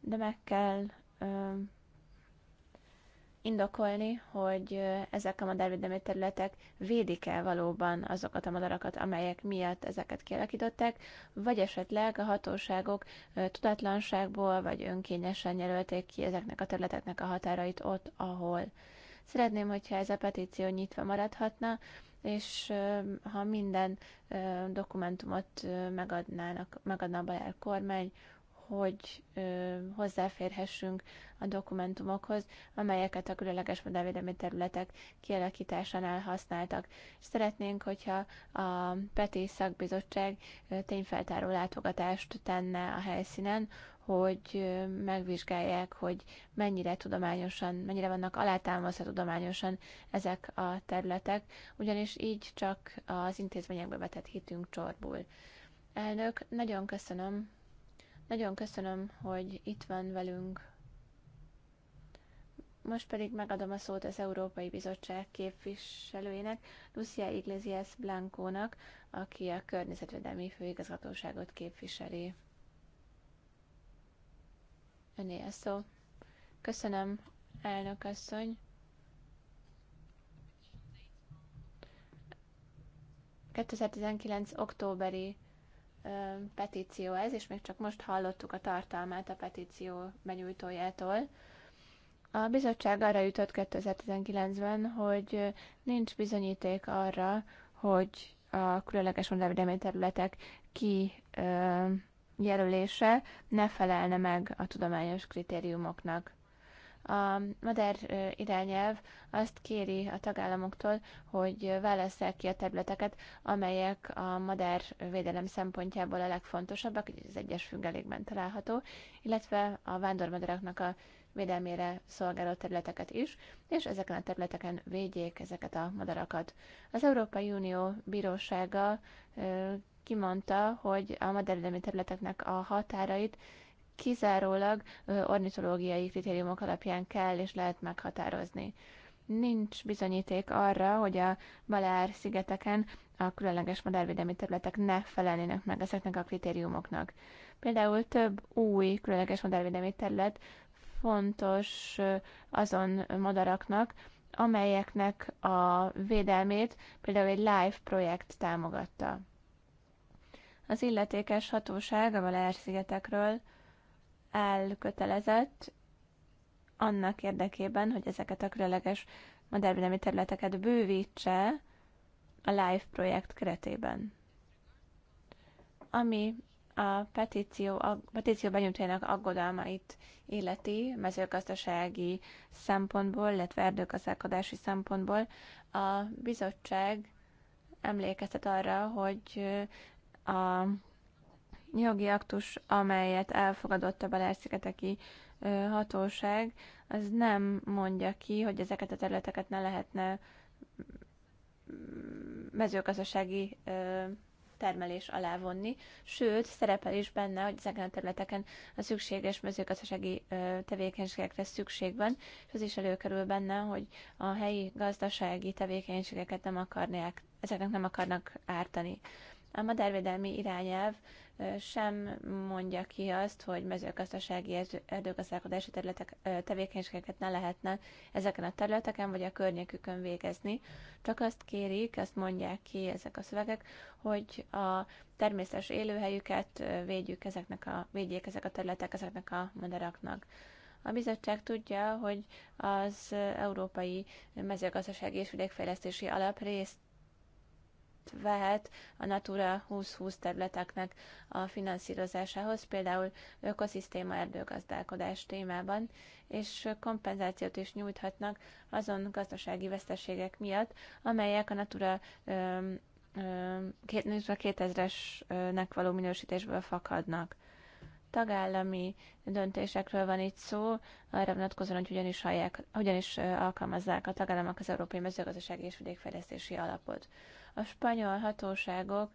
de meg kell ö, indokolni, hogy ezek a madárvédelmi területek védik-e valóban azokat a madarakat, amelyek miatt ezeket kialakították, vagy esetleg a hatóságok tudatlanságból vagy önkényesen jelölték ki ezeknek a területeknek a határait ott, ahol. Szeretném, hogyha ez a petíció nyitva maradhatna, és ha minden dokumentumot megadnának, megadna a Bajár kormány, hogy hozzáférhessünk a dokumentumokhoz, amelyeket a különleges modellvédelmi területek kialakításánál használtak. És szeretnénk, hogyha a PETI szakbizottság tényfeltáró látogatást tenne a helyszínen, hogy megvizsgálják, hogy mennyire tudományosan, mennyire vannak alátámasztva tudományosan ezek a területek, ugyanis így csak az intézményekbe vetett hitünk csorbul. Elnök, nagyon köszönöm, nagyon köszönöm, hogy itt van velünk. Most pedig megadom a szót az Európai Bizottság képviselőjének, Lucia Iglesias Blancónak, aki a Környezetvédelmi Főigazgatóságot képviseli. Öné a szó. Köszönöm, elnök asszony. 2019. októberi petíció ez, és még csak most hallottuk a tartalmát a petíció benyújtójától. A bizottság arra jutott 2019-ben, hogy nincs bizonyíték arra, hogy a különleges honvédelmi területek ki ö, jelölése ne felelne meg a tudományos kritériumoknak. A madár irányelv azt kéri a tagállamoktól, hogy válasszák ki a területeket, amelyek a madár védelem szempontjából a legfontosabbak, az egyes függelékben található, illetve a vándormadaraknak a védelmére szolgáló területeket is, és ezeken a területeken védjék ezeket a madarakat. Az Európai Unió Bírósága kimondta, hogy a madárvédelmi területeknek a határait kizárólag ornitológiai kritériumok alapján kell és lehet meghatározni. Nincs bizonyíték arra, hogy a Balár-szigeteken a különleges madárvédelmi területek ne felelnének meg ezeknek a kritériumoknak. Például több új különleges madárvédelmi terület fontos azon madaraknak, amelyeknek a védelmét például egy live projekt támogatta. Az illetékes hatóság a Baleár-szigetekről elkötelezett annak érdekében, hogy ezeket a különleges madárvédelmi területeket bővítse a LIFE projekt keretében. Ami a petíció, a petíció benyújtójának aggodalmait illeti mezőgazdasági szempontból, illetve erdőgazdálkodási szempontból, a bizottság emlékeztet arra, hogy a jogi aktus, amelyet elfogadott a Balázs-szigeteki hatóság, az nem mondja ki, hogy ezeket a területeket ne lehetne mm, mezőgazdasági termelés alá vonni, sőt, szerepel is benne, hogy ezeken a területeken a szükséges mezőgazdasági tevékenységekre szükség van, és az is előkerül benne, hogy a helyi gazdasági tevékenységeket nem akarnák, ezeknek nem akarnak ártani ám a tervédelmi irányelv sem mondja ki azt, hogy mezőgazdasági erdőgazdálkodási területek, tevékenységeket ne lehetne ezeken a területeken vagy a környékükön végezni. Csak azt kérik, azt mondják ki ezek a szövegek, hogy a természetes élőhelyüket védjük ezeknek a, védjék ezek a területek ezeknek a madaraknak. A bizottság tudja, hogy az Európai Mezőgazdasági és Vidékfejlesztési Alap részt vehet a Natura 2020 területeknek a finanszírozásához, például ökoszisztéma erdőgazdálkodás témában, és kompenzációt is nyújthatnak azon gazdasági veszteségek miatt, amelyek a Natura öm, öm, 2000-esnek való minősítésből fakadnak tagállami döntésekről van itt szó, arra vonatkozóan, hogy hogyan is, hallják, ugyanis alkalmazzák a tagállamok az Európai Mezőgazdasági és Vidékfejlesztési Alapot. A spanyol hatóságok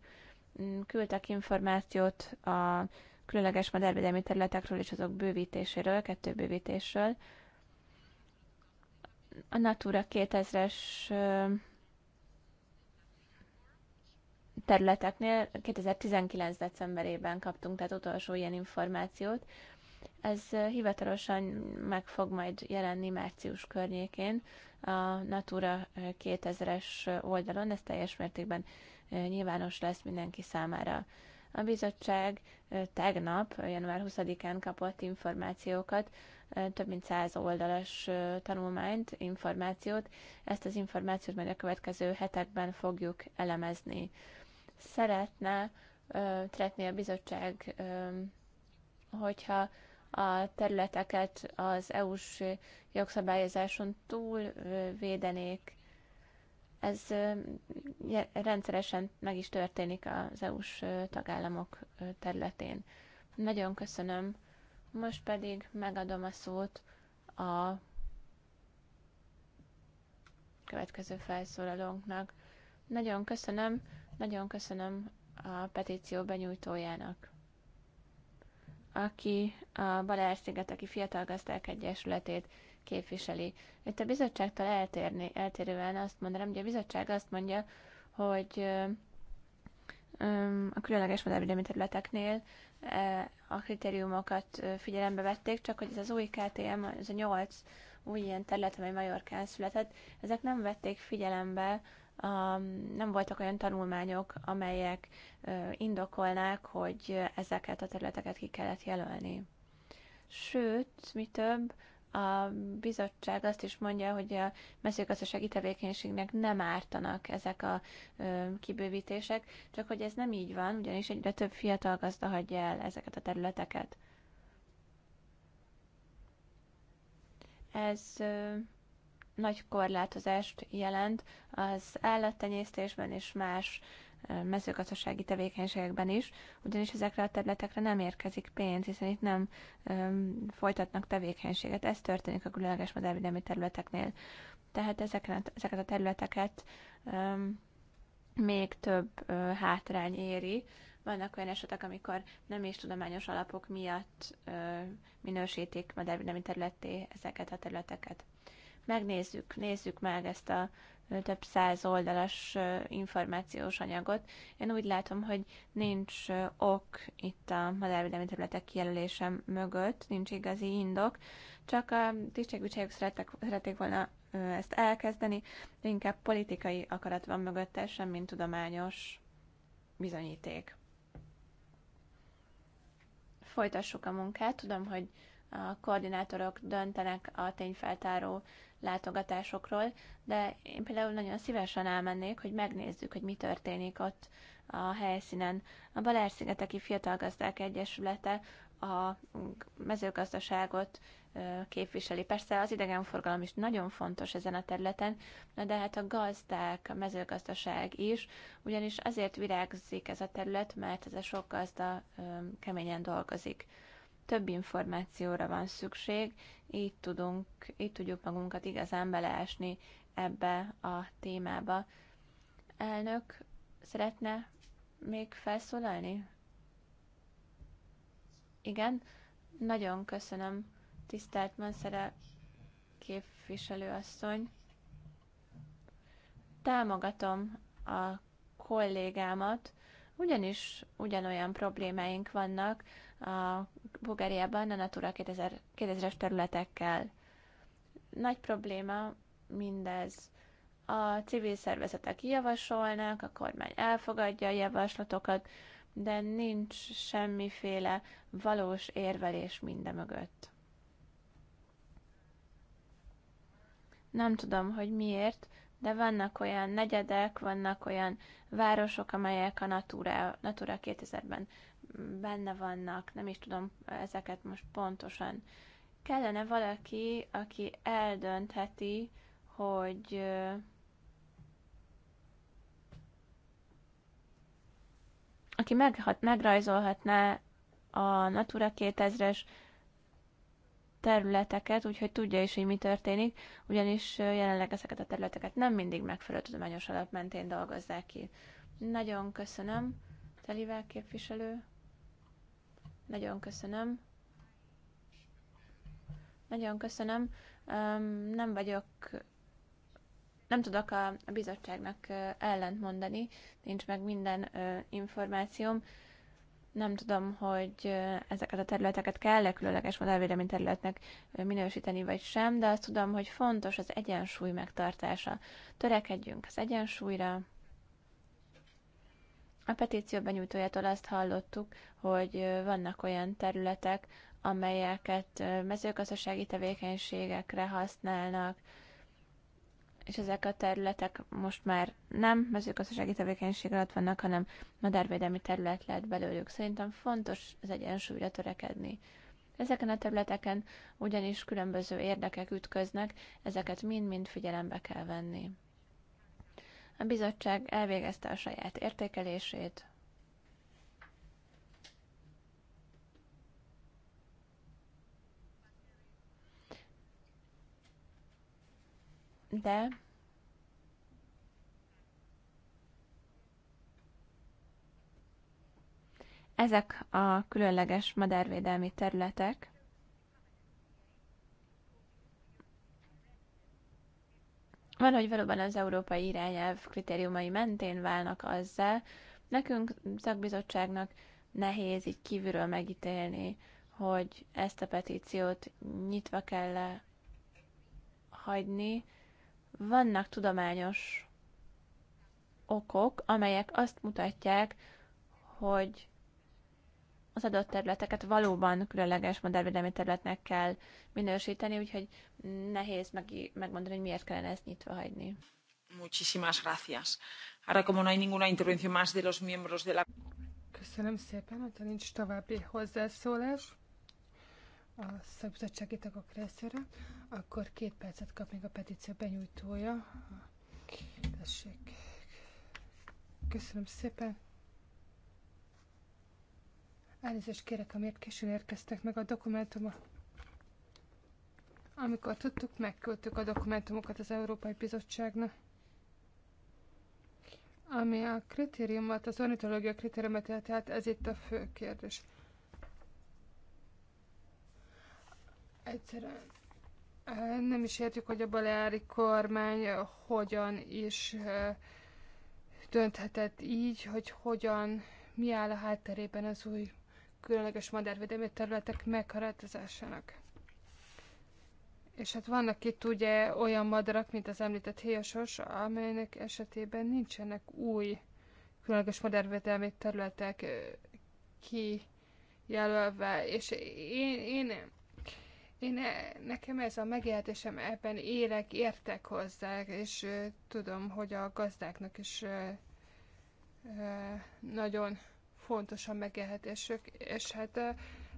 mm, küldtek információt a különleges madárvédelmi területekről és azok bővítéséről, kettő bővítésről. A Natura 2000-es területeknél 2019. decemberében kaptunk, tehát utolsó ilyen információt. Ez hivatalosan meg fog majd jelenni március környékén a Natura 2000-es oldalon, ez teljes mértékben nyilvános lesz mindenki számára. A bizottság tegnap, január 20-án kapott információkat, több mint 100 oldalas tanulmányt, információt. Ezt az információt majd a következő hetekben fogjuk elemezni. Szeretne, tretni a bizottság, hogyha a területeket az EU-s jogszabályozáson túl védenék. Ez rendszeresen meg is történik az EU-s tagállamok területén. Nagyon köszönöm. Most pedig megadom a szót a következő felszólalónknak. Nagyon köszönöm, nagyon köszönöm a petíció benyújtójának aki a Balázs-szigeteki Fiatal Gazdák Egyesületét képviseli. Itt a bizottságtól eltérni, eltérően azt mondanám, hogy a bizottság azt mondja, hogy a különleges madárvédelmi területeknél a kritériumokat figyelembe vették, csak hogy ez az új KTM, ez a nyolc új ilyen terület, amely Majorkán született, ezek nem vették figyelembe nem voltak olyan tanulmányok, amelyek indokolnák, hogy ezeket a területeket ki kellett jelölni. Sőt, mi több, a bizottság azt is mondja, hogy a mezőgazdasági tevékenységnek nem ártanak ezek a ö, kibővítések, csak hogy ez nem így van, ugyanis egyre több fiatal gazda hagyja el ezeket a területeket. Ez ö, nagy korlátozást jelent az állattenyésztésben és más mezőgazdasági tevékenységekben is, ugyanis ezekre a területekre nem érkezik pénz, hiszen itt nem um, folytatnak tevékenységet. Ez történik a különleges madárvédelmi területeknél. Tehát ezeket, ezeket a területeket um, még több uh, hátrány éri. Vannak olyan esetek, amikor nem is tudományos alapok miatt uh, minősítik madárvédelmi területé ezeket a területeket megnézzük, nézzük meg ezt a több száz oldalas információs anyagot. Én úgy látom, hogy nincs ok itt a madárvédelmi területek kijelölésem mögött, nincs igazi indok, csak a tisztségviselők szerették volna ezt elkezdeni, de inkább politikai akarat van mögötte, sem mint tudományos bizonyíték. Folytassuk a munkát. Tudom, hogy a koordinátorok döntenek a tényfeltáró látogatásokról, de én például nagyon szívesen elmennék, hogy megnézzük, hogy mi történik ott a helyszínen. A Balárszigeteki szigeteki Fiatalgazdák Egyesülete a mezőgazdaságot képviseli. Persze az idegenforgalom is nagyon fontos ezen a területen, de hát a gazdák, a mezőgazdaság is, ugyanis azért virágzik ez a terület, mert ez a sok gazda keményen dolgozik több információra van szükség, így, tudunk, így tudjuk magunkat igazán beleesni ebbe a témába. Elnök, szeretne még felszólalni? Igen, nagyon köszönöm, tisztelt Manszere képviselőasszony. Támogatom a kollégámat, ugyanis ugyanolyan problémáink vannak, a Bulgáriában a Natura 2000, es területekkel. Nagy probléma mindez. A civil szervezetek javasolnak, a kormány elfogadja a javaslatokat, de nincs semmiféle valós érvelés minden mögött. Nem tudom, hogy miért, de vannak olyan negyedek, vannak olyan városok, amelyek a Natura, Natura 2000-ben benne vannak, nem is tudom ezeket most pontosan. Kellene valaki, aki eldöntheti, hogy aki meghat, megrajzolhatná a Natura 2000-es területeket, úgyhogy tudja is, hogy mi történik, ugyanis jelenleg ezeket a területeket nem mindig megfelelő tudományos alap mentén dolgozzák ki. Nagyon köszönöm, Telivel képviselő. Nagyon köszönöm. Nagyon köszönöm. Nem vagyok, nem tudok a bizottságnak ellent mondani, nincs meg minden információm. Nem tudom, hogy ezeket a területeket kell-e különleges modellvédelmi területnek minősíteni, vagy sem, de azt tudom, hogy fontos az egyensúly megtartása. Törekedjünk az egyensúlyra, a petíció benyújtójától azt hallottuk, hogy vannak olyan területek, amelyeket mezőgazdasági tevékenységekre használnak, és ezek a területek most már nem mezőgazdasági tevékenység alatt vannak, hanem madárvédelmi terület lehet belőlük. Szerintem fontos az egyensúlyra törekedni. Ezeken a területeken ugyanis különböző érdekek ütköznek, ezeket mind-mind figyelembe kell venni. A bizottság elvégezte a saját értékelését, de ezek a különleges madárvédelmi területek Van, hogy valóban az európai irányelv kritériumai mentén válnak azzá, nekünk szakbizottságnak nehéz így kívülről megítélni, hogy ezt a petíciót nyitva kell -e hagyni. Vannak tudományos okok, amelyek azt mutatják, hogy az adott területeket valóban különleges madárvédelmi területnek kell minősíteni, úgyhogy nehéz meg, megmondani, hogy miért kellene ezt nyitva hagyni. Muchísimas gracias. Ahora, como no hay ninguna intervención más de los miembros de la... Köszönöm szépen, hogyha nincs további hozzászólás a szakbizottsági tagok részére, akkor két percet kap még a petíció benyújtója. Tessék. Köszönöm szépen. Elnézést kérek, amiért későn érkeztek meg a dokumentumok. Amikor tudtuk, megköltük a dokumentumokat az Európai Bizottságnak. Ami a kritériumot, az ornitológia kritériumot, tehát ez itt a fő kérdés. Egyszerűen nem is értjük, hogy a baleári kormány hogyan is dönthetett így, hogy hogyan, mi áll a hátterében az új különleges madárvédelmi területek meghatározásának. És hát vannak itt ugye olyan madarak, mint az említett héjasos, amelynek esetében nincsenek új különleges madárvédelmi területek kijelölve, és én, én, én nekem ez a megjelentésem ebben élek, értek hozzá, és tudom, hogy a gazdáknak is nagyon fontos a megélhetésük, és hát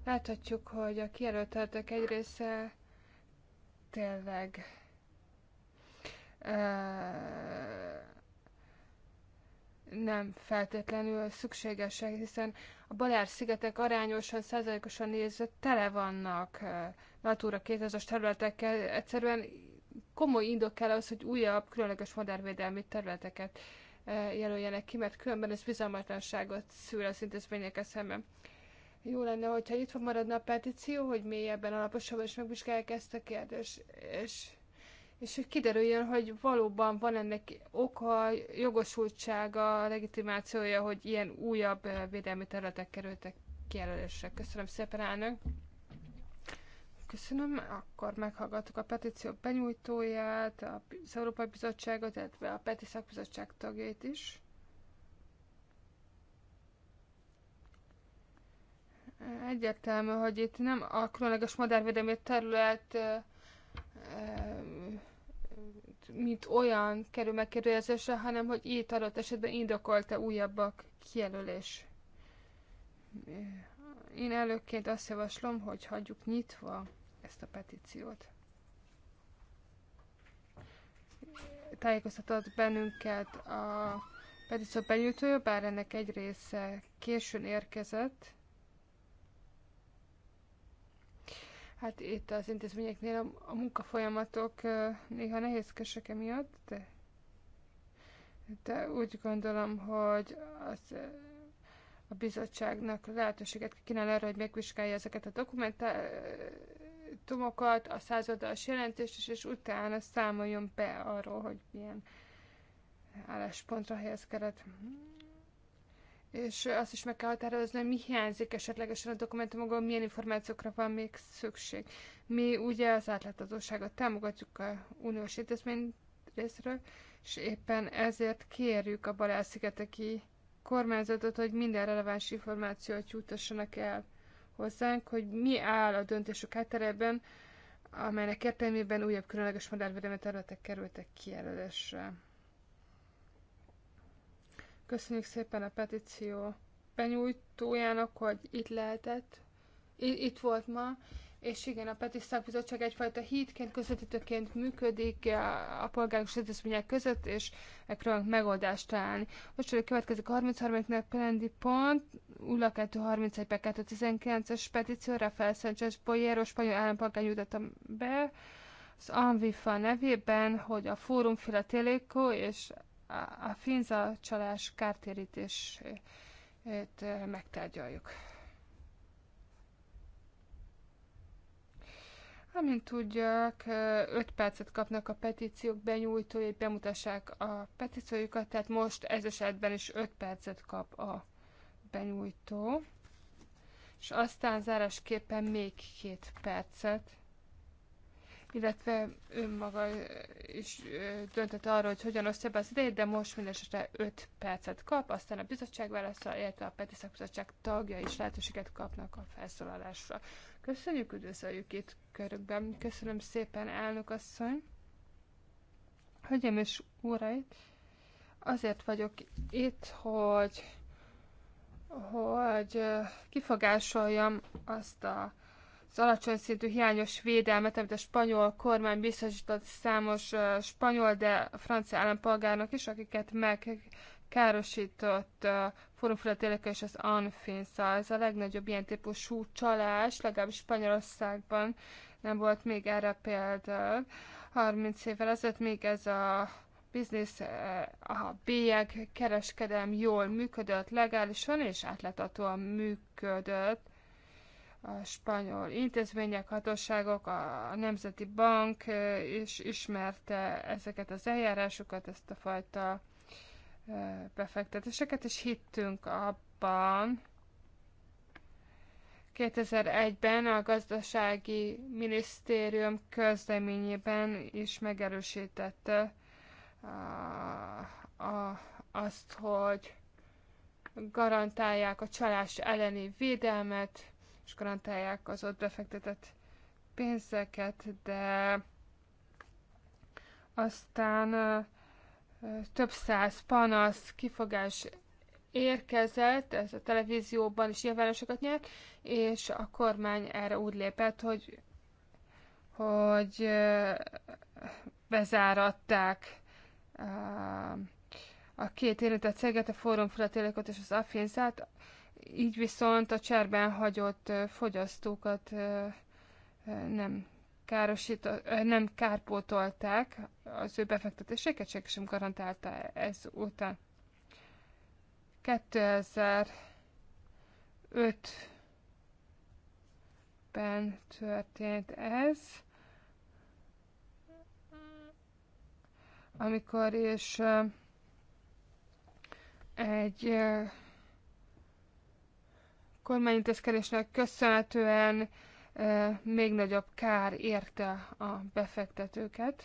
láthatjuk, hogy a kijelöltetek egy része tényleg nem feltétlenül szükségesek, hiszen a Balár-szigetek arányosan, százalékosan nézve tele vannak Natura 2000-as területekkel. Egyszerűen komoly indok kell az, hogy újabb, különleges madárvédelmi területeket jelöljenek ki, mert különben ez bizalmatlanságot szül az intézményekkel szemben. Jó lenne, hogyha nyitva maradna a petíció, hogy mélyebben, alaposabban is megvizsgálják ezt a kérdést, és, és hogy kiderüljön, hogy valóban van ennek oka, jogosultsága, legitimációja, hogy ilyen újabb védelmi területek kerültek kijelölésre. Köszönöm szépen, elnök! Köszönöm. Akkor meghallgattuk a petíció benyújtóját, az Európai Bizottságot, illetve a Peti Szakbizottság tagjait is. Egyértelmű, hogy itt nem a különleges madárvédelmi terület mint olyan kerül megkérdezésre, hanem hogy itt adott esetben indokolta újabbak kijelölés. Én előként azt javaslom, hogy hagyjuk nyitva ezt a petíciót. Tájékoztatott bennünket a petíció benyújtója, bár ennek egy része későn érkezett. Hát itt az intézményeknél a munkafolyamatok néha nehézkesek emiatt, de, de úgy gondolom, hogy az a bizottságnak lehetőséget kínál erre, hogy megvizsgálja ezeket a dokumentá- dokumentumokat, a századás jelentést és, és utána számoljon be arról, hogy milyen álláspontra helyezkedett. És azt is meg kell határozni, hogy mi hiányzik esetlegesen a dokumentumokból, milyen információkra van még szükség. Mi ugye az átláthatóságot támogatjuk a uniós intézmény részről, és éppen ezért kérjük a Balázs-szigeteki kormányzatot, hogy minden releváns információt jutassanak el hozzánk, hogy mi áll a döntésük hátterében, amelynek értelmében újabb különleges madárvédelmi területek kerültek kijelölésre. Köszönjük szépen a petíció benyújtójának, hogy itt lehetett, itt volt ma, és igen, a Peti Szakbizottság egyfajta hídként, közvetítőként működik a, a polgárok intézmények között, és megpróbálunk megoldást találni. Most a következik a 33. napi pont, ULA 231 per 219-es petíció, Rafael Sánchez Boyero, spanyol állampolgár nyújtotta be az Anvifa nevében, hogy a Fórum Filatéléko és a, a Finza csalás kártérítését eh, megtárgyaljuk. Amint tudják, 5 percet kapnak a petíciók benyújtói, bemutassák a petíciójukat, tehát most ez esetben is 5 percet kap a benyújtó, és aztán zárásképpen még két percet illetve önmaga is döntött arra, hogy hogyan osztja be az idejét, de most mindesetre 5 percet kap, aztán a bizottság válaszol, illetve a Peti Szakbizottság tagja is lehetőséget kapnak a felszólalásra. Köszönjük, üdvözöljük itt körökben. Köszönöm szépen, elnök asszony. Hölgyeim és uraim, azért vagyok itt, hogy hogy kifogásoljam azt a az alacsony szintű hiányos védelmet, amit a spanyol kormány biztosított számos spanyol, de francia állampolgárnak is, akiket megkárosított forumfületéleke és az Anfinsa, Ez a legnagyobb ilyen típusú csalás, legalábbis Spanyolországban nem volt még erre példa. 30 évvel ezelőtt még ez a biznisz, a bélyeg kereskedelm jól működött, legálisan és átláthatóan működött a spanyol intézmények, hatóságok, a Nemzeti Bank is ismerte ezeket az eljárásokat, ezt a fajta befektetéseket, és hittünk abban, 2001-ben a gazdasági minisztérium közleményében is megerősítette a, a, azt, hogy garantálják a csalás elleni védelmet, és garantálják az ott befektetett pénzeket, de aztán több száz panasz, kifogás érkezett, ez a televízióban is nyilvánosokat nyert, és a kormány erre úgy lépett, hogy, hogy bezáratták a két érintett céget, a Fórum Filatélikot és az Afinzát, így viszont a cserben hagyott fogyasztókat nem károsít, nem kárpótolták az ő befektetéseket, csak sem garantálta ez után. 2005-ben történt ez, amikor is egy kormányintézkedésnek köszönhetően még nagyobb kár érte a befektetőket.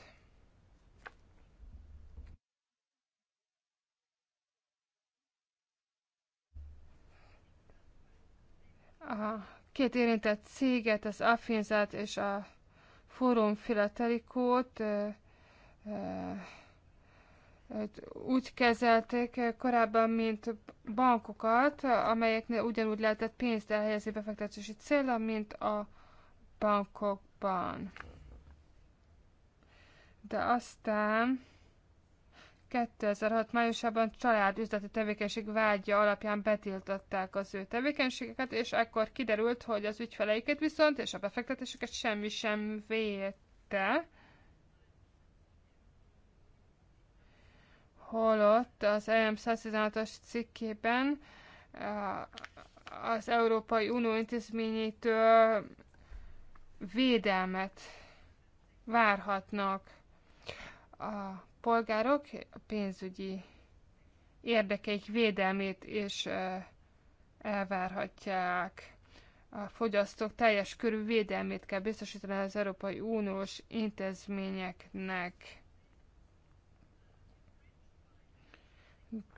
a két érintett céget, az Affinzát és a Forum Filatelikót Hát úgy kezelték korábban, mint bankokat, amelyeknél ugyanúgy lehetett pénzt elhelyezni befektetési célra, mint a bankokban. De aztán 2006. májusában család üzleti tevékenység vágya alapján betiltották az ő tevékenységeket, és ekkor kiderült, hogy az ügyfeleiket viszont és a befektetéseket semmi sem védte. holott az EM 116-as cikkében az Európai Unió intézményétől védelmet várhatnak a polgárok a pénzügyi érdekeik védelmét és elvárhatják. A fogyasztók teljes körű védelmét kell biztosítani az Európai Uniós intézményeknek.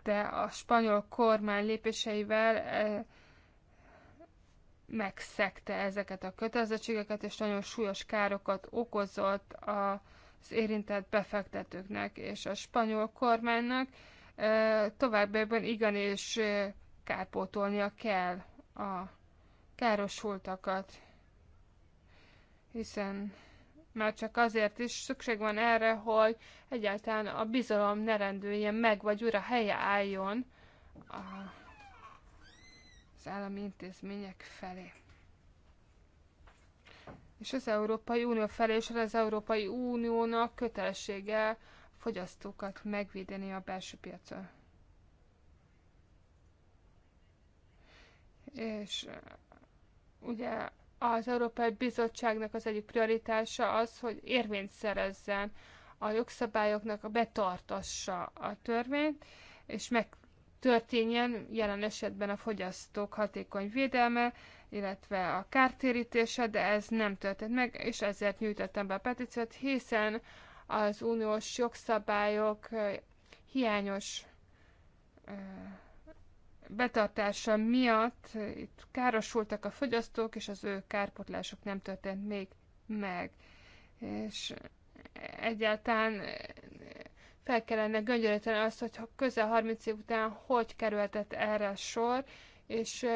de a spanyol kormány lépéseivel e, megszegte ezeket a kötelezettségeket, és nagyon súlyos károkat okozott a, az érintett befektetőknek és a spanyol kormánynak e, továbbiakban igenis e, kárpótolnia kell a károsultakat, hiszen már csak azért is szükség van erre, hogy egyáltalán a bizalom ne rendüljön meg, vagy újra helye álljon az állami intézmények felé. És az Európai Unió felé, és az Európai Uniónak kötelessége fogyasztókat megvédeni a belső piacon. És ugye az Európai Bizottságnak az egyik prioritása az, hogy érvényt szerezzen a jogszabályoknak, a betartassa a törvényt, és meg történjen jelen esetben a fogyasztók hatékony védelme, illetve a kártérítése, de ez nem történt meg, és ezért nyújtottam be a petíciót, hiszen az uniós jogszabályok hiányos betartása miatt itt károsultak a fogyasztók, és az ő kárpotlásuk nem történt még meg. És egyáltalán fel kellene göngyölíteni azt, hogy közel 30 év után hogy kerültett erre a sor, és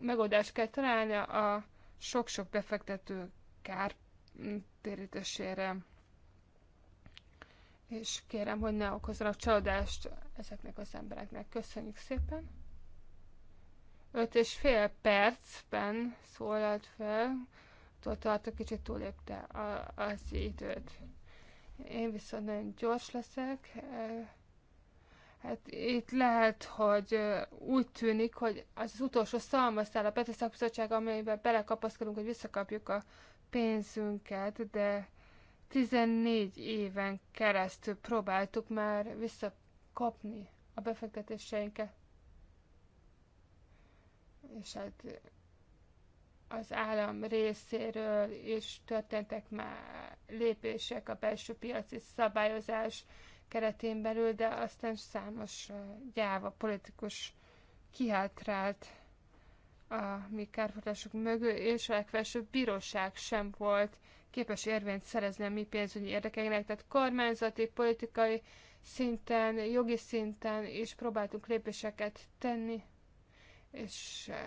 megoldást kell találni a sok-sok befektető kártérítésére. És kérem, hogy ne okozzanak csalódást ezeknek az embereknek. Köszönjük szépen! öt és fél percben szólalt fel, tartok, kicsit túlépte a, az időt. Én viszont nagyon gyors leszek. Hát itt lehet, hogy úgy tűnik, hogy az, az utolsó szalmaszál a beteszakbizottság, amelyben belekapaszkodunk, hogy visszakapjuk a pénzünket, de 14 éven keresztül próbáltuk már visszakapni a befektetéseinket és hát az állam részéről is történtek már lépések a belső piaci szabályozás keretén belül, de aztán számos gyáva politikus kihátrált a mi kárforrások mögül, és a legfelsőbb bíróság sem volt képes érvényt szerezni a mi pénzügyi érdekeinek, tehát kormányzati, politikai szinten, jogi szinten is próbáltunk lépéseket tenni és eh,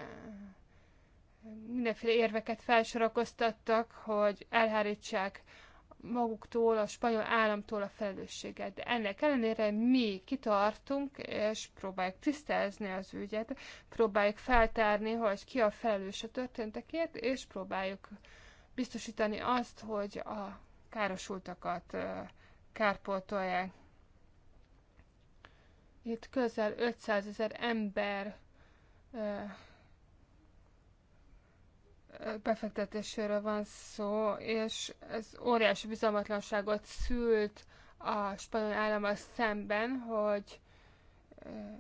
mindenféle érveket felsorakoztattak, hogy elhárítsák maguktól, a spanyol államtól a felelősséget. De ennek ellenére mi kitartunk, és próbáljuk tisztázni az ügyet, próbáljuk feltárni, hogy ki a felelős a történtekért, és próbáljuk biztosítani azt, hogy a károsultakat eh, kárpótolják. Itt közel 500 ezer ember befektetéséről van szó, és ez óriási bizalmatlanságot szült a spanyol állammal szemben, hogy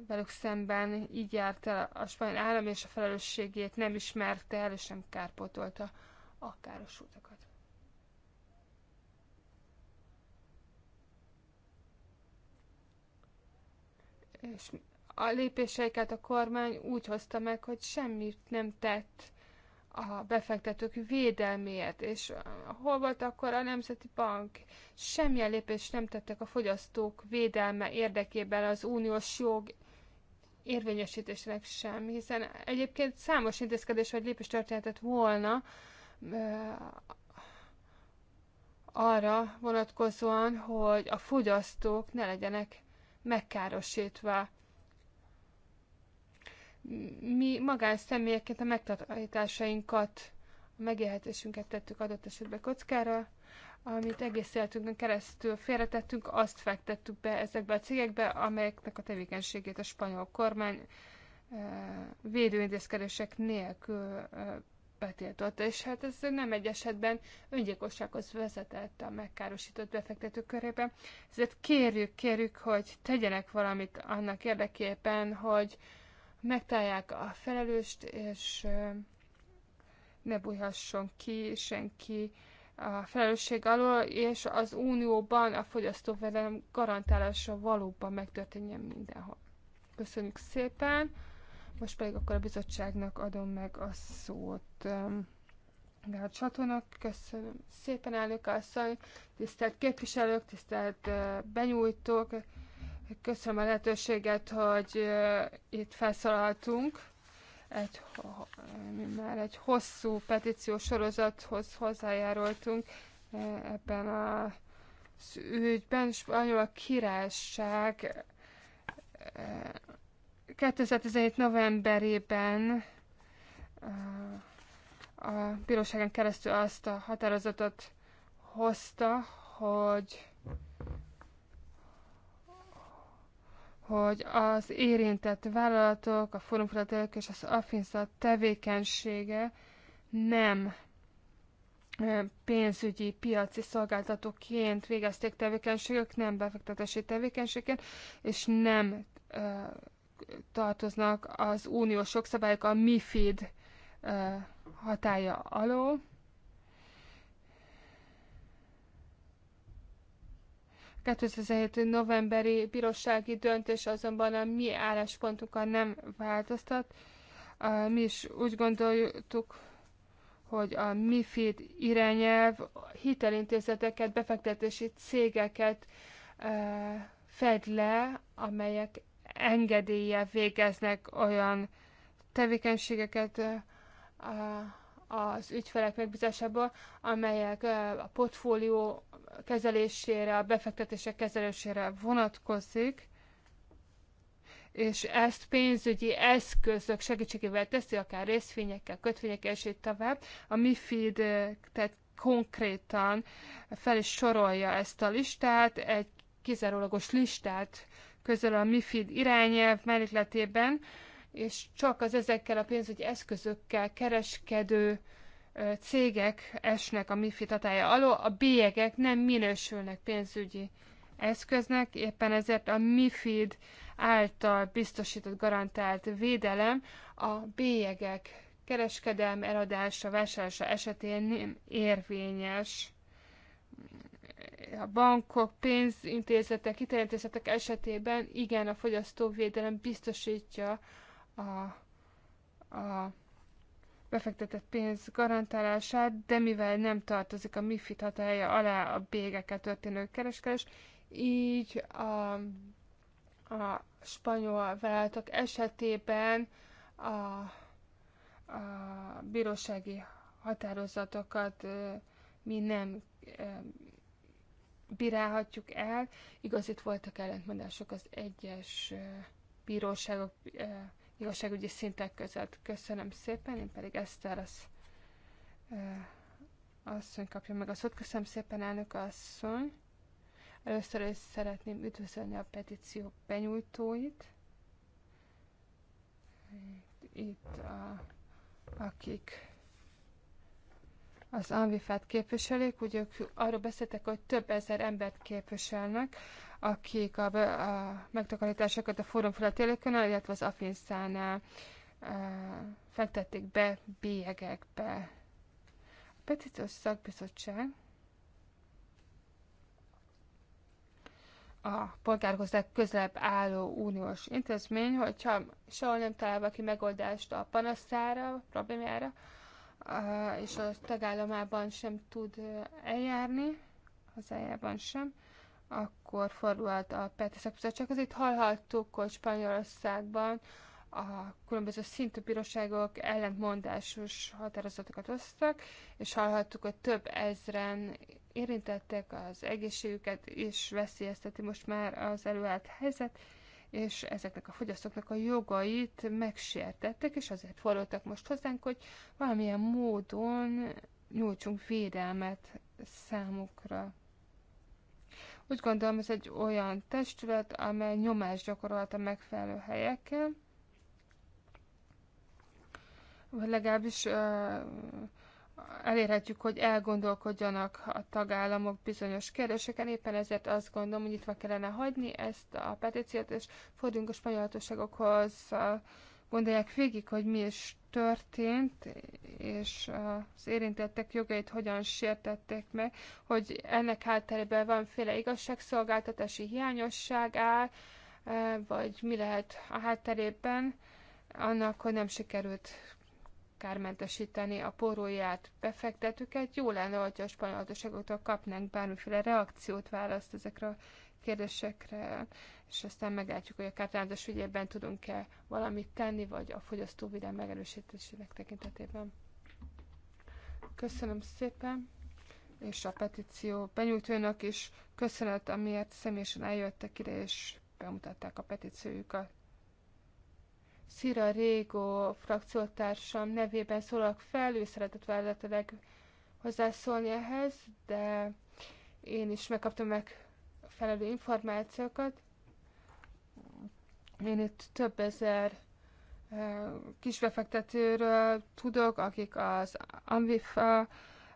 velük szemben így járt el a spanyol állam, és a felelősségét nem ismerte el, és nem kárpótolta a károsultakat. És a lépéseiket a kormány úgy hozta meg, hogy semmit nem tett a befektetők védelméért, és hol volt akkor a Nemzeti Bank? Semmilyen lépést nem tettek a fogyasztók védelme érdekében az uniós jog érvényesítésének sem, hiszen egyébként számos intézkedés vagy lépés történhetett volna arra vonatkozóan, hogy a fogyasztók ne legyenek megkárosítva mi személyeket a megtartásainkat, a megélhetésünket tettük adott esetben kockára, amit egész életünkön keresztül félretettünk, azt fektettük be ezekbe a cégekbe, amelyeknek a tevékenységét a spanyol kormány eh, védőintézkedések nélkül eh, betiltotta, és hát ez nem egy esetben öngyilkossághoz vezetett a megkárosított befektetők körébe, Ezért kérjük, kérjük, hogy tegyenek valamit annak érdekében, hogy megtalálják a felelőst, és ne bújhasson ki senki a felelősség alól, és az unióban a fogyasztóvédelem garantálása valóban megtörténjen mindenhol. Köszönjük szépen! Most pedig akkor a bizottságnak adom meg a szót. Gárd Csatónak köszönöm szépen, elnök asszony, tisztelt képviselők, tisztelt benyújtók, Köszönöm a lehetőséget, hogy itt felszólaltunk. Egy, mi már egy hosszú petíció sorozathoz hozzájárultunk ebben a ügyben, és a királyság 2017. novemberében a bíróságon keresztül azt a határozatot hozta, hogy hogy az érintett vállalatok, a fórumfeladatok és az AFINSZA tevékenysége nem pénzügyi piaci szolgáltatóként végezték tevékenységek, nem befektetési tevékenységként, és nem ö, tartoznak az uniós jogszabályok a MIFID ö, hatája alól. 2017. novemberi bírósági döntés azonban a mi álláspontunkkal nem változtat. Mi is úgy gondoltuk, hogy a MIFID irányelv hitelintézeteket, befektetési cégeket fed le, amelyek engedélye végeznek olyan tevékenységeket az ügyfelek megbízásából, amelyek a portfólió kezelésére, a befektetések kezelésére vonatkozik, és ezt pénzügyi eszközök segítségével teszi, akár részvényekkel, kötvényekkel, és így tovább. A MIFID, tehát konkrétan fel is sorolja ezt a listát, egy kizárólagos listát közöl a MIFID irányelv mellékletében, és csak az ezekkel a pénzügyi eszközökkel kereskedő cégek esnek a MIFID hatája alól, a bélyegek nem minősülnek pénzügyi eszköznek, éppen ezért a MIFID által biztosított garantált védelem a bélyegek kereskedelme, eladása, vásárlása esetén nem érvényes. A bankok, pénzintézetek, hitelintézetek esetében igen, a fogyasztóvédelem biztosítja a, a befektetett pénz garantálását, de mivel nem tartozik a MIFID hatája alá a bégekkel történő kereskedés, így a, a spanyol vállalatok esetében a, a bírósági határozatokat mi nem bírálhatjuk el. Igaz, itt voltak ellentmondások az egyes bíróságok igazságügyi szintek között. Köszönöm szépen, én pedig Eszter az asszony kapja meg a szót. Köszönöm szépen, elnök asszony. Először is szeretném üdvözölni a petíció benyújtóit. Itt, a, akik az Anvifát képviselik, ugye ők arról beszéltek, hogy több ezer embert képviselnek, akik a, a megtakarításokat a fórum felett illetve az Afinszánál fektették be bélyegekbe. A petíciós szakbizottság a polgárhozzá közelebb álló uniós intézmény, hogyha sehol nem talál valaki megoldást a panaszára, problémára, és a tagállamában sem tud eljárni, hazájában sem, akkor fordulhat a Petreszek Bizottsághoz. Itt hallhattuk, hogy Spanyolországban a különböző szintű bíróságok ellentmondásos határozatokat hoztak, és hallhattuk, hogy több ezren érintettek az egészségüket, és veszélyezteti most már az előállt helyzet, és ezeknek a fogyasztóknak a jogait megsértettek, és azért fordultak most hozzánk, hogy valamilyen módon nyújtsunk védelmet számukra. Úgy gondolom, ez egy olyan testület, amely nyomást a megfelelő helyeken, vagy legalábbis uh, elérhetjük, hogy elgondolkodjanak a tagállamok bizonyos kérdéseken. Éppen ezért azt gondolom, hogy nyitva kellene hagyni ezt a petíciót, és forduljunk a spanyol hatóságokhoz, gondolják végig, hogy mi is történt, és az érintettek jogait hogyan sértették meg, hogy ennek hátterében valamiféle igazságszolgáltatási hiányosság áll, eh, vagy mi lehet a hátterében annak, hogy nem sikerült kármentesíteni a porróját befektetőket. Jó lenne, hogyha a spanyol hatóságoktól kapnánk bármiféle reakciót, választ ezekre a kérdésekre, és aztán meglátjuk, hogy a kártányozás ügyében tudunk-e valamit tenni, vagy a fogyasztóvédelem megerősítésének tekintetében. Köszönöm szépen, és a petíció benyújtójának is köszönet, amiért személyesen eljöttek ide, és bemutatták a petíciójukat. Szira Régó frakciótársam nevében szólok fel, ő szeretett vállalatilag hozzászólni ehhez, de én is megkaptam meg felelő információkat. Én itt több ezer eh, kisbefektetőről tudok, akik az Amvifa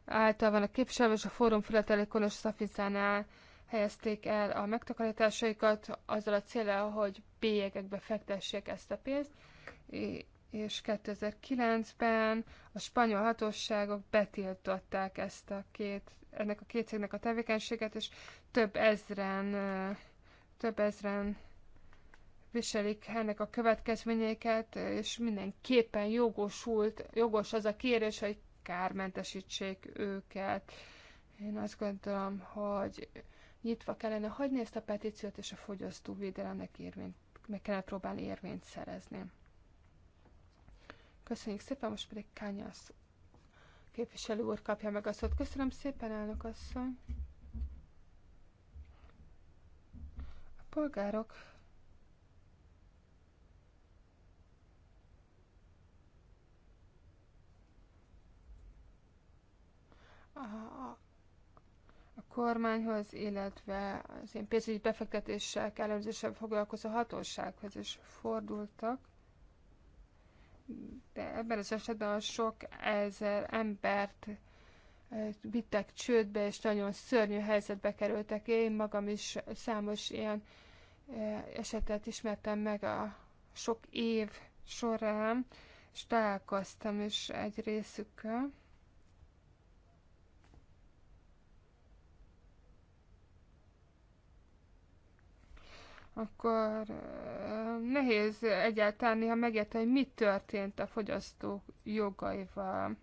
által a képviselő, és a Fórum Filatelékonos Szafizánál helyezték el a megtakarításaikat azzal a célral, hogy bélyegekbe fektessék ezt a pénzt, és 2009-ben a spanyol hatóságok betiltották ezt a két, ennek a két cégnek a tevékenységet, és több ezren, több ezren viselik ennek a következményeket, és mindenképpen jogosult, jogos az a kérés, hogy kármentesítsék őket. Én azt gondolom, hogy nyitva kellene hagyni ezt a petíciót, és a fogyasztóvédelemnek érvényt, meg kellene próbálni érvényt szerezni. Köszönjük szépen, most pedig Kányász képviselő úr kapja meg a szót. Köszönöm szépen, elnök asszony. A polgárok a, a kormányhoz, illetve az én pénzügyi befektetéssel ellenőrzéssel foglalkozó hatósághoz is fordultak. De ebben az esetben a sok ezer embert vittek csődbe, és nagyon szörnyű helyzetbe kerültek. Én magam is számos ilyen esetet ismertem meg a sok év során, és találkoztam is egy részükkel. akkor nehéz egyáltalán néha megérteni, hogy mi történt a fogyasztók jogaival.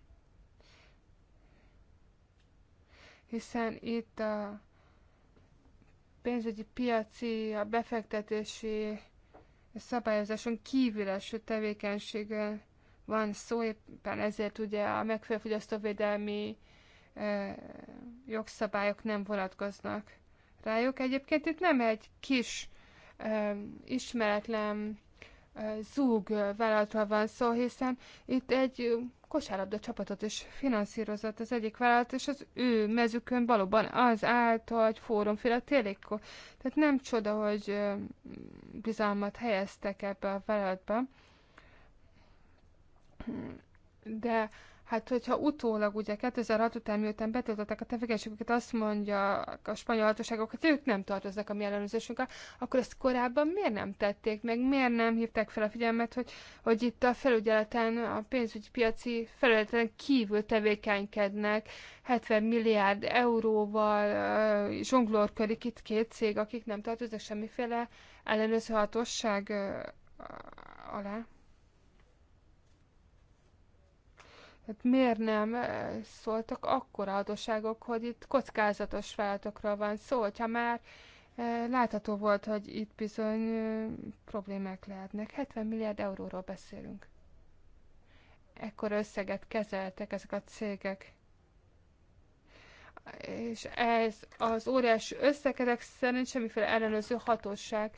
Hiszen itt a pénzügyi piaci, a befektetési szabályozáson kívül eső tevékenysége van szó, éppen ezért ugye a megfelelő fogyasztóvédelmi eh, jogszabályok nem vonatkoznak rájuk. Egyébként itt nem egy kis ismeretlen zúg vállalatról van szó, hiszen itt egy kosárlabda csapatot is finanszírozott az egyik vállalat, és az ő mezükön valóban az állt, hogy fórumféle télékkor. Tehát nem csoda, hogy bizalmat helyeztek ebbe a vállalatba. De hát hogyha utólag ugye 2006 után miután betöltöttek a tevékenységüket, azt mondja a spanyol hatóságok, hogy ők nem tartoznak a mi ellenőrzésünkkel, akkor ezt korábban miért nem tették meg, miért nem hívták fel a figyelmet, hogy, hogy itt a felügyeleten, a pénzügyi piaci felügyeleten kívül tevékenykednek 70 milliárd euróval zsonglorködik itt két cég, akik nem tartoznak semmiféle ellenőrző hatóság alá. Hát miért nem e, szóltak akkor adóságok, hogy itt kockázatos feladatokról van szó, hogyha már e, látható volt, hogy itt bizony e, problémák lehetnek. 70 milliárd euróról beszélünk. Ekkor összeget kezeltek ezek a cégek. És ez az óriási összegek szerint semmiféle ellenőrző hatóság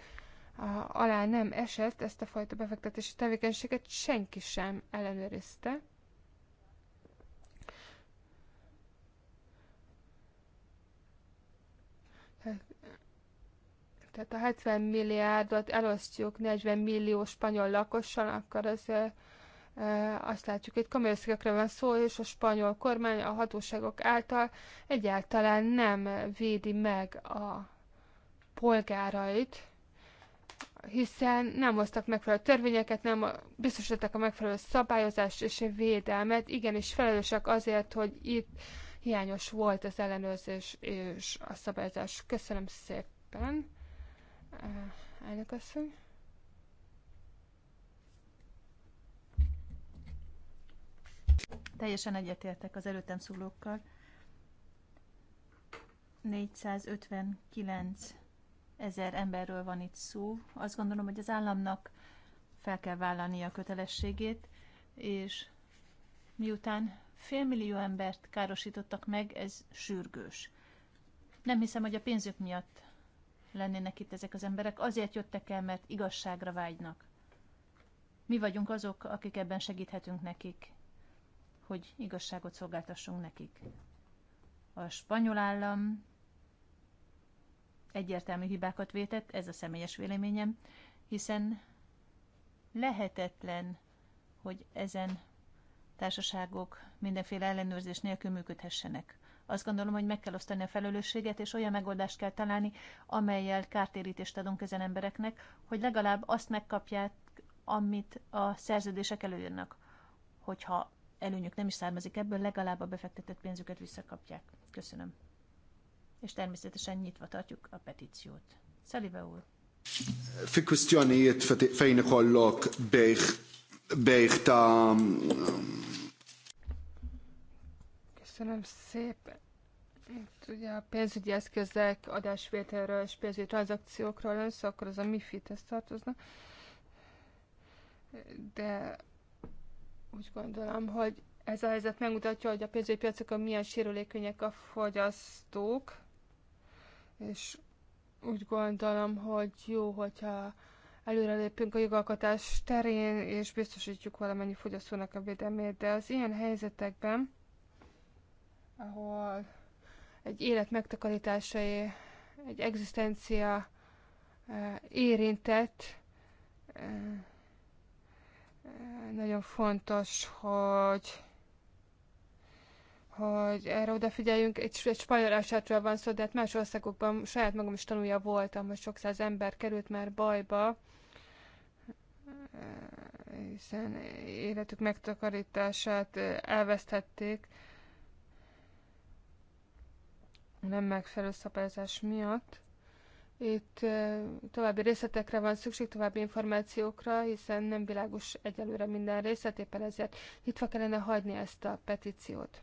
alá nem esett, ezt a fajta befektetési tevékenységet senki sem ellenőrizte. tehát a 70 milliárdot elosztjuk 40 millió spanyol lakossal, akkor az azt látjuk, hogy komoly összegekre van szó, és a spanyol kormány a hatóságok által egyáltalán nem védi meg a polgárait, hiszen nem hoztak megfelelő törvényeket, nem biztosítottak a megfelelő szabályozást és a védelmet, igenis felelősek azért, hogy itt hiányos volt az ellenőrzés és a szabályozás. Köszönöm szépen, eh, elnök asszony. Teljesen egyetértek az előttem szólókkal. 459 ezer emberről van itt szó. Azt gondolom, hogy az államnak fel kell vállalnia a kötelességét, és miután Félmillió embert károsítottak meg, ez sürgős. Nem hiszem, hogy a pénzük miatt lennének itt ezek az emberek. Azért jöttek el, mert igazságra vágynak. Mi vagyunk azok, akik ebben segíthetünk nekik, hogy igazságot szolgáltassunk nekik. A spanyol állam egyértelmű hibákat vétett, ez a személyes véleményem, hiszen lehetetlen, hogy ezen társaságok mindenféle ellenőrzés nélkül működhessenek. Azt gondolom, hogy meg kell osztani a felelősséget, és olyan megoldást kell találni, amelyel kártérítést adunk ezen embereknek, hogy legalább azt megkapják, amit a szerződések előírnak. Hogyha előnyük nem is származik ebből, legalább a befektetett pénzüket visszakapják. Köszönöm. És természetesen nyitva tartjuk a petíciót. Szelive úr. Fi itt fejnek ikollok bejgh Beicht a... Köszönöm szépen. Itt ugye a pénzügyi eszközek adásvételről és pénzügyi tranzakciókról össze, akkor az a MIFID-hez tartozna. De úgy gondolom, hogy ez a helyzet megmutatja, hogy a pénzügyi piacokon milyen sérülékenyek a fogyasztók, és úgy gondolom, hogy jó, hogyha előrelépünk a jogalkotás terén, és biztosítjuk valamennyi fogyasztónak a védelmét, de az ilyen helyzetekben, ahol egy élet megtakarításai, egy egzisztencia eh, érintett, eh, eh, nagyon fontos, hogy hogy erre odafigyeljünk. Egy, egy spanyol esetről van szó, de hát más országokban saját magam is tanulja voltam, hogy sok száz ember került már bajba, hiszen életük megtakarítását elvesztették nem megfelelő szabályozás miatt. Itt további részletekre van szükség, további információkra, hiszen nem világos egyelőre minden részlet, éppen ezért nyitva kellene hagyni ezt a petíciót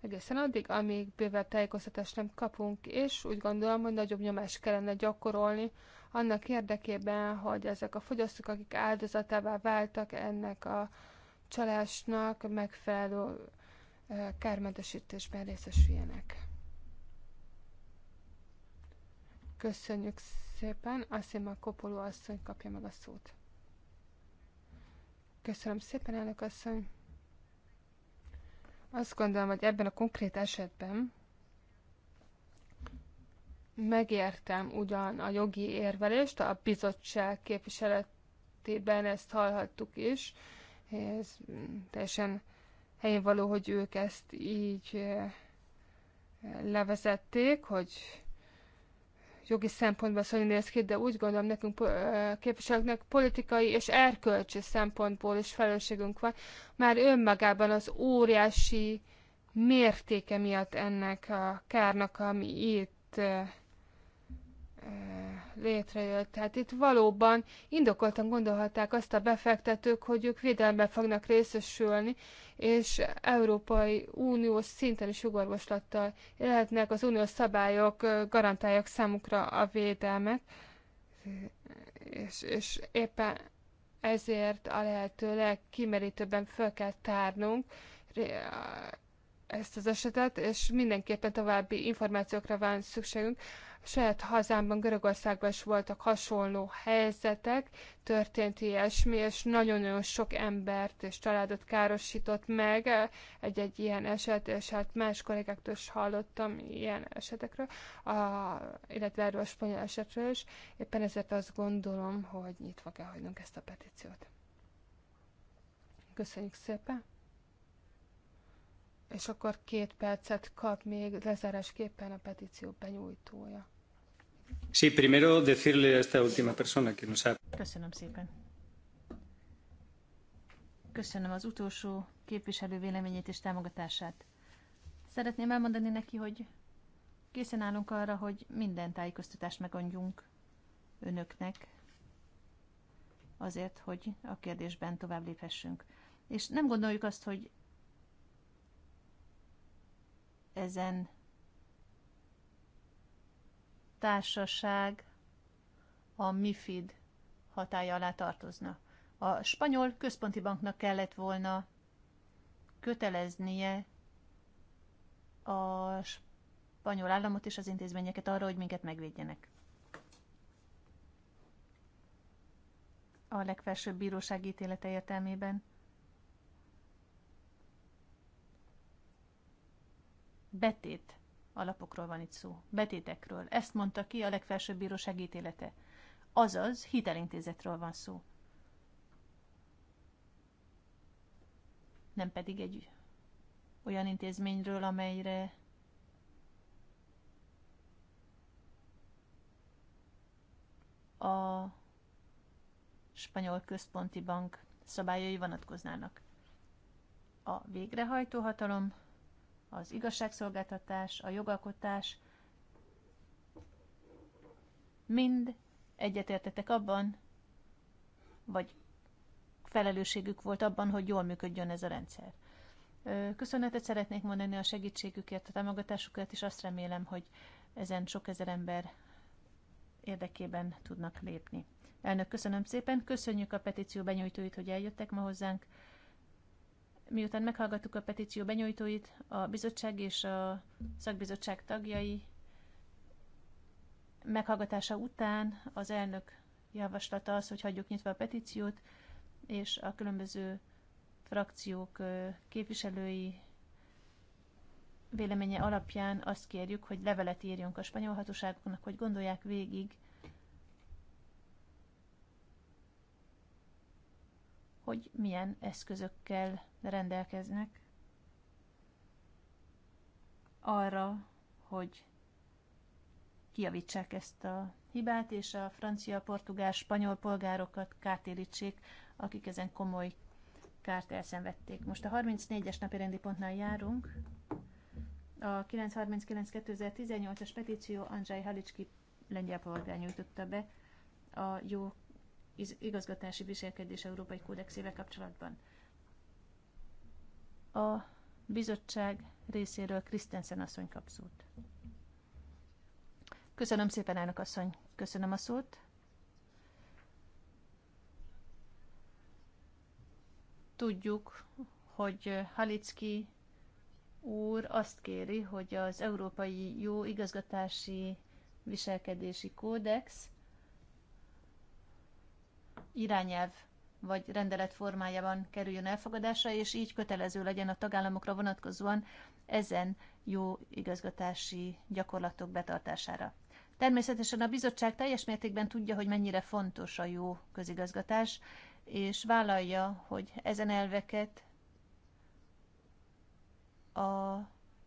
egészen addig, amíg bővebb tájékoztatást nem kapunk, és úgy gondolom, hogy nagyobb nyomást kellene gyakorolni annak érdekében, hogy ezek a fogyasztók, akik áldozatává váltak ennek a csalásnak, megfelelő eh, kármentesítésben részesüljenek. Köszönjük szépen, azt a Kopoló asszony kapja meg a szót. Köszönöm szépen, elnök asszony! Azt gondolom, hogy ebben a konkrét esetben megértem ugyan a jogi érvelést, a bizottság képviseletében ezt hallhattuk is, ez teljesen helyén való, hogy ők ezt így eh, levezették, hogy jogi szempontból szóval néz ki, de úgy gondolom nekünk képviselőknek politikai és erkölcsi szempontból is felelősségünk van. Már önmagában az óriási mértéke miatt ennek a kárnak, ami itt Eh, létrejött. Tehát itt valóban indokoltan gondolhatták azt a befektetők, hogy ők védelemben fognak részesülni, és Európai Uniós szinten is jogorvoslattal lehetnek az uniós szabályok, eh, garantálják számukra a védelmet, és, és éppen ezért a lehető legkimerítőbben fel kell tárnunk ezt az esetet, és mindenképpen további információkra van szükségünk. A saját hazámban, Görögországban is voltak hasonló helyzetek, történt ilyesmi, és nagyon-nagyon sok embert és családot károsított meg egy-egy ilyen eset, és hát más kollégáktól is hallottam ilyen esetekről, a, illetve erről a spanyol esetről is. Éppen ezért azt gondolom, hogy nyitva kell hagynunk ezt a petíciót. Köszönjük szépen! és akkor két percet kap még lezárásképpen a petíció benyújtója. Sí, primero decirle a esta última persona que nos ha... Köszönöm szépen. Köszönöm az utolsó képviselő véleményét és támogatását. Szeretném elmondani neki, hogy készen állunk arra, hogy minden tájékoztatást megadjunk önöknek, azért, hogy a kérdésben tovább léphessünk. És nem gondoljuk azt, hogy ezen társaság a MIFID hatája alá tartozna. A spanyol központi banknak kellett volna köteleznie a spanyol államot és az intézményeket arra, hogy minket megvédjenek. A legfelsőbb bíróság ítélete értelmében betét alapokról van itt szó, betétekről. Ezt mondta ki a legfelsőbb bíró segítélete. Azaz, hitelintézetről van szó. Nem pedig egy olyan intézményről, amelyre a spanyol központi bank szabályai vonatkoznának. A végrehajtó hatalom az igazságszolgáltatás, a jogalkotás mind egyetértettek abban, vagy felelősségük volt abban, hogy jól működjön ez a rendszer. Köszönetet szeretnék mondani a segítségükért, a támogatásukért, és azt remélem, hogy ezen sok ezer ember érdekében tudnak lépni. Elnök, köszönöm szépen, köszönjük a petíció benyújtóit, hogy eljöttek ma hozzánk. Miután meghallgattuk a petíció benyújtóit, a bizottság és a szakbizottság tagjai meghallgatása után az elnök javaslata az, hogy hagyjuk nyitva a petíciót, és a különböző frakciók képviselői véleménye alapján azt kérjük, hogy levelet írjunk a spanyol hatóságoknak, hogy gondolják végig hogy milyen eszközökkel rendelkeznek arra, hogy kiavítsák ezt a hibát, és a francia, portugál, spanyol polgárokat kártérítsék, akik ezen komoly kárt elszenvedték. Most a 34-es napi rendi pontnál járunk. A 939-2018-as petíció Andrzej Halicski lengyel polgár nyújtotta be a jó igazgatási viselkedés Európai Kódexével kapcsolatban. A bizottság részéről Krisztensen asszony kap szót. Köszönöm szépen, elnök asszony. Köszönöm a szót. Tudjuk, hogy Halicki úr azt kéri, hogy az Európai Jó Igazgatási Viselkedési Kódex irányelv vagy rendelet formájában kerüljön elfogadásra, és így kötelező legyen a tagállamokra vonatkozóan ezen jó igazgatási gyakorlatok betartására. Természetesen a bizottság teljes mértékben tudja, hogy mennyire fontos a jó közigazgatás, és vállalja, hogy ezen elveket a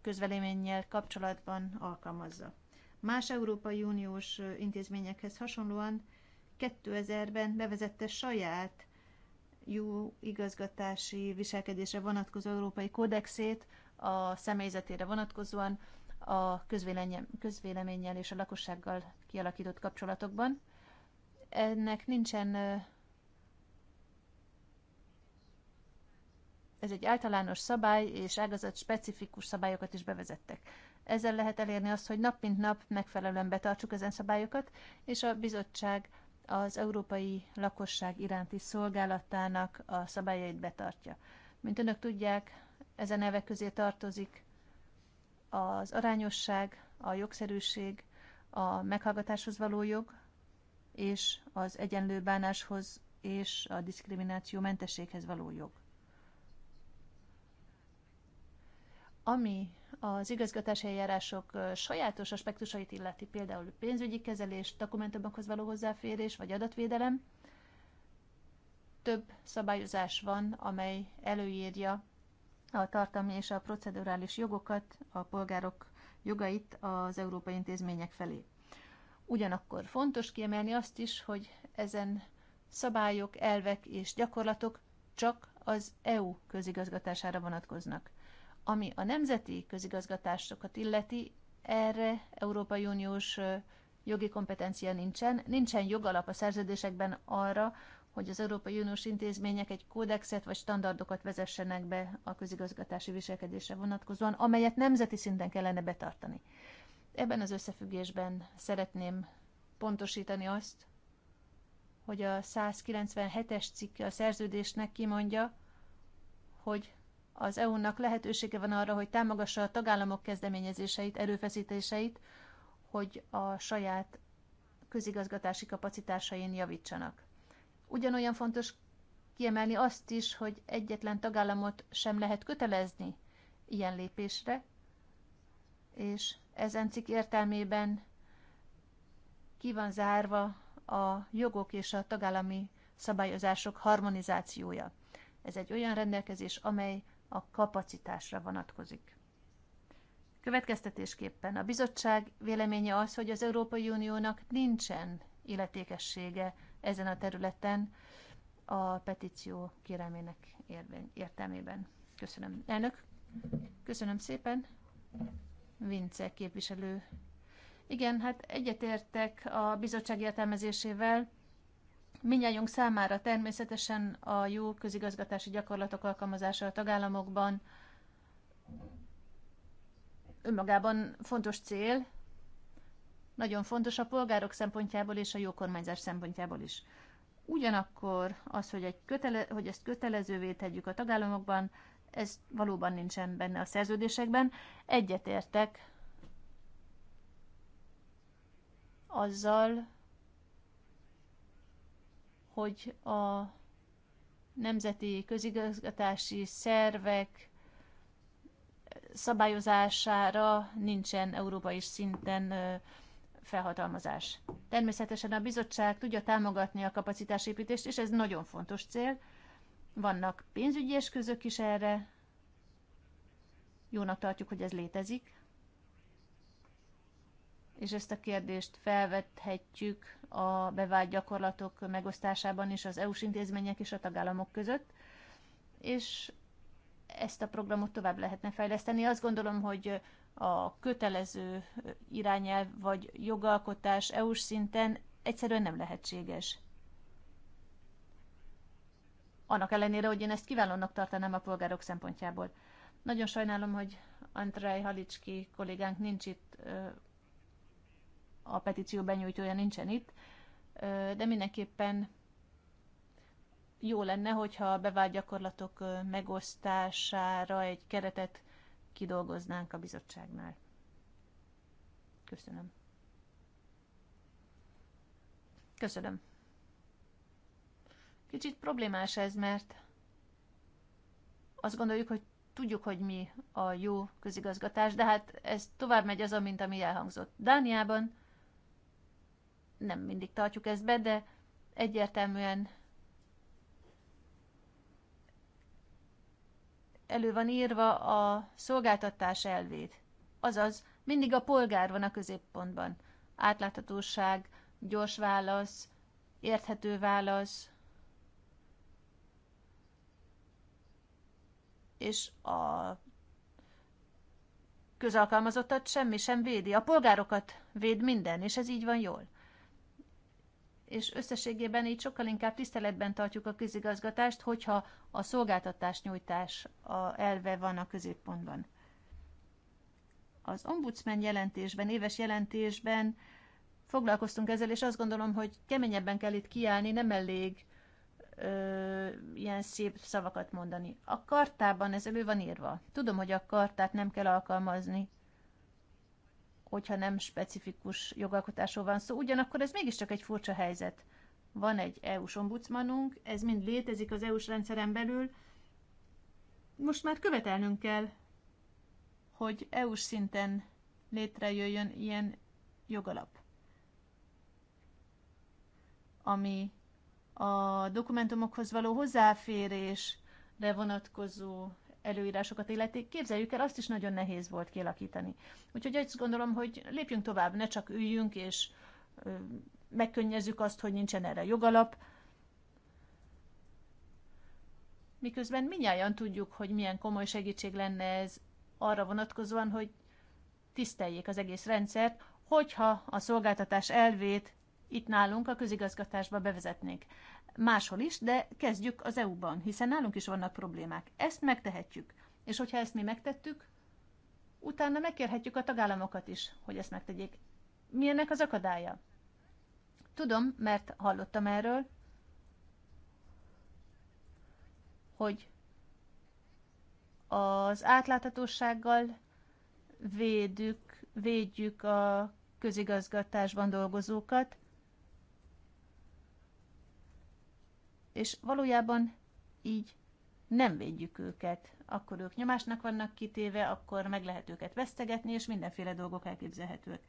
közveleménnyel kapcsolatban alkalmazza. Más Európai Uniós intézményekhez hasonlóan 2000-ben bevezette saját jó igazgatási viselkedésre vonatkozó európai kódexét a személyzetére vonatkozóan a közvéleménnyel és a lakossággal kialakított kapcsolatokban. Ennek nincsen ez egy általános szabály, és ágazat specifikus szabályokat is bevezettek. Ezzel lehet elérni azt, hogy nap mint nap megfelelően betartsuk ezen szabályokat, és a bizottság az európai lakosság iránti szolgálatának a szabályait betartja. Mint önök tudják, ezen elvek közé tartozik az arányosság, a jogszerűség, a meghallgatáshoz való jog és az egyenlő bánáshoz és a diszkrimináció mentességhez való jog. Ami az igazgatási eljárások sajátos aspektusait illeti, például pénzügyi kezelés, dokumentumokhoz való hozzáférés vagy adatvédelem, több szabályozás van, amely előírja a tartalmi és a procedurális jogokat, a polgárok jogait az európai intézmények felé. Ugyanakkor fontos kiemelni azt is, hogy ezen szabályok, elvek és gyakorlatok csak az EU közigazgatására vonatkoznak. Ami a nemzeti közigazgatásokat illeti, erre Európai Uniós jogi kompetencia nincsen, nincsen jogalap a szerződésekben arra, hogy az Európai Uniós intézmények egy kódexet vagy standardokat vezessenek be a közigazgatási viselkedésre vonatkozóan, amelyet nemzeti szinten kellene betartani. Ebben az összefüggésben szeretném pontosítani azt, hogy a 197-es cikke a szerződésnek kimondja, hogy az EU-nak lehetősége van arra, hogy támogassa a tagállamok kezdeményezéseit, erőfeszítéseit, hogy a saját közigazgatási kapacitásain javítsanak. Ugyanolyan fontos kiemelni azt is, hogy egyetlen tagállamot sem lehet kötelezni ilyen lépésre, és ezen cikk értelmében ki van zárva a jogok és a tagállami szabályozások harmonizációja. Ez egy olyan rendelkezés, amely a kapacitásra vonatkozik. Következtetésképpen a bizottság véleménye az, hogy az Európai Uniónak nincsen illetékessége ezen a területen a petíció kérelmének értelmében. Köszönöm. Elnök, köszönöm szépen. Vince képviselő. Igen, hát egyetértek a bizottság értelmezésével Mindjárt számára természetesen a jó közigazgatási gyakorlatok alkalmazása a tagállamokban önmagában fontos cél, nagyon fontos a polgárok szempontjából és a jó kormányzás szempontjából is. Ugyanakkor az, hogy, egy kötele, hogy ezt kötelezővé tegyük a tagállamokban, ez valóban nincsen benne a szerződésekben. Egyetértek azzal, hogy a nemzeti közigazgatási szervek szabályozására nincsen európai szinten felhatalmazás. Természetesen a bizottság tudja támogatni a kapacitásépítést, és ez nagyon fontos cél. Vannak pénzügyi eszközök is erre. Jónak tartjuk, hogy ez létezik és ezt a kérdést felvethetjük a bevált gyakorlatok megosztásában is az EU-s intézmények és a tagállamok között, és ezt a programot tovább lehetne fejleszteni. Azt gondolom, hogy a kötelező irányelv vagy jogalkotás EU-s szinten egyszerűen nem lehetséges. Annak ellenére, hogy én ezt kiválónak tartanám a polgárok szempontjából. Nagyon sajnálom, hogy Andrei Halicski kollégánk nincs itt a petíció benyújtója nincsen itt, de mindenképpen jó lenne, hogyha a bevált gyakorlatok megosztására egy keretet kidolgoznánk a bizottságnál. Köszönöm. Köszönöm. Kicsit problémás ez, mert azt gondoljuk, hogy tudjuk, hogy mi a jó közigazgatás, de hát ez tovább megy az, mint ami elhangzott. Dániában nem mindig tartjuk ezt be, de egyértelműen elő van írva a szolgáltatás elvét. Azaz, mindig a polgár van a középpontban. Átláthatóság, gyors válasz, érthető válasz, és a közalkalmazottat semmi sem védi. A polgárokat véd minden, és ez így van jól és összességében így sokkal inkább tiszteletben tartjuk a közigazgatást, hogyha a szolgáltatás nyújtás a elve van a középpontban. Az ombudsman jelentésben, éves jelentésben foglalkoztunk ezzel, és azt gondolom, hogy keményebben kell itt kiállni, nem elég ö, ilyen szép szavakat mondani. A kartában ez elő van írva. Tudom, hogy a kartát nem kell alkalmazni hogyha nem specifikus jogalkotásról van szó. Ugyanakkor ez mégiscsak egy furcsa helyzet. Van egy EU-s ombudsmanunk, ez mind létezik az EU-s rendszeren belül. Most már követelnünk kell, hogy EU-s szinten létrejöjjön ilyen jogalap, ami a dokumentumokhoz való hozzáférésre vonatkozó előírásokat illeti, képzeljük el, azt is nagyon nehéz volt kialakítani. Úgyhogy azt gondolom, hogy lépjünk tovább, ne csak üljünk és megkönnyezzük azt, hogy nincsen erre jogalap, miközben minnyáján tudjuk, hogy milyen komoly segítség lenne ez arra vonatkozóan, hogy tiszteljék az egész rendszert, hogyha a szolgáltatás elvét itt nálunk a közigazgatásba bevezetnék máshol is, de kezdjük az EU-ban, hiszen nálunk is vannak problémák. Ezt megtehetjük. És hogyha ezt mi megtettük, utána megkérhetjük a tagállamokat is, hogy ezt megtegyék. ennek az akadálya? Tudom, mert hallottam erről, hogy az átláthatósággal védjük, védjük a közigazgatásban dolgozókat, és valójában így nem védjük őket. Akkor ők nyomásnak vannak kitéve, akkor meg lehet őket vesztegetni, és mindenféle dolgok elképzelhetők.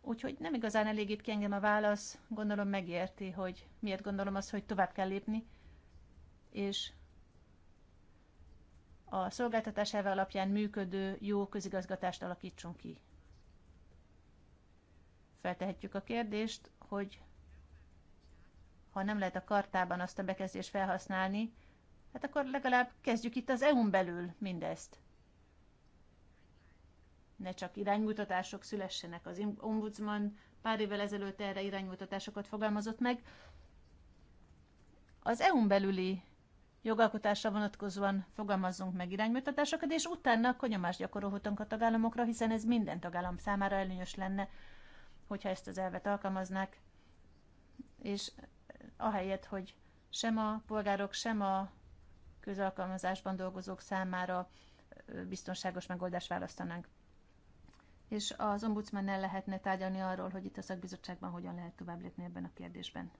Úgyhogy nem igazán elégít ki engem a válasz, gondolom megérti, hogy miért gondolom azt, hogy tovább kell lépni, és a szolgáltatás elve alapján működő jó közigazgatást alakítsunk ki. Feltehetjük a kérdést, hogy ha nem lehet a kartában azt a bekezdést felhasználni, hát akkor legalább kezdjük itt az EU-n belül mindezt. Ne csak iránymutatások szülessenek. Az ombudsman pár évvel ezelőtt erre iránymutatásokat fogalmazott meg. Az EU-n belüli jogalkotásra vonatkozóan fogalmazzunk meg iránymutatásokat, és utána akkor nyomást gyakorolhatunk a tagállamokra, hiszen ez minden tagállam számára előnyös lenne, hogyha ezt az elvet alkalmaznák. És ahelyett, hogy sem a polgárok, sem a közalkalmazásban dolgozók számára biztonságos megoldást választanánk. És az ombudsmannel lehetne tárgyalni arról, hogy itt a szakbizottságban hogyan lehet tovább lépni ebben a kérdésben.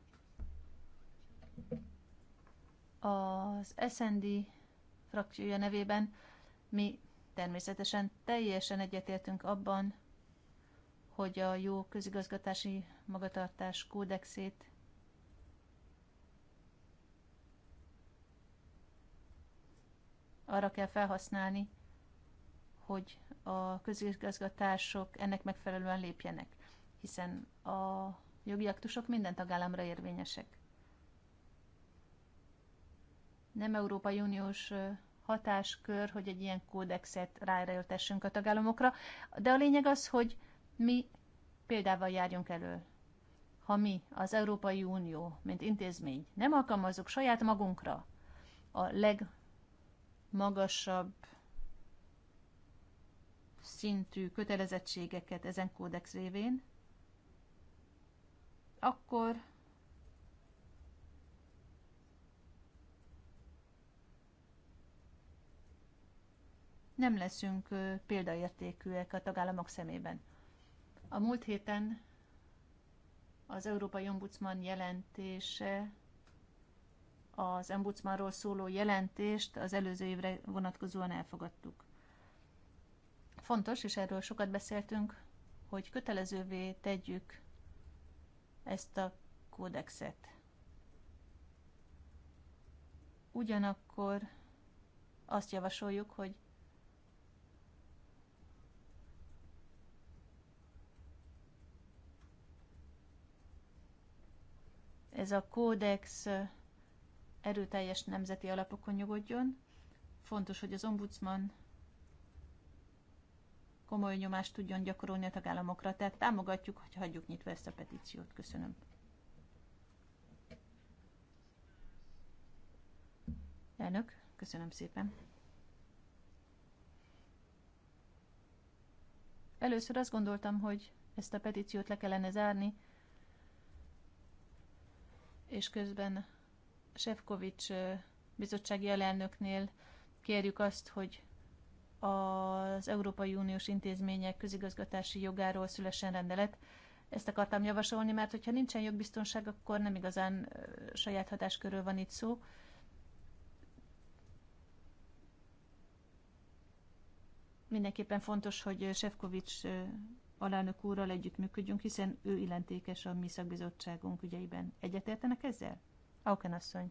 Az SND frakciója nevében mi természetesen teljesen egyetértünk abban, hogy a jó közigazgatási magatartás kódexét arra kell felhasználni, hogy a közigazgatások ennek megfelelően lépjenek, hiszen a jogi aktusok minden tagállamra érvényesek. Nem Európai Uniós hatáskör, hogy egy ilyen kódexet ráerőltessünk a tagállamokra, de a lényeg az, hogy mi példával járjunk elő. Ha mi, az Európai Unió, mint intézmény nem alkalmazzuk saját magunkra a leg magasabb szintű kötelezettségeket ezen kódex révén, akkor nem leszünk példaértékűek a tagállamok szemében. A múlt héten az Európai Ombudsman jelentése az ombudsmanról szóló jelentést az előző évre vonatkozóan elfogadtuk. Fontos, és erről sokat beszéltünk, hogy kötelezővé tegyük ezt a kódexet. Ugyanakkor azt javasoljuk, hogy ez a kódex erőteljes nemzeti alapokon nyugodjon. Fontos, hogy az ombudsman komoly nyomást tudjon gyakorolni a tagállamokra, tehát támogatjuk, hogy hagyjuk nyitva ezt a petíciót. Köszönöm. Elnök, köszönöm szépen. Először azt gondoltam, hogy ezt a petíciót le kellene zárni, és közben Sefcovics bizottsági alelnöknél kérjük azt, hogy az Európai Uniós intézmények közigazgatási jogáról szülessen rendelet. Ezt akartam javasolni, mert hogyha nincsen jogbiztonság, akkor nem igazán saját hatáskörről van itt szó. Mindenképpen fontos, hogy Sefcovics alelnök úrral együttműködjünk, hiszen ő illetékes a mi szakbizottságunk ügyeiben. Egyetértenek ezzel? Auken asszony.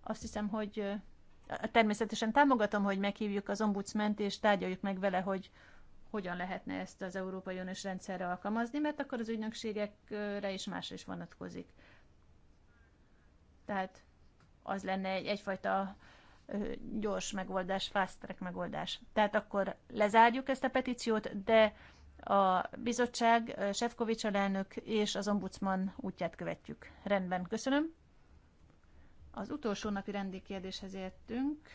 Azt hiszem, hogy természetesen támogatom, hogy meghívjuk az ombudsment, és tárgyaljuk meg vele, hogy hogyan lehetne ezt az Európai Uniós rendszerre alkalmazni, mert akkor az ügynökségekre is másra is vonatkozik. Tehát az lenne egy, egyfajta gyors megoldás, fast track megoldás. Tehát akkor lezárjuk ezt a petíciót, de a bizottság, Sefcovics alelnök és az ombudsman útját követjük. Rendben, köszönöm. Az utolsó napi rendi kérdéshez értünk.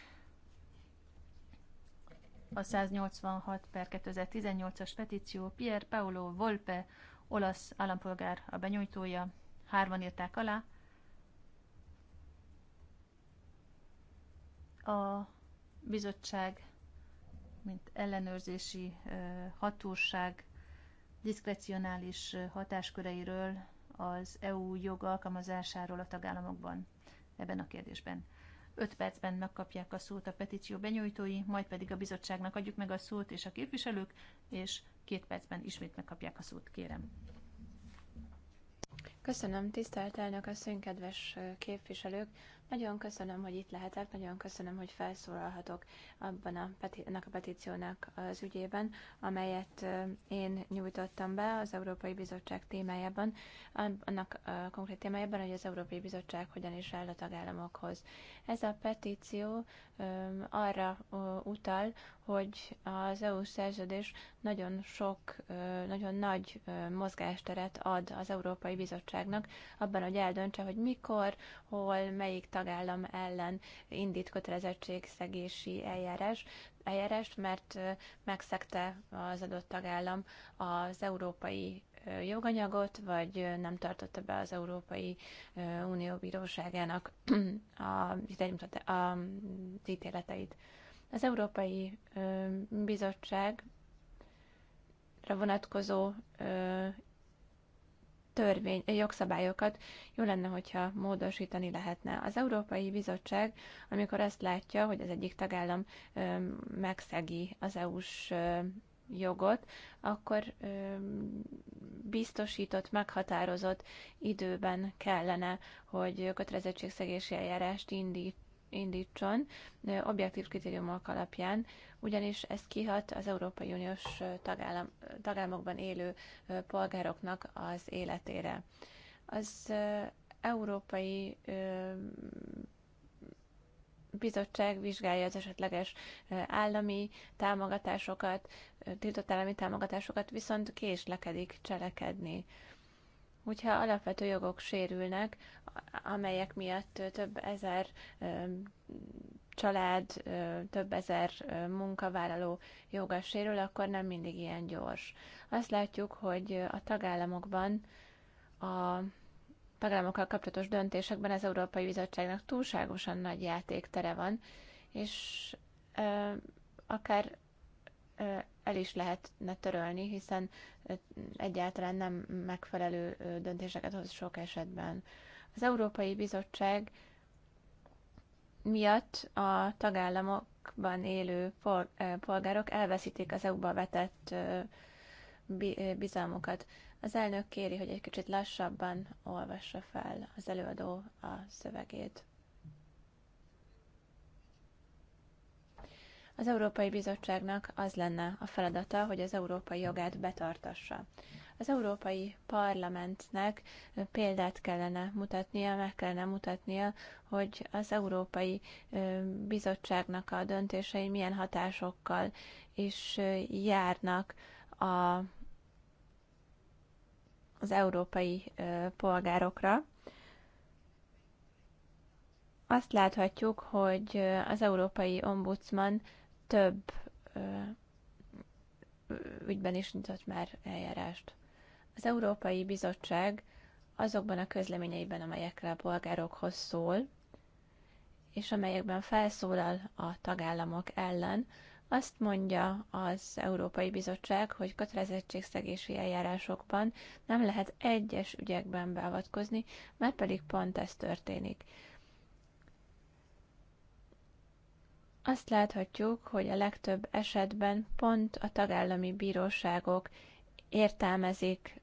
A 186 per 2018-as petíció Pier Paolo Volpe, olasz állampolgár a benyújtója. Hárman írták alá. A bizottság mint ellenőrzési hatóság diszkrecionális hatásköreiről az EU jog alkalmazásáról a tagállamokban ebben a kérdésben. 5 percben megkapják a szót a petíció benyújtói, majd pedig a bizottságnak adjuk meg a szót és a képviselők, és két percben ismét megkapják a szót, kérem. Köszönöm, tisztelt elnök asszony, kedves képviselők! Nagyon köszönöm, hogy itt lehetek, nagyon köszönöm, hogy felszólalhatok abban a, peti- a petíciónak az ügyében, amelyet én nyújtottam be az Európai Bizottság témájában, annak a konkrét témájában, hogy az Európai Bizottság hogyan is áll a tagállamokhoz. Ez a petíció arra utal, hogy az EU szerződés nagyon sok, nagyon nagy mozgásteret ad az Európai Bizottságnak abban, hogy eldöntse, hogy mikor, hol, melyik tagállam ellen indít kötelezettségszegési eljárás, eljárást, mert megszegte az adott tagállam az európai joganyagot, vagy nem tartotta be az Európai Unió Bíróságának az ítéleteit. Az Európai Bizottságra vonatkozó törvény, jogszabályokat jó lenne, hogyha módosítani lehetne. Az Európai Bizottság, amikor azt látja, hogy az egyik tagállam ö, megszegi az EU-s jogot, akkor ö, biztosított, meghatározott időben kellene, hogy kötelezettségszegési eljárást indít indítson objektív kritériumok alapján, ugyanis ez kihat az Európai Uniós tagállam, tagállamokban élő polgároknak az életére. Az Európai bizottság vizsgálja az esetleges állami támogatásokat, tiltott állami támogatásokat, viszont késlekedik cselekedni hogyha alapvető jogok sérülnek, amelyek miatt több ezer család, több ezer munkavállaló joga sérül, akkor nem mindig ilyen gyors. Azt látjuk, hogy a tagállamokban a tagállamokkal kapcsolatos döntésekben az Európai Bizottságnak túlságosan nagy játéktere van, és ö, akár ö, el is lehetne törölni, hiszen egyáltalán nem megfelelő döntéseket hoz sok esetben. Az Európai Bizottság miatt a tagállamokban élő polgárok elveszítik az EU-ba vetett bizalmukat. Az elnök kéri, hogy egy kicsit lassabban olvassa fel az előadó a szövegét. Az Európai Bizottságnak az lenne a feladata, hogy az európai jogát betartassa. Az Európai Parlamentnek példát kellene mutatnia, meg kellene mutatnia, hogy az Európai Bizottságnak a döntései milyen hatásokkal is járnak a, az európai polgárokra azt láthatjuk, hogy az Európai Ombudsman több ügyben is nyitott már eljárást. Az Európai Bizottság azokban a közleményeiben, amelyekre a polgárokhoz szól, és amelyekben felszólal a tagállamok ellen, azt mondja az Európai Bizottság, hogy kötelezettségszegési eljárásokban nem lehet egyes ügyekben beavatkozni, mert pedig pont ez történik. azt láthatjuk, hogy a legtöbb esetben pont a tagállami bíróságok értelmezik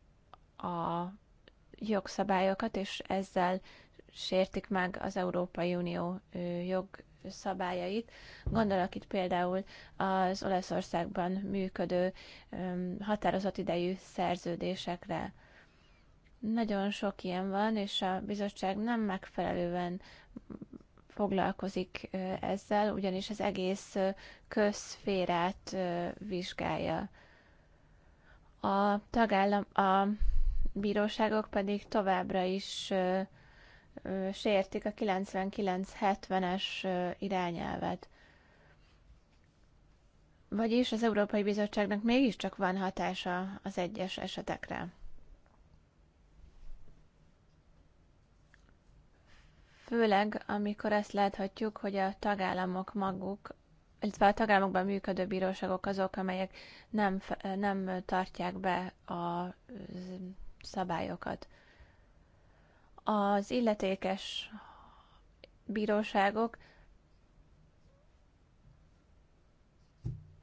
a jogszabályokat, és ezzel sértik meg az Európai Unió jogszabályait. Gondolok itt például az Olaszországban működő határozott idejű szerződésekre. Nagyon sok ilyen van, és a bizottság nem megfelelően foglalkozik ezzel, ugyanis az egész közszférát vizsgálja. A tagállam, a bíróságok pedig továbbra is sértik a 99-70-es irányelvet. Vagyis az Európai Bizottságnak mégiscsak van hatása az egyes esetekre. főleg amikor azt láthatjuk, hogy a tagállamok maguk, illetve a tagállamokban működő bíróságok azok, amelyek nem, nem tartják be a szabályokat. Az illetékes bíróságok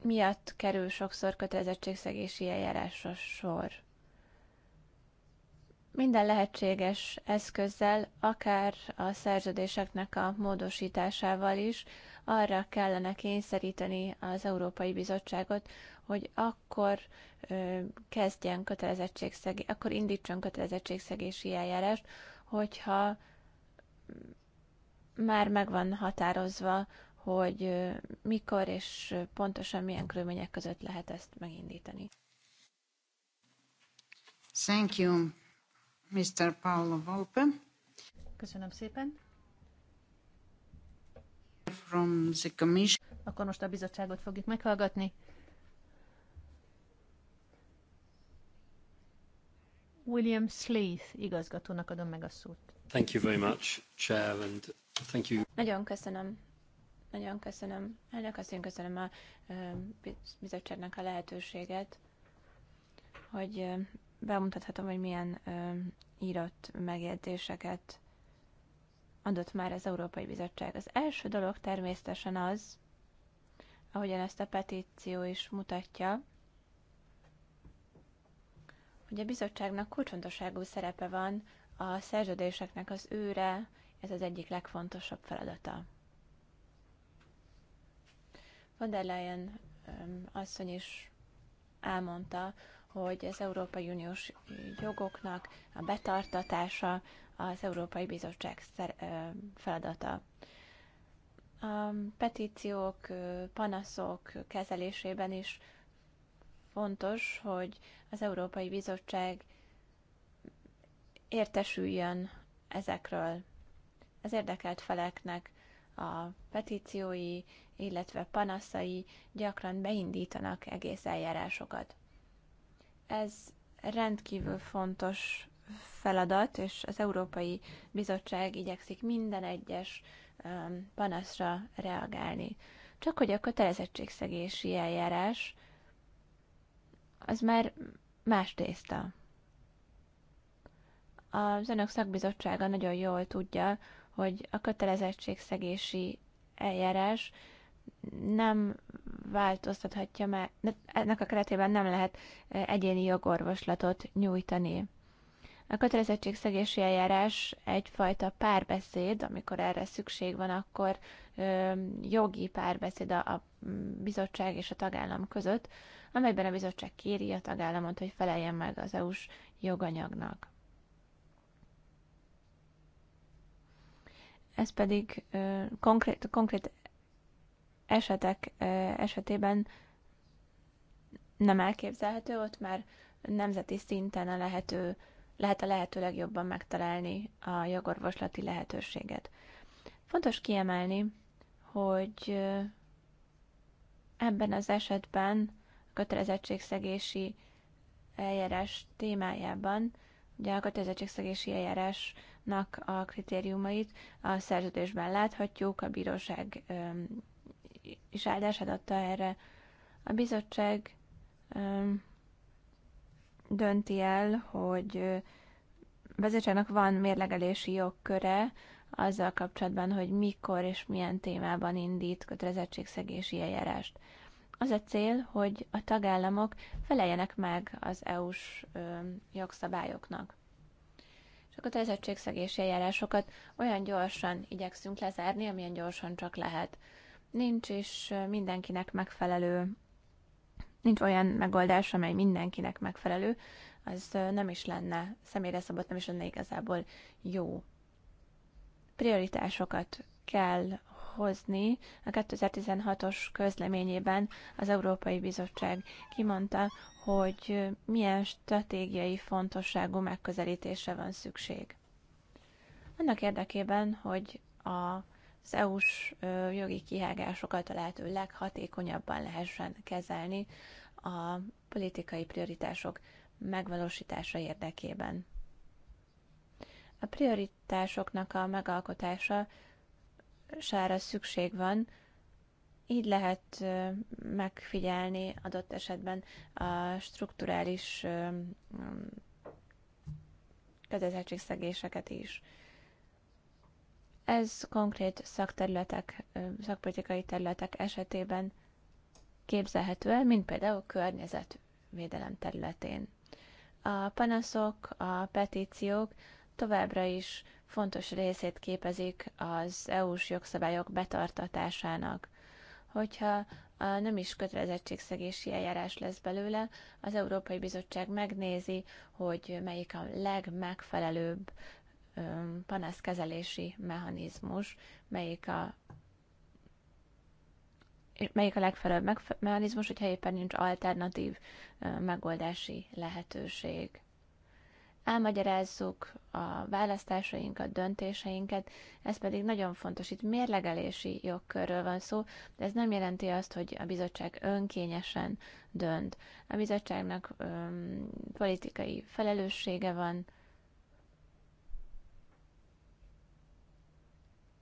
miatt kerül sokszor kötelezettségszegési eljárásra sor minden lehetséges eszközzel, akár a szerződéseknek a módosításával is arra kellene kényszeríteni az Európai Bizottságot, hogy akkor ö, kezdjen kötelezettségszegés, akkor indítson kötelezettségszegési eljárást, hogyha már megvan határozva, hogy mikor és pontosan milyen körülmények között lehet ezt megindítani. Thank you. Mr. Paolo Volpe. Köszönöm szépen. From the commission. Akkor most a bizottságot fogjuk meghallgatni. William Sleeth igazgatónak adom meg a szót. Thank you very much, Chair, and thank you. Nagyon köszönöm. Nagyon köszönöm. Elnök asszony, köszönöm a bizottságnak a lehetőséget, hogy bemutathatom, hogy milyen ö, írott megjegyzéseket adott már az Európai Bizottság. Az első dolog természetesen az, ahogyan ezt a petíció is mutatja, hogy a bizottságnak kulcsontosságú szerepe van a szerződéseknek az őre, ez az egyik legfontosabb feladata. Von der Leyen asszony is elmondta, hogy az Európai Uniós jogoknak a betartatása az Európai Bizottság feladata. A petíciók, panaszok kezelésében is fontos, hogy az Európai Bizottság értesüljön ezekről az érdekelt feleknek a petíciói, illetve panaszai gyakran beindítanak egész eljárásokat. Ez rendkívül fontos feladat, és az Európai Bizottság igyekszik minden egyes um, panaszra reagálni. Csak hogy a kötelezettségszegési eljárás az már más tészta. Az önök szakbizottsága nagyon jól tudja, hogy a kötelezettségszegési eljárás nem változtathatja meg, ennek a keretében nem lehet e, egyéni jogorvoslatot nyújtani. A kötelezettségszegési eljárás egyfajta párbeszéd, amikor erre szükség van, akkor ö, jogi párbeszéd a, a bizottság és a tagállam között, amelyben a bizottság kéri a tagállamot, hogy feleljen meg az EU-s joganyagnak. Ez pedig ö, konkrét, konkrét esetek esetében nem elképzelhető, ott már nemzeti szinten a lehető, lehet a lehető legjobban megtalálni a jogorvoslati lehetőséget. Fontos kiemelni, hogy ebben az esetben a kötelezettségszegési eljárás témájában, ugye a kötelezettségszegési eljárásnak a kritériumait a szerződésben láthatjuk, a bíróság és áldását adta erre. A bizottság dönti el, hogy bizottságnak van mérlegelési jogköre azzal kapcsolatban, hogy mikor és milyen témában indít kötelezettségszegési eljárást. Az a cél, hogy a tagállamok feleljenek meg az EU-s jogszabályoknak. És a kötelezettségszegési eljárásokat olyan gyorsan igyekszünk lezárni, amilyen gyorsan csak lehet nincs is mindenkinek megfelelő, nincs olyan megoldás, amely mindenkinek megfelelő, az nem is lenne személyre szabott, nem is lenne igazából jó. Prioritásokat kell hozni. A 2016-os közleményében az Európai Bizottság kimondta, hogy milyen stratégiai fontosságú megközelítése van szükség. Annak érdekében, hogy a az EU-s jogi kihágásokat a lehető leghatékonyabban lehessen kezelni a politikai prioritások megvalósítása érdekében. A prioritásoknak a megalkotása sára szükség van, így lehet megfigyelni adott esetben a strukturális kötelezettségszegéseket is. Ez konkrét szakterületek, szakpolitikai területek esetében képzelhető el, mint például a környezetvédelem területén. A panaszok, a petíciók továbbra is fontos részét képezik az EU-s jogszabályok betartatásának. Hogyha a nem is kötelezettségszegési eljárás lesz belőle, az Európai Bizottság megnézi, hogy melyik a legmegfelelőbb panaszkezelési mechanizmus, melyik a melyik a legfelelőbb mechanizmus, hogyha éppen nincs alternatív megoldási lehetőség. Elmagyarázzuk a választásainkat, döntéseinket, ez pedig nagyon fontos. Itt mérlegelési jogkörről van szó, de ez nem jelenti azt, hogy a bizottság önkényesen dönt. A bizottságnak öm, politikai felelőssége van,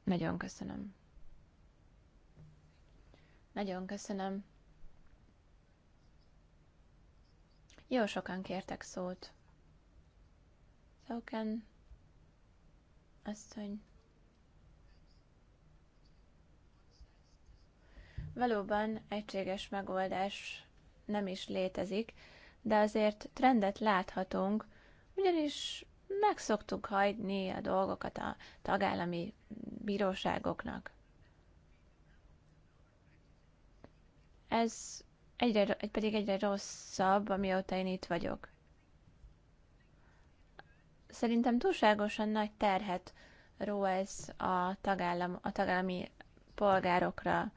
Nagyon köszönöm. Nagyon köszönöm. Jó sokan kértek szót. Szóken, asszony. Valóban egységes megoldás nem is létezik, de azért trendet láthatunk, ugyanis megszoktuk hagyni a dolgokat a tagállami bíróságoknak. Ez egyre, pedig egyre rosszabb, amióta én itt vagyok. Szerintem túlságosan nagy terhet ró ez a, tagállam, a tagállami polgárokra.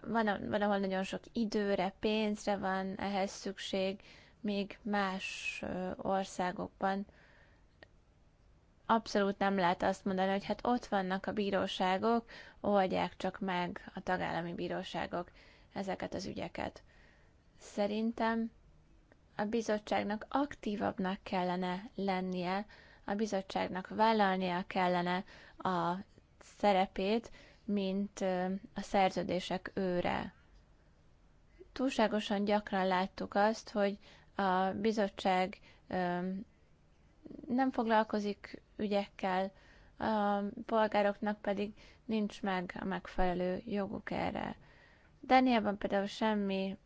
Van, van, ahol nagyon sok időre, pénzre van ehhez szükség, még más országokban abszolút nem lehet azt mondani, hogy hát ott vannak a bíróságok, oldják csak meg a tagállami bíróságok ezeket az ügyeket. Szerintem a bizottságnak aktívabbnak kellene lennie, a bizottságnak vállalnia kellene a szerepét, mint a szerződések őre. Túlságosan gyakran láttuk azt, hogy a bizottság nem foglalkozik ügyekkel, a polgároknak pedig nincs meg a megfelelő joguk erre. Dániában például semmi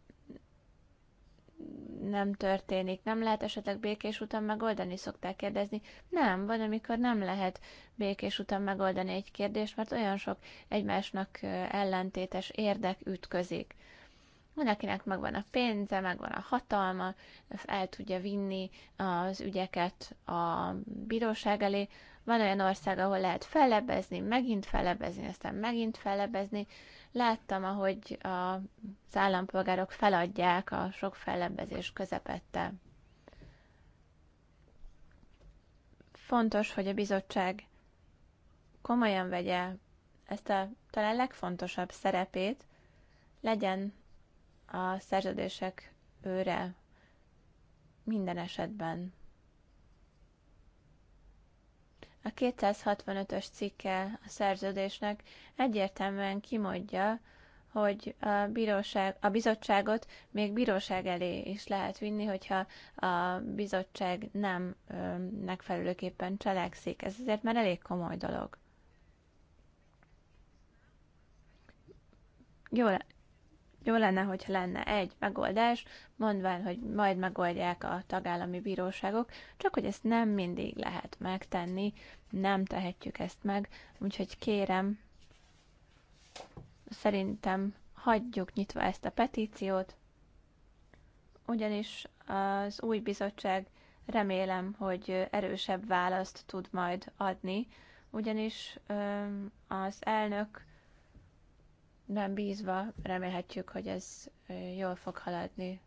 nem történik, nem lehet esetleg békés úton megoldani, szokták kérdezni. Nem, van, amikor nem lehet békés úton megoldani egy kérdést, mert olyan sok egymásnak ellentétes érdek ütközik. Van, akinek megvan a pénze, megvan a hatalma, el tudja vinni az ügyeket a bíróság elé. Van olyan ország, ahol lehet fellebezni, megint fellebezni, aztán megint fellebezni. Láttam, ahogy az állampolgárok feladják a sok fellebezés közepette. Fontos, hogy a bizottság komolyan vegye ezt a talán legfontosabb szerepét, legyen a szerződések őre minden esetben. A 265-ös cikke a szerződésnek egyértelműen kimondja, hogy a, bíróság, a bizottságot még bíróság elé is lehet vinni, hogyha a bizottság nem ö, megfelelőképpen cselekszik. Ez azért már elég komoly dolog. Jó? Jó lenne, hogyha lenne egy megoldás, mondván, hogy majd megoldják a tagállami bíróságok, csak hogy ezt nem mindig lehet megtenni, nem tehetjük ezt meg, úgyhogy kérem, szerintem hagyjuk nyitva ezt a petíciót, ugyanis az új bizottság remélem, hogy erősebb választ tud majd adni, ugyanis az elnök nem bízva remélhetjük, hogy ez jól fog haladni.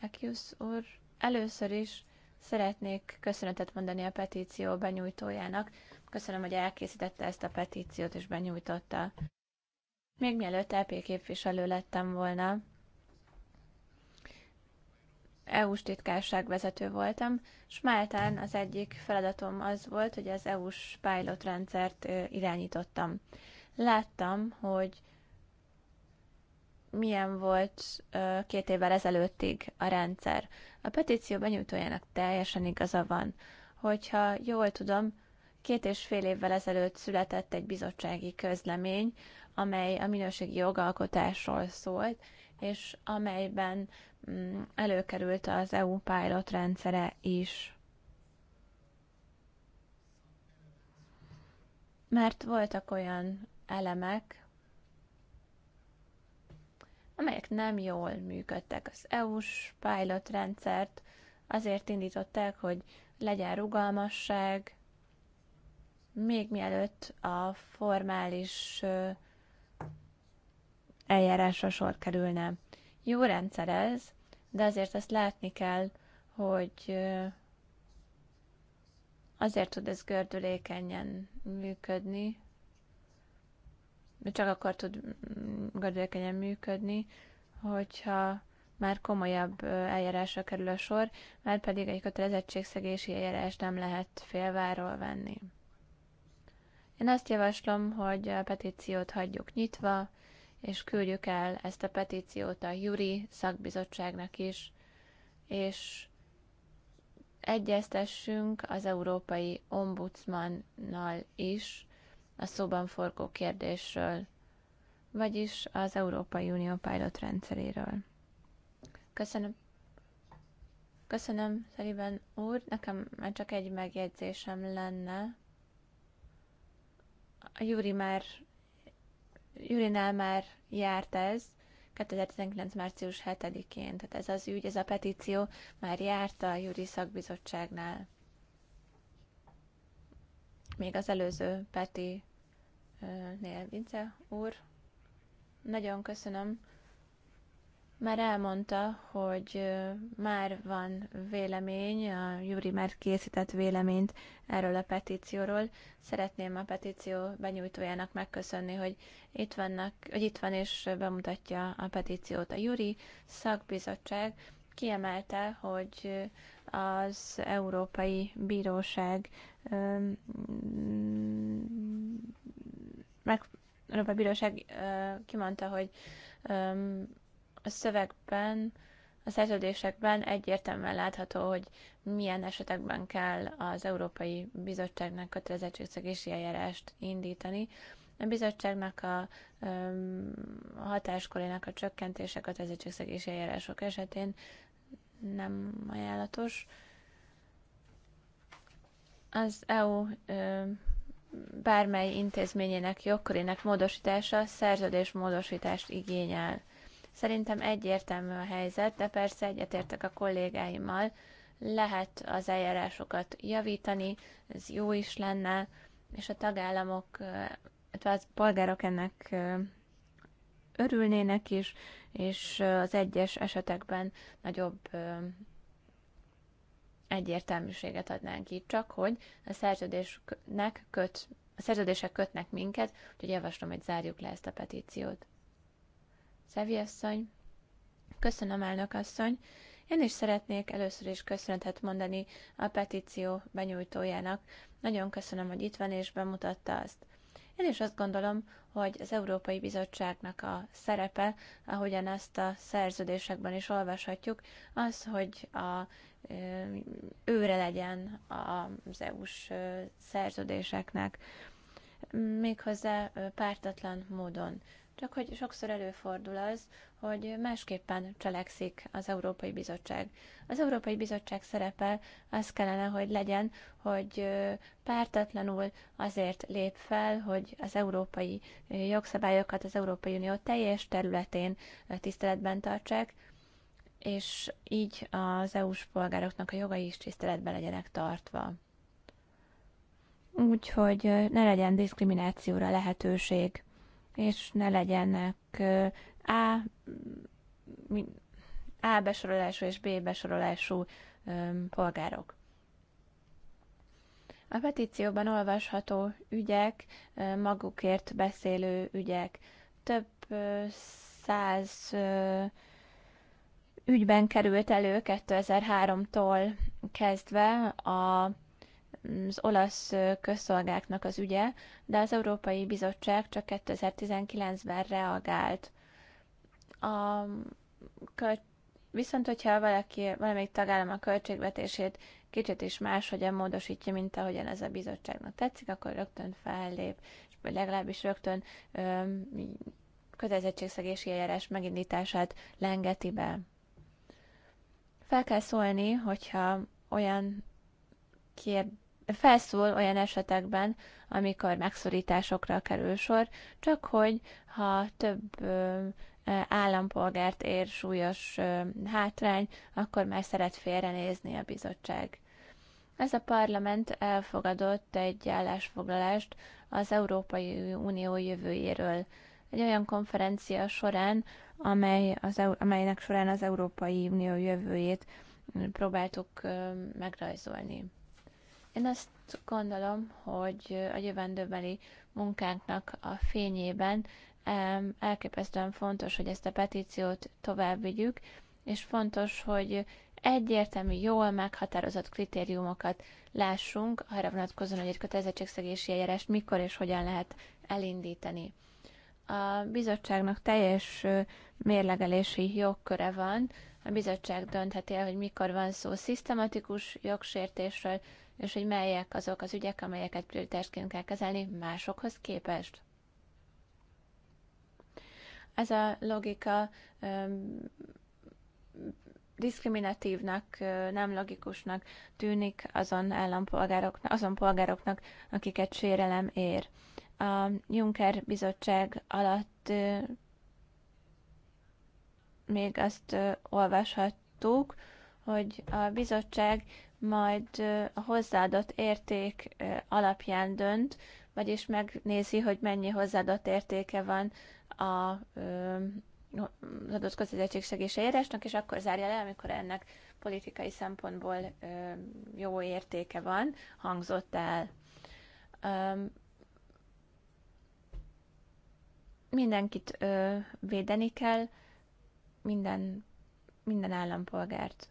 Ekius úr, először is szeretnék köszönetet mondani a petíció benyújtójának. Köszönöm, hogy elkészítette ezt a petíciót és benyújtotta. Még mielőtt LP e képviselő lettem volna, EU-s titkárság vezető voltam, és Máltán az egyik feladatom az volt, hogy az EU-s pilot rendszert irányítottam láttam, hogy milyen volt két évvel ezelőttig a rendszer. A petíció benyújtójának teljesen igaza van. Hogyha jól tudom, két és fél évvel ezelőtt született egy bizottsági közlemény, amely a minőségi jogalkotásról szólt, és amelyben mm, előkerült az EU pilot rendszere is. Mert voltak olyan elemek, amelyek nem jól működtek. Az EU-s pilot rendszert azért indították, hogy legyen rugalmasság, még mielőtt a formális eljárásra sor kerülne. Jó rendszer ez, de azért azt látni kell, hogy azért tud ez gördülékenyen működni, de csak akkor tud mm, gördülékenyen működni, hogyha már komolyabb eljárásra kerül a sor, már pedig egy kötelezettségszegési eljárás nem lehet félváról venni. Én azt javaslom, hogy a petíciót hagyjuk nyitva, és küldjük el ezt a petíciót a Juri szakbizottságnak is, és egyeztessünk az Európai Ombudsmannal is, a szóban forgó kérdésről, vagyis az Európai Unió pilot rendszeréről. Köszönöm. Köszönöm, Szeriben úr. Nekem már csak egy megjegyzésem lenne. A Júri már, Júrinál már járt ez, 2019. március 7-én. Tehát ez az ügy, ez a petíció már járt a Júri szakbizottságnál. Még az előző Peti nél. Vince úr, nagyon köszönöm. Már elmondta, hogy már van vélemény, a Júri már készített véleményt erről a petícióról. Szeretném a petíció benyújtójának megköszönni, hogy itt, vannak, hogy itt van és bemutatja a petíciót. A Júri szakbizottság kiemelte, hogy az Európai Bíróság meg a bíróság kimondta, hogy a szövegben, a szerződésekben egyértelműen látható, hogy milyen esetekben kell az Európai Bizottságnak kötelezettségszegési eljárást indítani. A bizottságnak a hatáskorének a csökkentése kötelezettségszegési eljárások esetén nem ajánlatos. Az EU bármely intézményének jogkörének módosítása szerződés módosítást igényel. Szerintem egyértelmű a helyzet, de persze egyetértek a kollégáimmal, lehet az eljárásokat javítani, ez jó is lenne, és a tagállamok, a polgárok ennek örülnének is, és az egyes esetekben nagyobb egyértelműséget adnánk itt, csak hogy a szerződésnek köt, a szerződések kötnek minket, úgyhogy javaslom, hogy zárjuk le ezt a petíciót. Szevi asszony, köszönöm elnök asszony. Én is szeretnék először is köszönetet mondani a petíció benyújtójának. Nagyon köszönöm, hogy itt van és bemutatta azt. Én is azt gondolom, hogy az Európai Bizottságnak a szerepe, ahogyan ezt a szerződésekben is olvashatjuk, az, hogy a őre legyen az EU-s szerződéseknek, méghozzá pártatlan módon. Csak hogy sokszor előfordul az, hogy másképpen cselekszik az Európai Bizottság. Az Európai Bizottság szerepe az kellene, hogy legyen, hogy pártatlanul azért lép fel, hogy az európai jogszabályokat az Európai Unió teljes területén tiszteletben tartsák, és így az EU-s polgároknak a jogai is tiszteletben legyenek tartva. Úgyhogy ne legyen diszkriminációra lehetőség, és ne legyenek A, A besorolású és B besorolású polgárok. A petícióban olvasható ügyek, magukért beszélő ügyek, több száz ügyben került elő 2003-tól kezdve a az olasz közszolgáknak az ügye, de az Európai Bizottság csak 2019-ben reagált. A Viszont, hogyha valaki, valamelyik tagállam a költségvetését kicsit is máshogyan módosítja, mint ahogyan ez a bizottságnak tetszik, akkor rögtön fellép, vagy legalábbis rögtön ö, kötelezettségszegési eljárás megindítását lengeti be. Fel kell szólni, hogyha olyan kérd... felszól olyan esetekben, amikor megszorításokra kerül sor, csak hogy ha több állampolgárt ér súlyos hátrány, akkor már szeret félrenézni a bizottság. Ez a parlament elfogadott egy állásfoglalást az Európai Unió jövőjéről. Egy olyan konferencia során, amely az, amelynek során az Európai Unió jövőjét próbáltuk megrajzolni. Én azt gondolom, hogy a jövendőbeli munkánknak a fényében elképesztően fontos, hogy ezt a petíciót tovább vigyük, és fontos, hogy egyértelmű, jól meghatározott kritériumokat lássunk arra vonatkozóan, hogy egy kötelezettségszegési eljárást mikor és hogyan lehet elindítani. A bizottságnak teljes mérlegelési jogköre van. A bizottság döntheti el, hogy mikor van szó szisztematikus jogsértésről, és hogy melyek azok az ügyek, amelyeket prioritásként kell kezelni másokhoz képest. Ez a logika öm, diszkriminatívnak, nem logikusnak tűnik azon állampolgároknak, azon polgároknak, akiket sérelem ér a Juncker bizottság alatt még azt olvashattuk, hogy a bizottság majd a hozzáadott érték alapján dönt, vagyis megnézi, hogy mennyi hozzáadott értéke van a, az adott kötelezettségszegéseérésnek, és akkor zárja le, amikor ennek politikai szempontból jó értéke van, hangzott el. Mindenkit ö, védeni kell, minden, minden állampolgárt.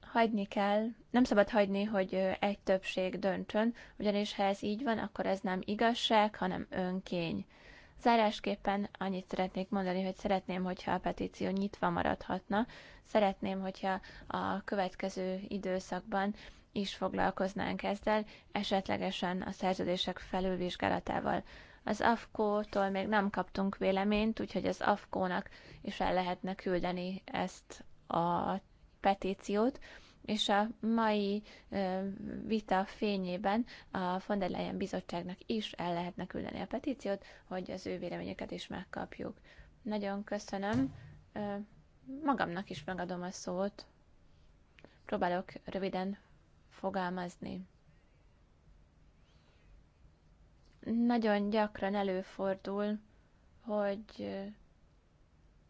Hagyni kell, nem szabad hagyni, hogy egy többség döntsön, ugyanis ha ez így van, akkor ez nem igazság, hanem önkény. Zárásképpen annyit szeretnék mondani, hogy szeretném, hogyha a petíció nyitva maradhatna, szeretném, hogyha a következő időszakban is foglalkoznánk ezzel, esetlegesen a szerződések felülvizsgálatával. Az AFKO-tól még nem kaptunk véleményt, úgyhogy az AFKO-nak is el lehetne küldeni ezt a petíciót, és a mai vita fényében a von der Leyen bizottságnak is el lehetne küldeni a petíciót, hogy az ő véleményeket is megkapjuk. Nagyon köszönöm. Magamnak is megadom a szót. Próbálok röviden fogalmazni. Nagyon gyakran előfordul, hogy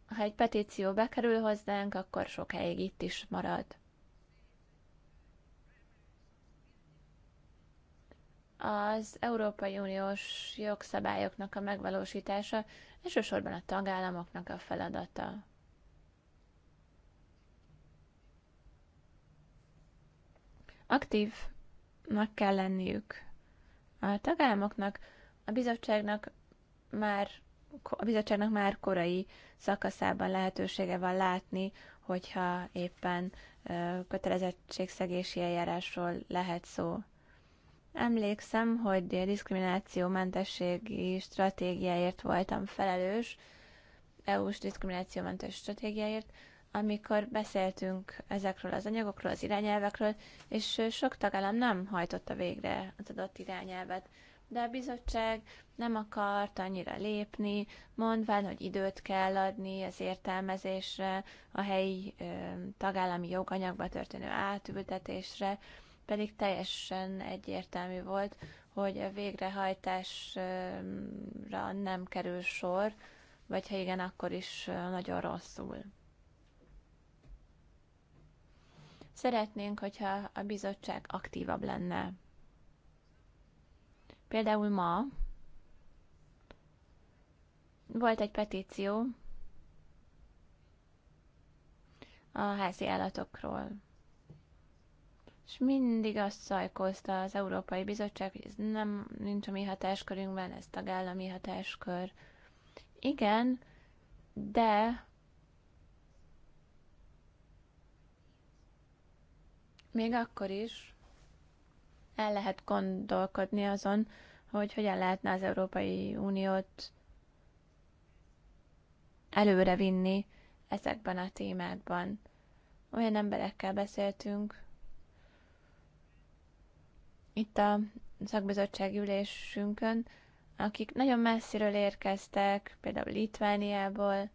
ha egy petíció bekerül hozzánk, akkor sokáig itt is marad. Az Európai Uniós jogszabályoknak a megvalósítása elsősorban a tagállamoknak a feladata. aktívnak kell lenniük. A tagállamoknak, a bizottságnak már a bizottságnak már korai szakaszában lehetősége van látni, hogyha éppen kötelezettségszegési eljárásról lehet szó. Emlékszem, hogy a mentességi stratégiáért voltam felelős, EU-s mentes stratégiáért, amikor beszéltünk ezekről az anyagokról, az irányelvekről, és sok tagállam nem hajtotta végre az adott irányelvet. De a bizottság nem akart annyira lépni, mondván, hogy időt kell adni az értelmezésre, a helyi ö, tagállami joganyagba történő átültetésre, pedig teljesen egyértelmű volt, hogy a végrehajtásra nem kerül sor, vagy ha igen, akkor is nagyon rosszul. Szeretnénk, hogyha a bizottság aktívabb lenne. Például ma volt egy petíció a házi állatokról. És mindig azt szajkozta az Európai Bizottság, hogy ez nem nincs a mi hatáskörünkben, ez tagállami hatáskör. Igen, de még akkor is el lehet gondolkodni azon, hogy hogyan lehetne az Európai Uniót előre vinni ezekben a témákban. Olyan emberekkel beszéltünk. Itt a szakbizottsági ülésünkön, akik nagyon messziről érkeztek, például Litvániából,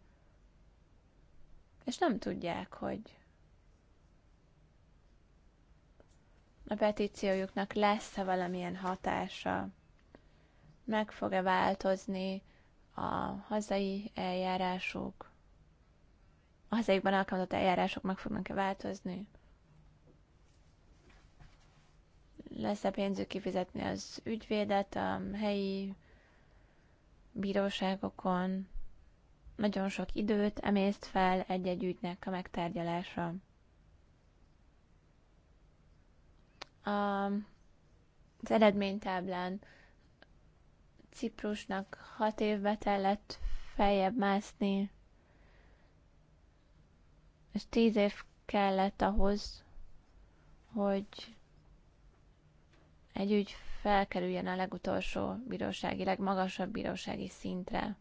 és nem tudják, hogy a petíciójuknak lesz-e valamilyen hatása, meg fog-e változni a hazai eljárások, a hazaikban alkalmazott eljárások meg fognak-e változni, lesz-e pénzük kifizetni az ügyvédet a helyi bíróságokon, nagyon sok időt emészt fel egy-egy ügynek a megtárgyalása. a, az eredménytáblán Ciprusnak hat évbe kellett feljebb mászni, és tíz év kellett ahhoz, hogy egy ügy felkerüljen a legutolsó bírósági, legmagasabb bírósági szintre.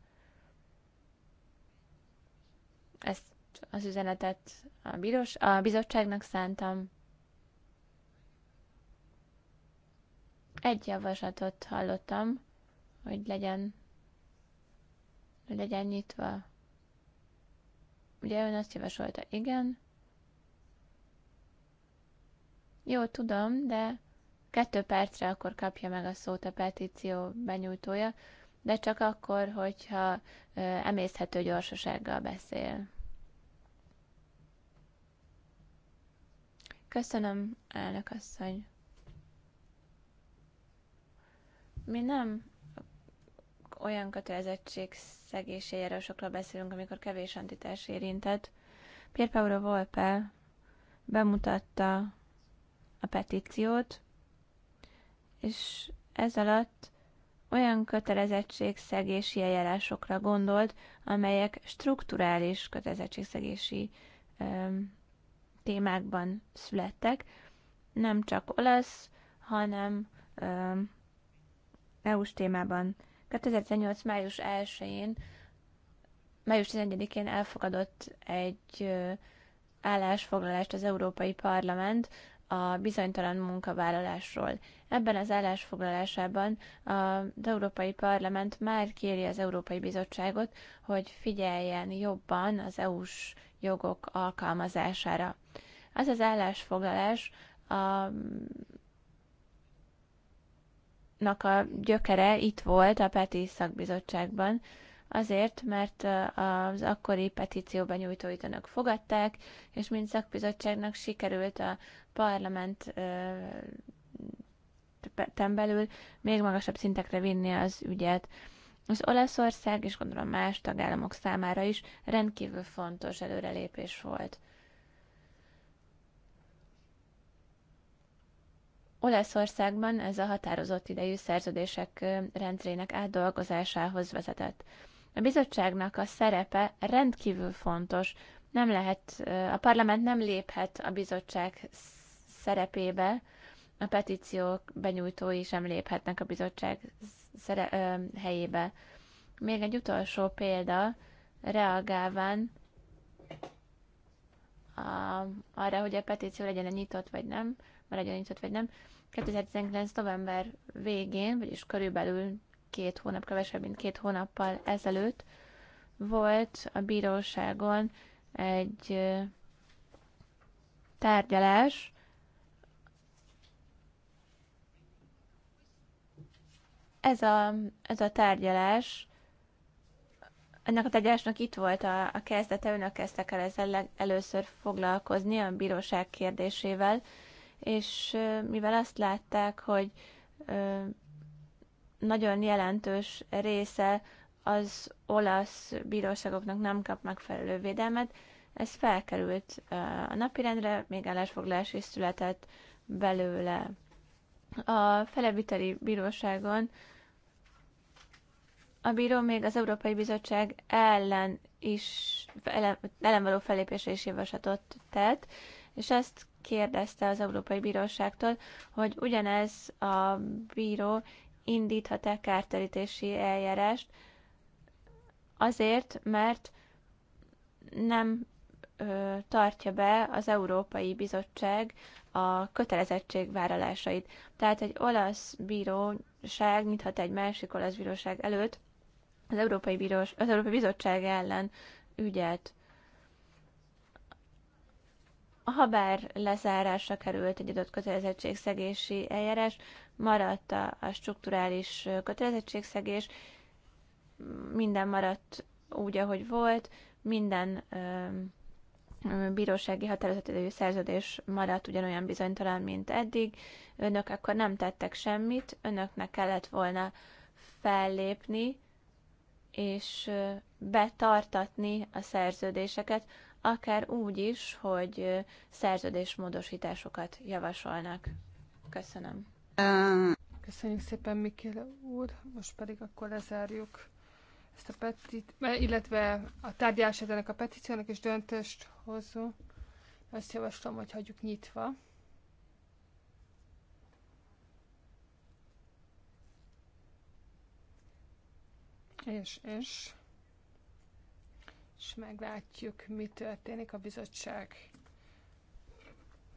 Ezt az üzenetet a, bírós, a bizottságnak szántam, Egy javaslatot hallottam, hogy legyen, hogy legyen nyitva. Ugye ön azt javasolta, igen. Jó, tudom, de kettő percre akkor kapja meg a szót a petíció benyújtója, de csak akkor, hogyha emészhető gyorsasággal beszél. Köszönöm, elnök asszony. Mi nem olyan kötelezettség sokra beszélünk, amikor kevés entitás érintett. Pier Paolo Volpe bemutatta a petíciót, és ez alatt olyan szegési eljárásokra gondolt, amelyek strukturális kötelezettségszegési ö, témákban születtek, nem csak olasz, hanem ö, EU-s témában. 2018. május 1-én, május 11-én elfogadott egy állásfoglalást az Európai Parlament a bizonytalan munkavállalásról. Ebben az állásfoglalásában az Európai Parlament már kéri az Európai Bizottságot, hogy figyeljen jobban az EU-s jogok alkalmazására. Az az állásfoglalás a nak a gyökere itt volt a PETI szakbizottságban, azért, mert az akkori petícióban nyújtóit fogadták, és mint szakbizottságnak sikerült a parlament belül még magasabb szintekre vinni az ügyet. Az Olaszország, és gondolom más tagállamok számára is rendkívül fontos előrelépés volt. Olaszországban ez a határozott idejű szerződések rendszerének átdolgozásához vezetett. A bizottságnak a szerepe rendkívül fontos. Nem lehet, a parlament nem léphet a bizottság szerepébe, a petíciók benyújtói sem léphetnek a bizottság szere- ö, helyébe. Még egy utolsó példa, reagálván a, arra, hogy a petíció legyen -e nyitott vagy nem, maradjon nyitott vagy nem, 2019. november végén, vagyis körülbelül két hónap, kevesebb, mint két hónappal ezelőtt volt a bíróságon egy tárgyalás, ez a, ez a tárgyalás, ennek a tárgyalásnak itt volt a, a kezdete, önök kezdtek el ezzel először foglalkozni a bíróság kérdésével, és mivel azt látták, hogy nagyon jelentős része az olasz bíróságoknak nem kap megfelelő védelmet, ez felkerült a napirendre, még állásfoglalás is született belőle. A felebiteli bíróságon a bíró még az Európai Bizottság ellen is ellen, ellen való fellépésre is javaslatot tett, és ezt kérdezte az Európai Bíróságtól, hogy ugyanez a bíró indíthat-e kárterítési eljárást, azért, mert nem ö, tartja be az Európai Bizottság a kötelezettség váralásait. Tehát egy olasz bíróság nyithat egy másik olasz bíróság előtt az Európai, Bírós, az Európai Bizottság ellen ügyet habár lezárásra került egy adott kötelezettségszegési eljárás, maradt a, a strukturális kötelezettségszegés, minden maradt úgy, ahogy volt, minden ö, bírósági határozatidejű szerződés maradt ugyanolyan bizonytalan, mint eddig. Önök akkor nem tettek semmit, önöknek kellett volna fellépni és betartatni a szerződéseket, akár úgy is, hogy szerződésmódosításokat javasolnak. Köszönöm. Köszönjük szépen, Mikéle úr. Most pedig akkor lezárjuk ezt a petit, eh, illetve a tárgyalását ennek a petíciónak és döntést hozó. Azt javaslom, hogy hagyjuk nyitva. És, és és meglátjuk, mi történik a bizottság,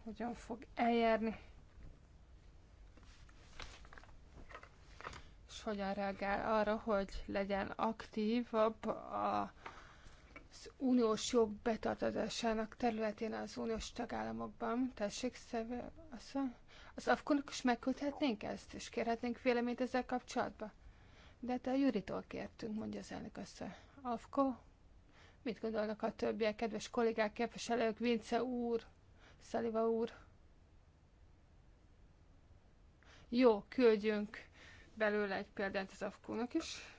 hogyan fog eljárni, és hogyan reagál arra, hogy legyen aktívabb a az uniós jog betartatásának területén az uniós tagállamokban. Tessék, szerve, az, az afkonok is megküldhetnénk ezt, és kérhetnénk véleményt ezzel kapcsolatban. De te hát a Juritól kértünk, mondja az elnök asszony. Afko, Mit gondolnak a többiek, kedves kollégák, képviselők, Vince úr, Szaliva úr? Jó, küldjünk belőle egy példát az afkónak is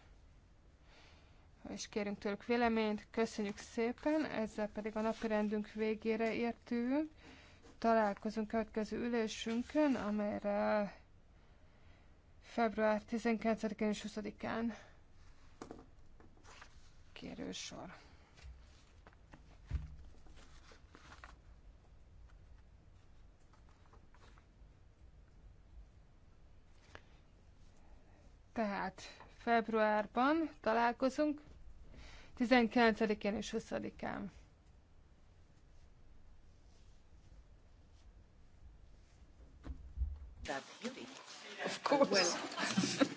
és kérünk tőlük véleményt. Köszönjük szépen, ezzel pedig a napirendünk végére értünk. Találkozunk következő ülésünkön, amelyre február 19-én és 20-án kérő sor. Tehát februárban találkozunk, 19-én és 20-án. Of course. Well.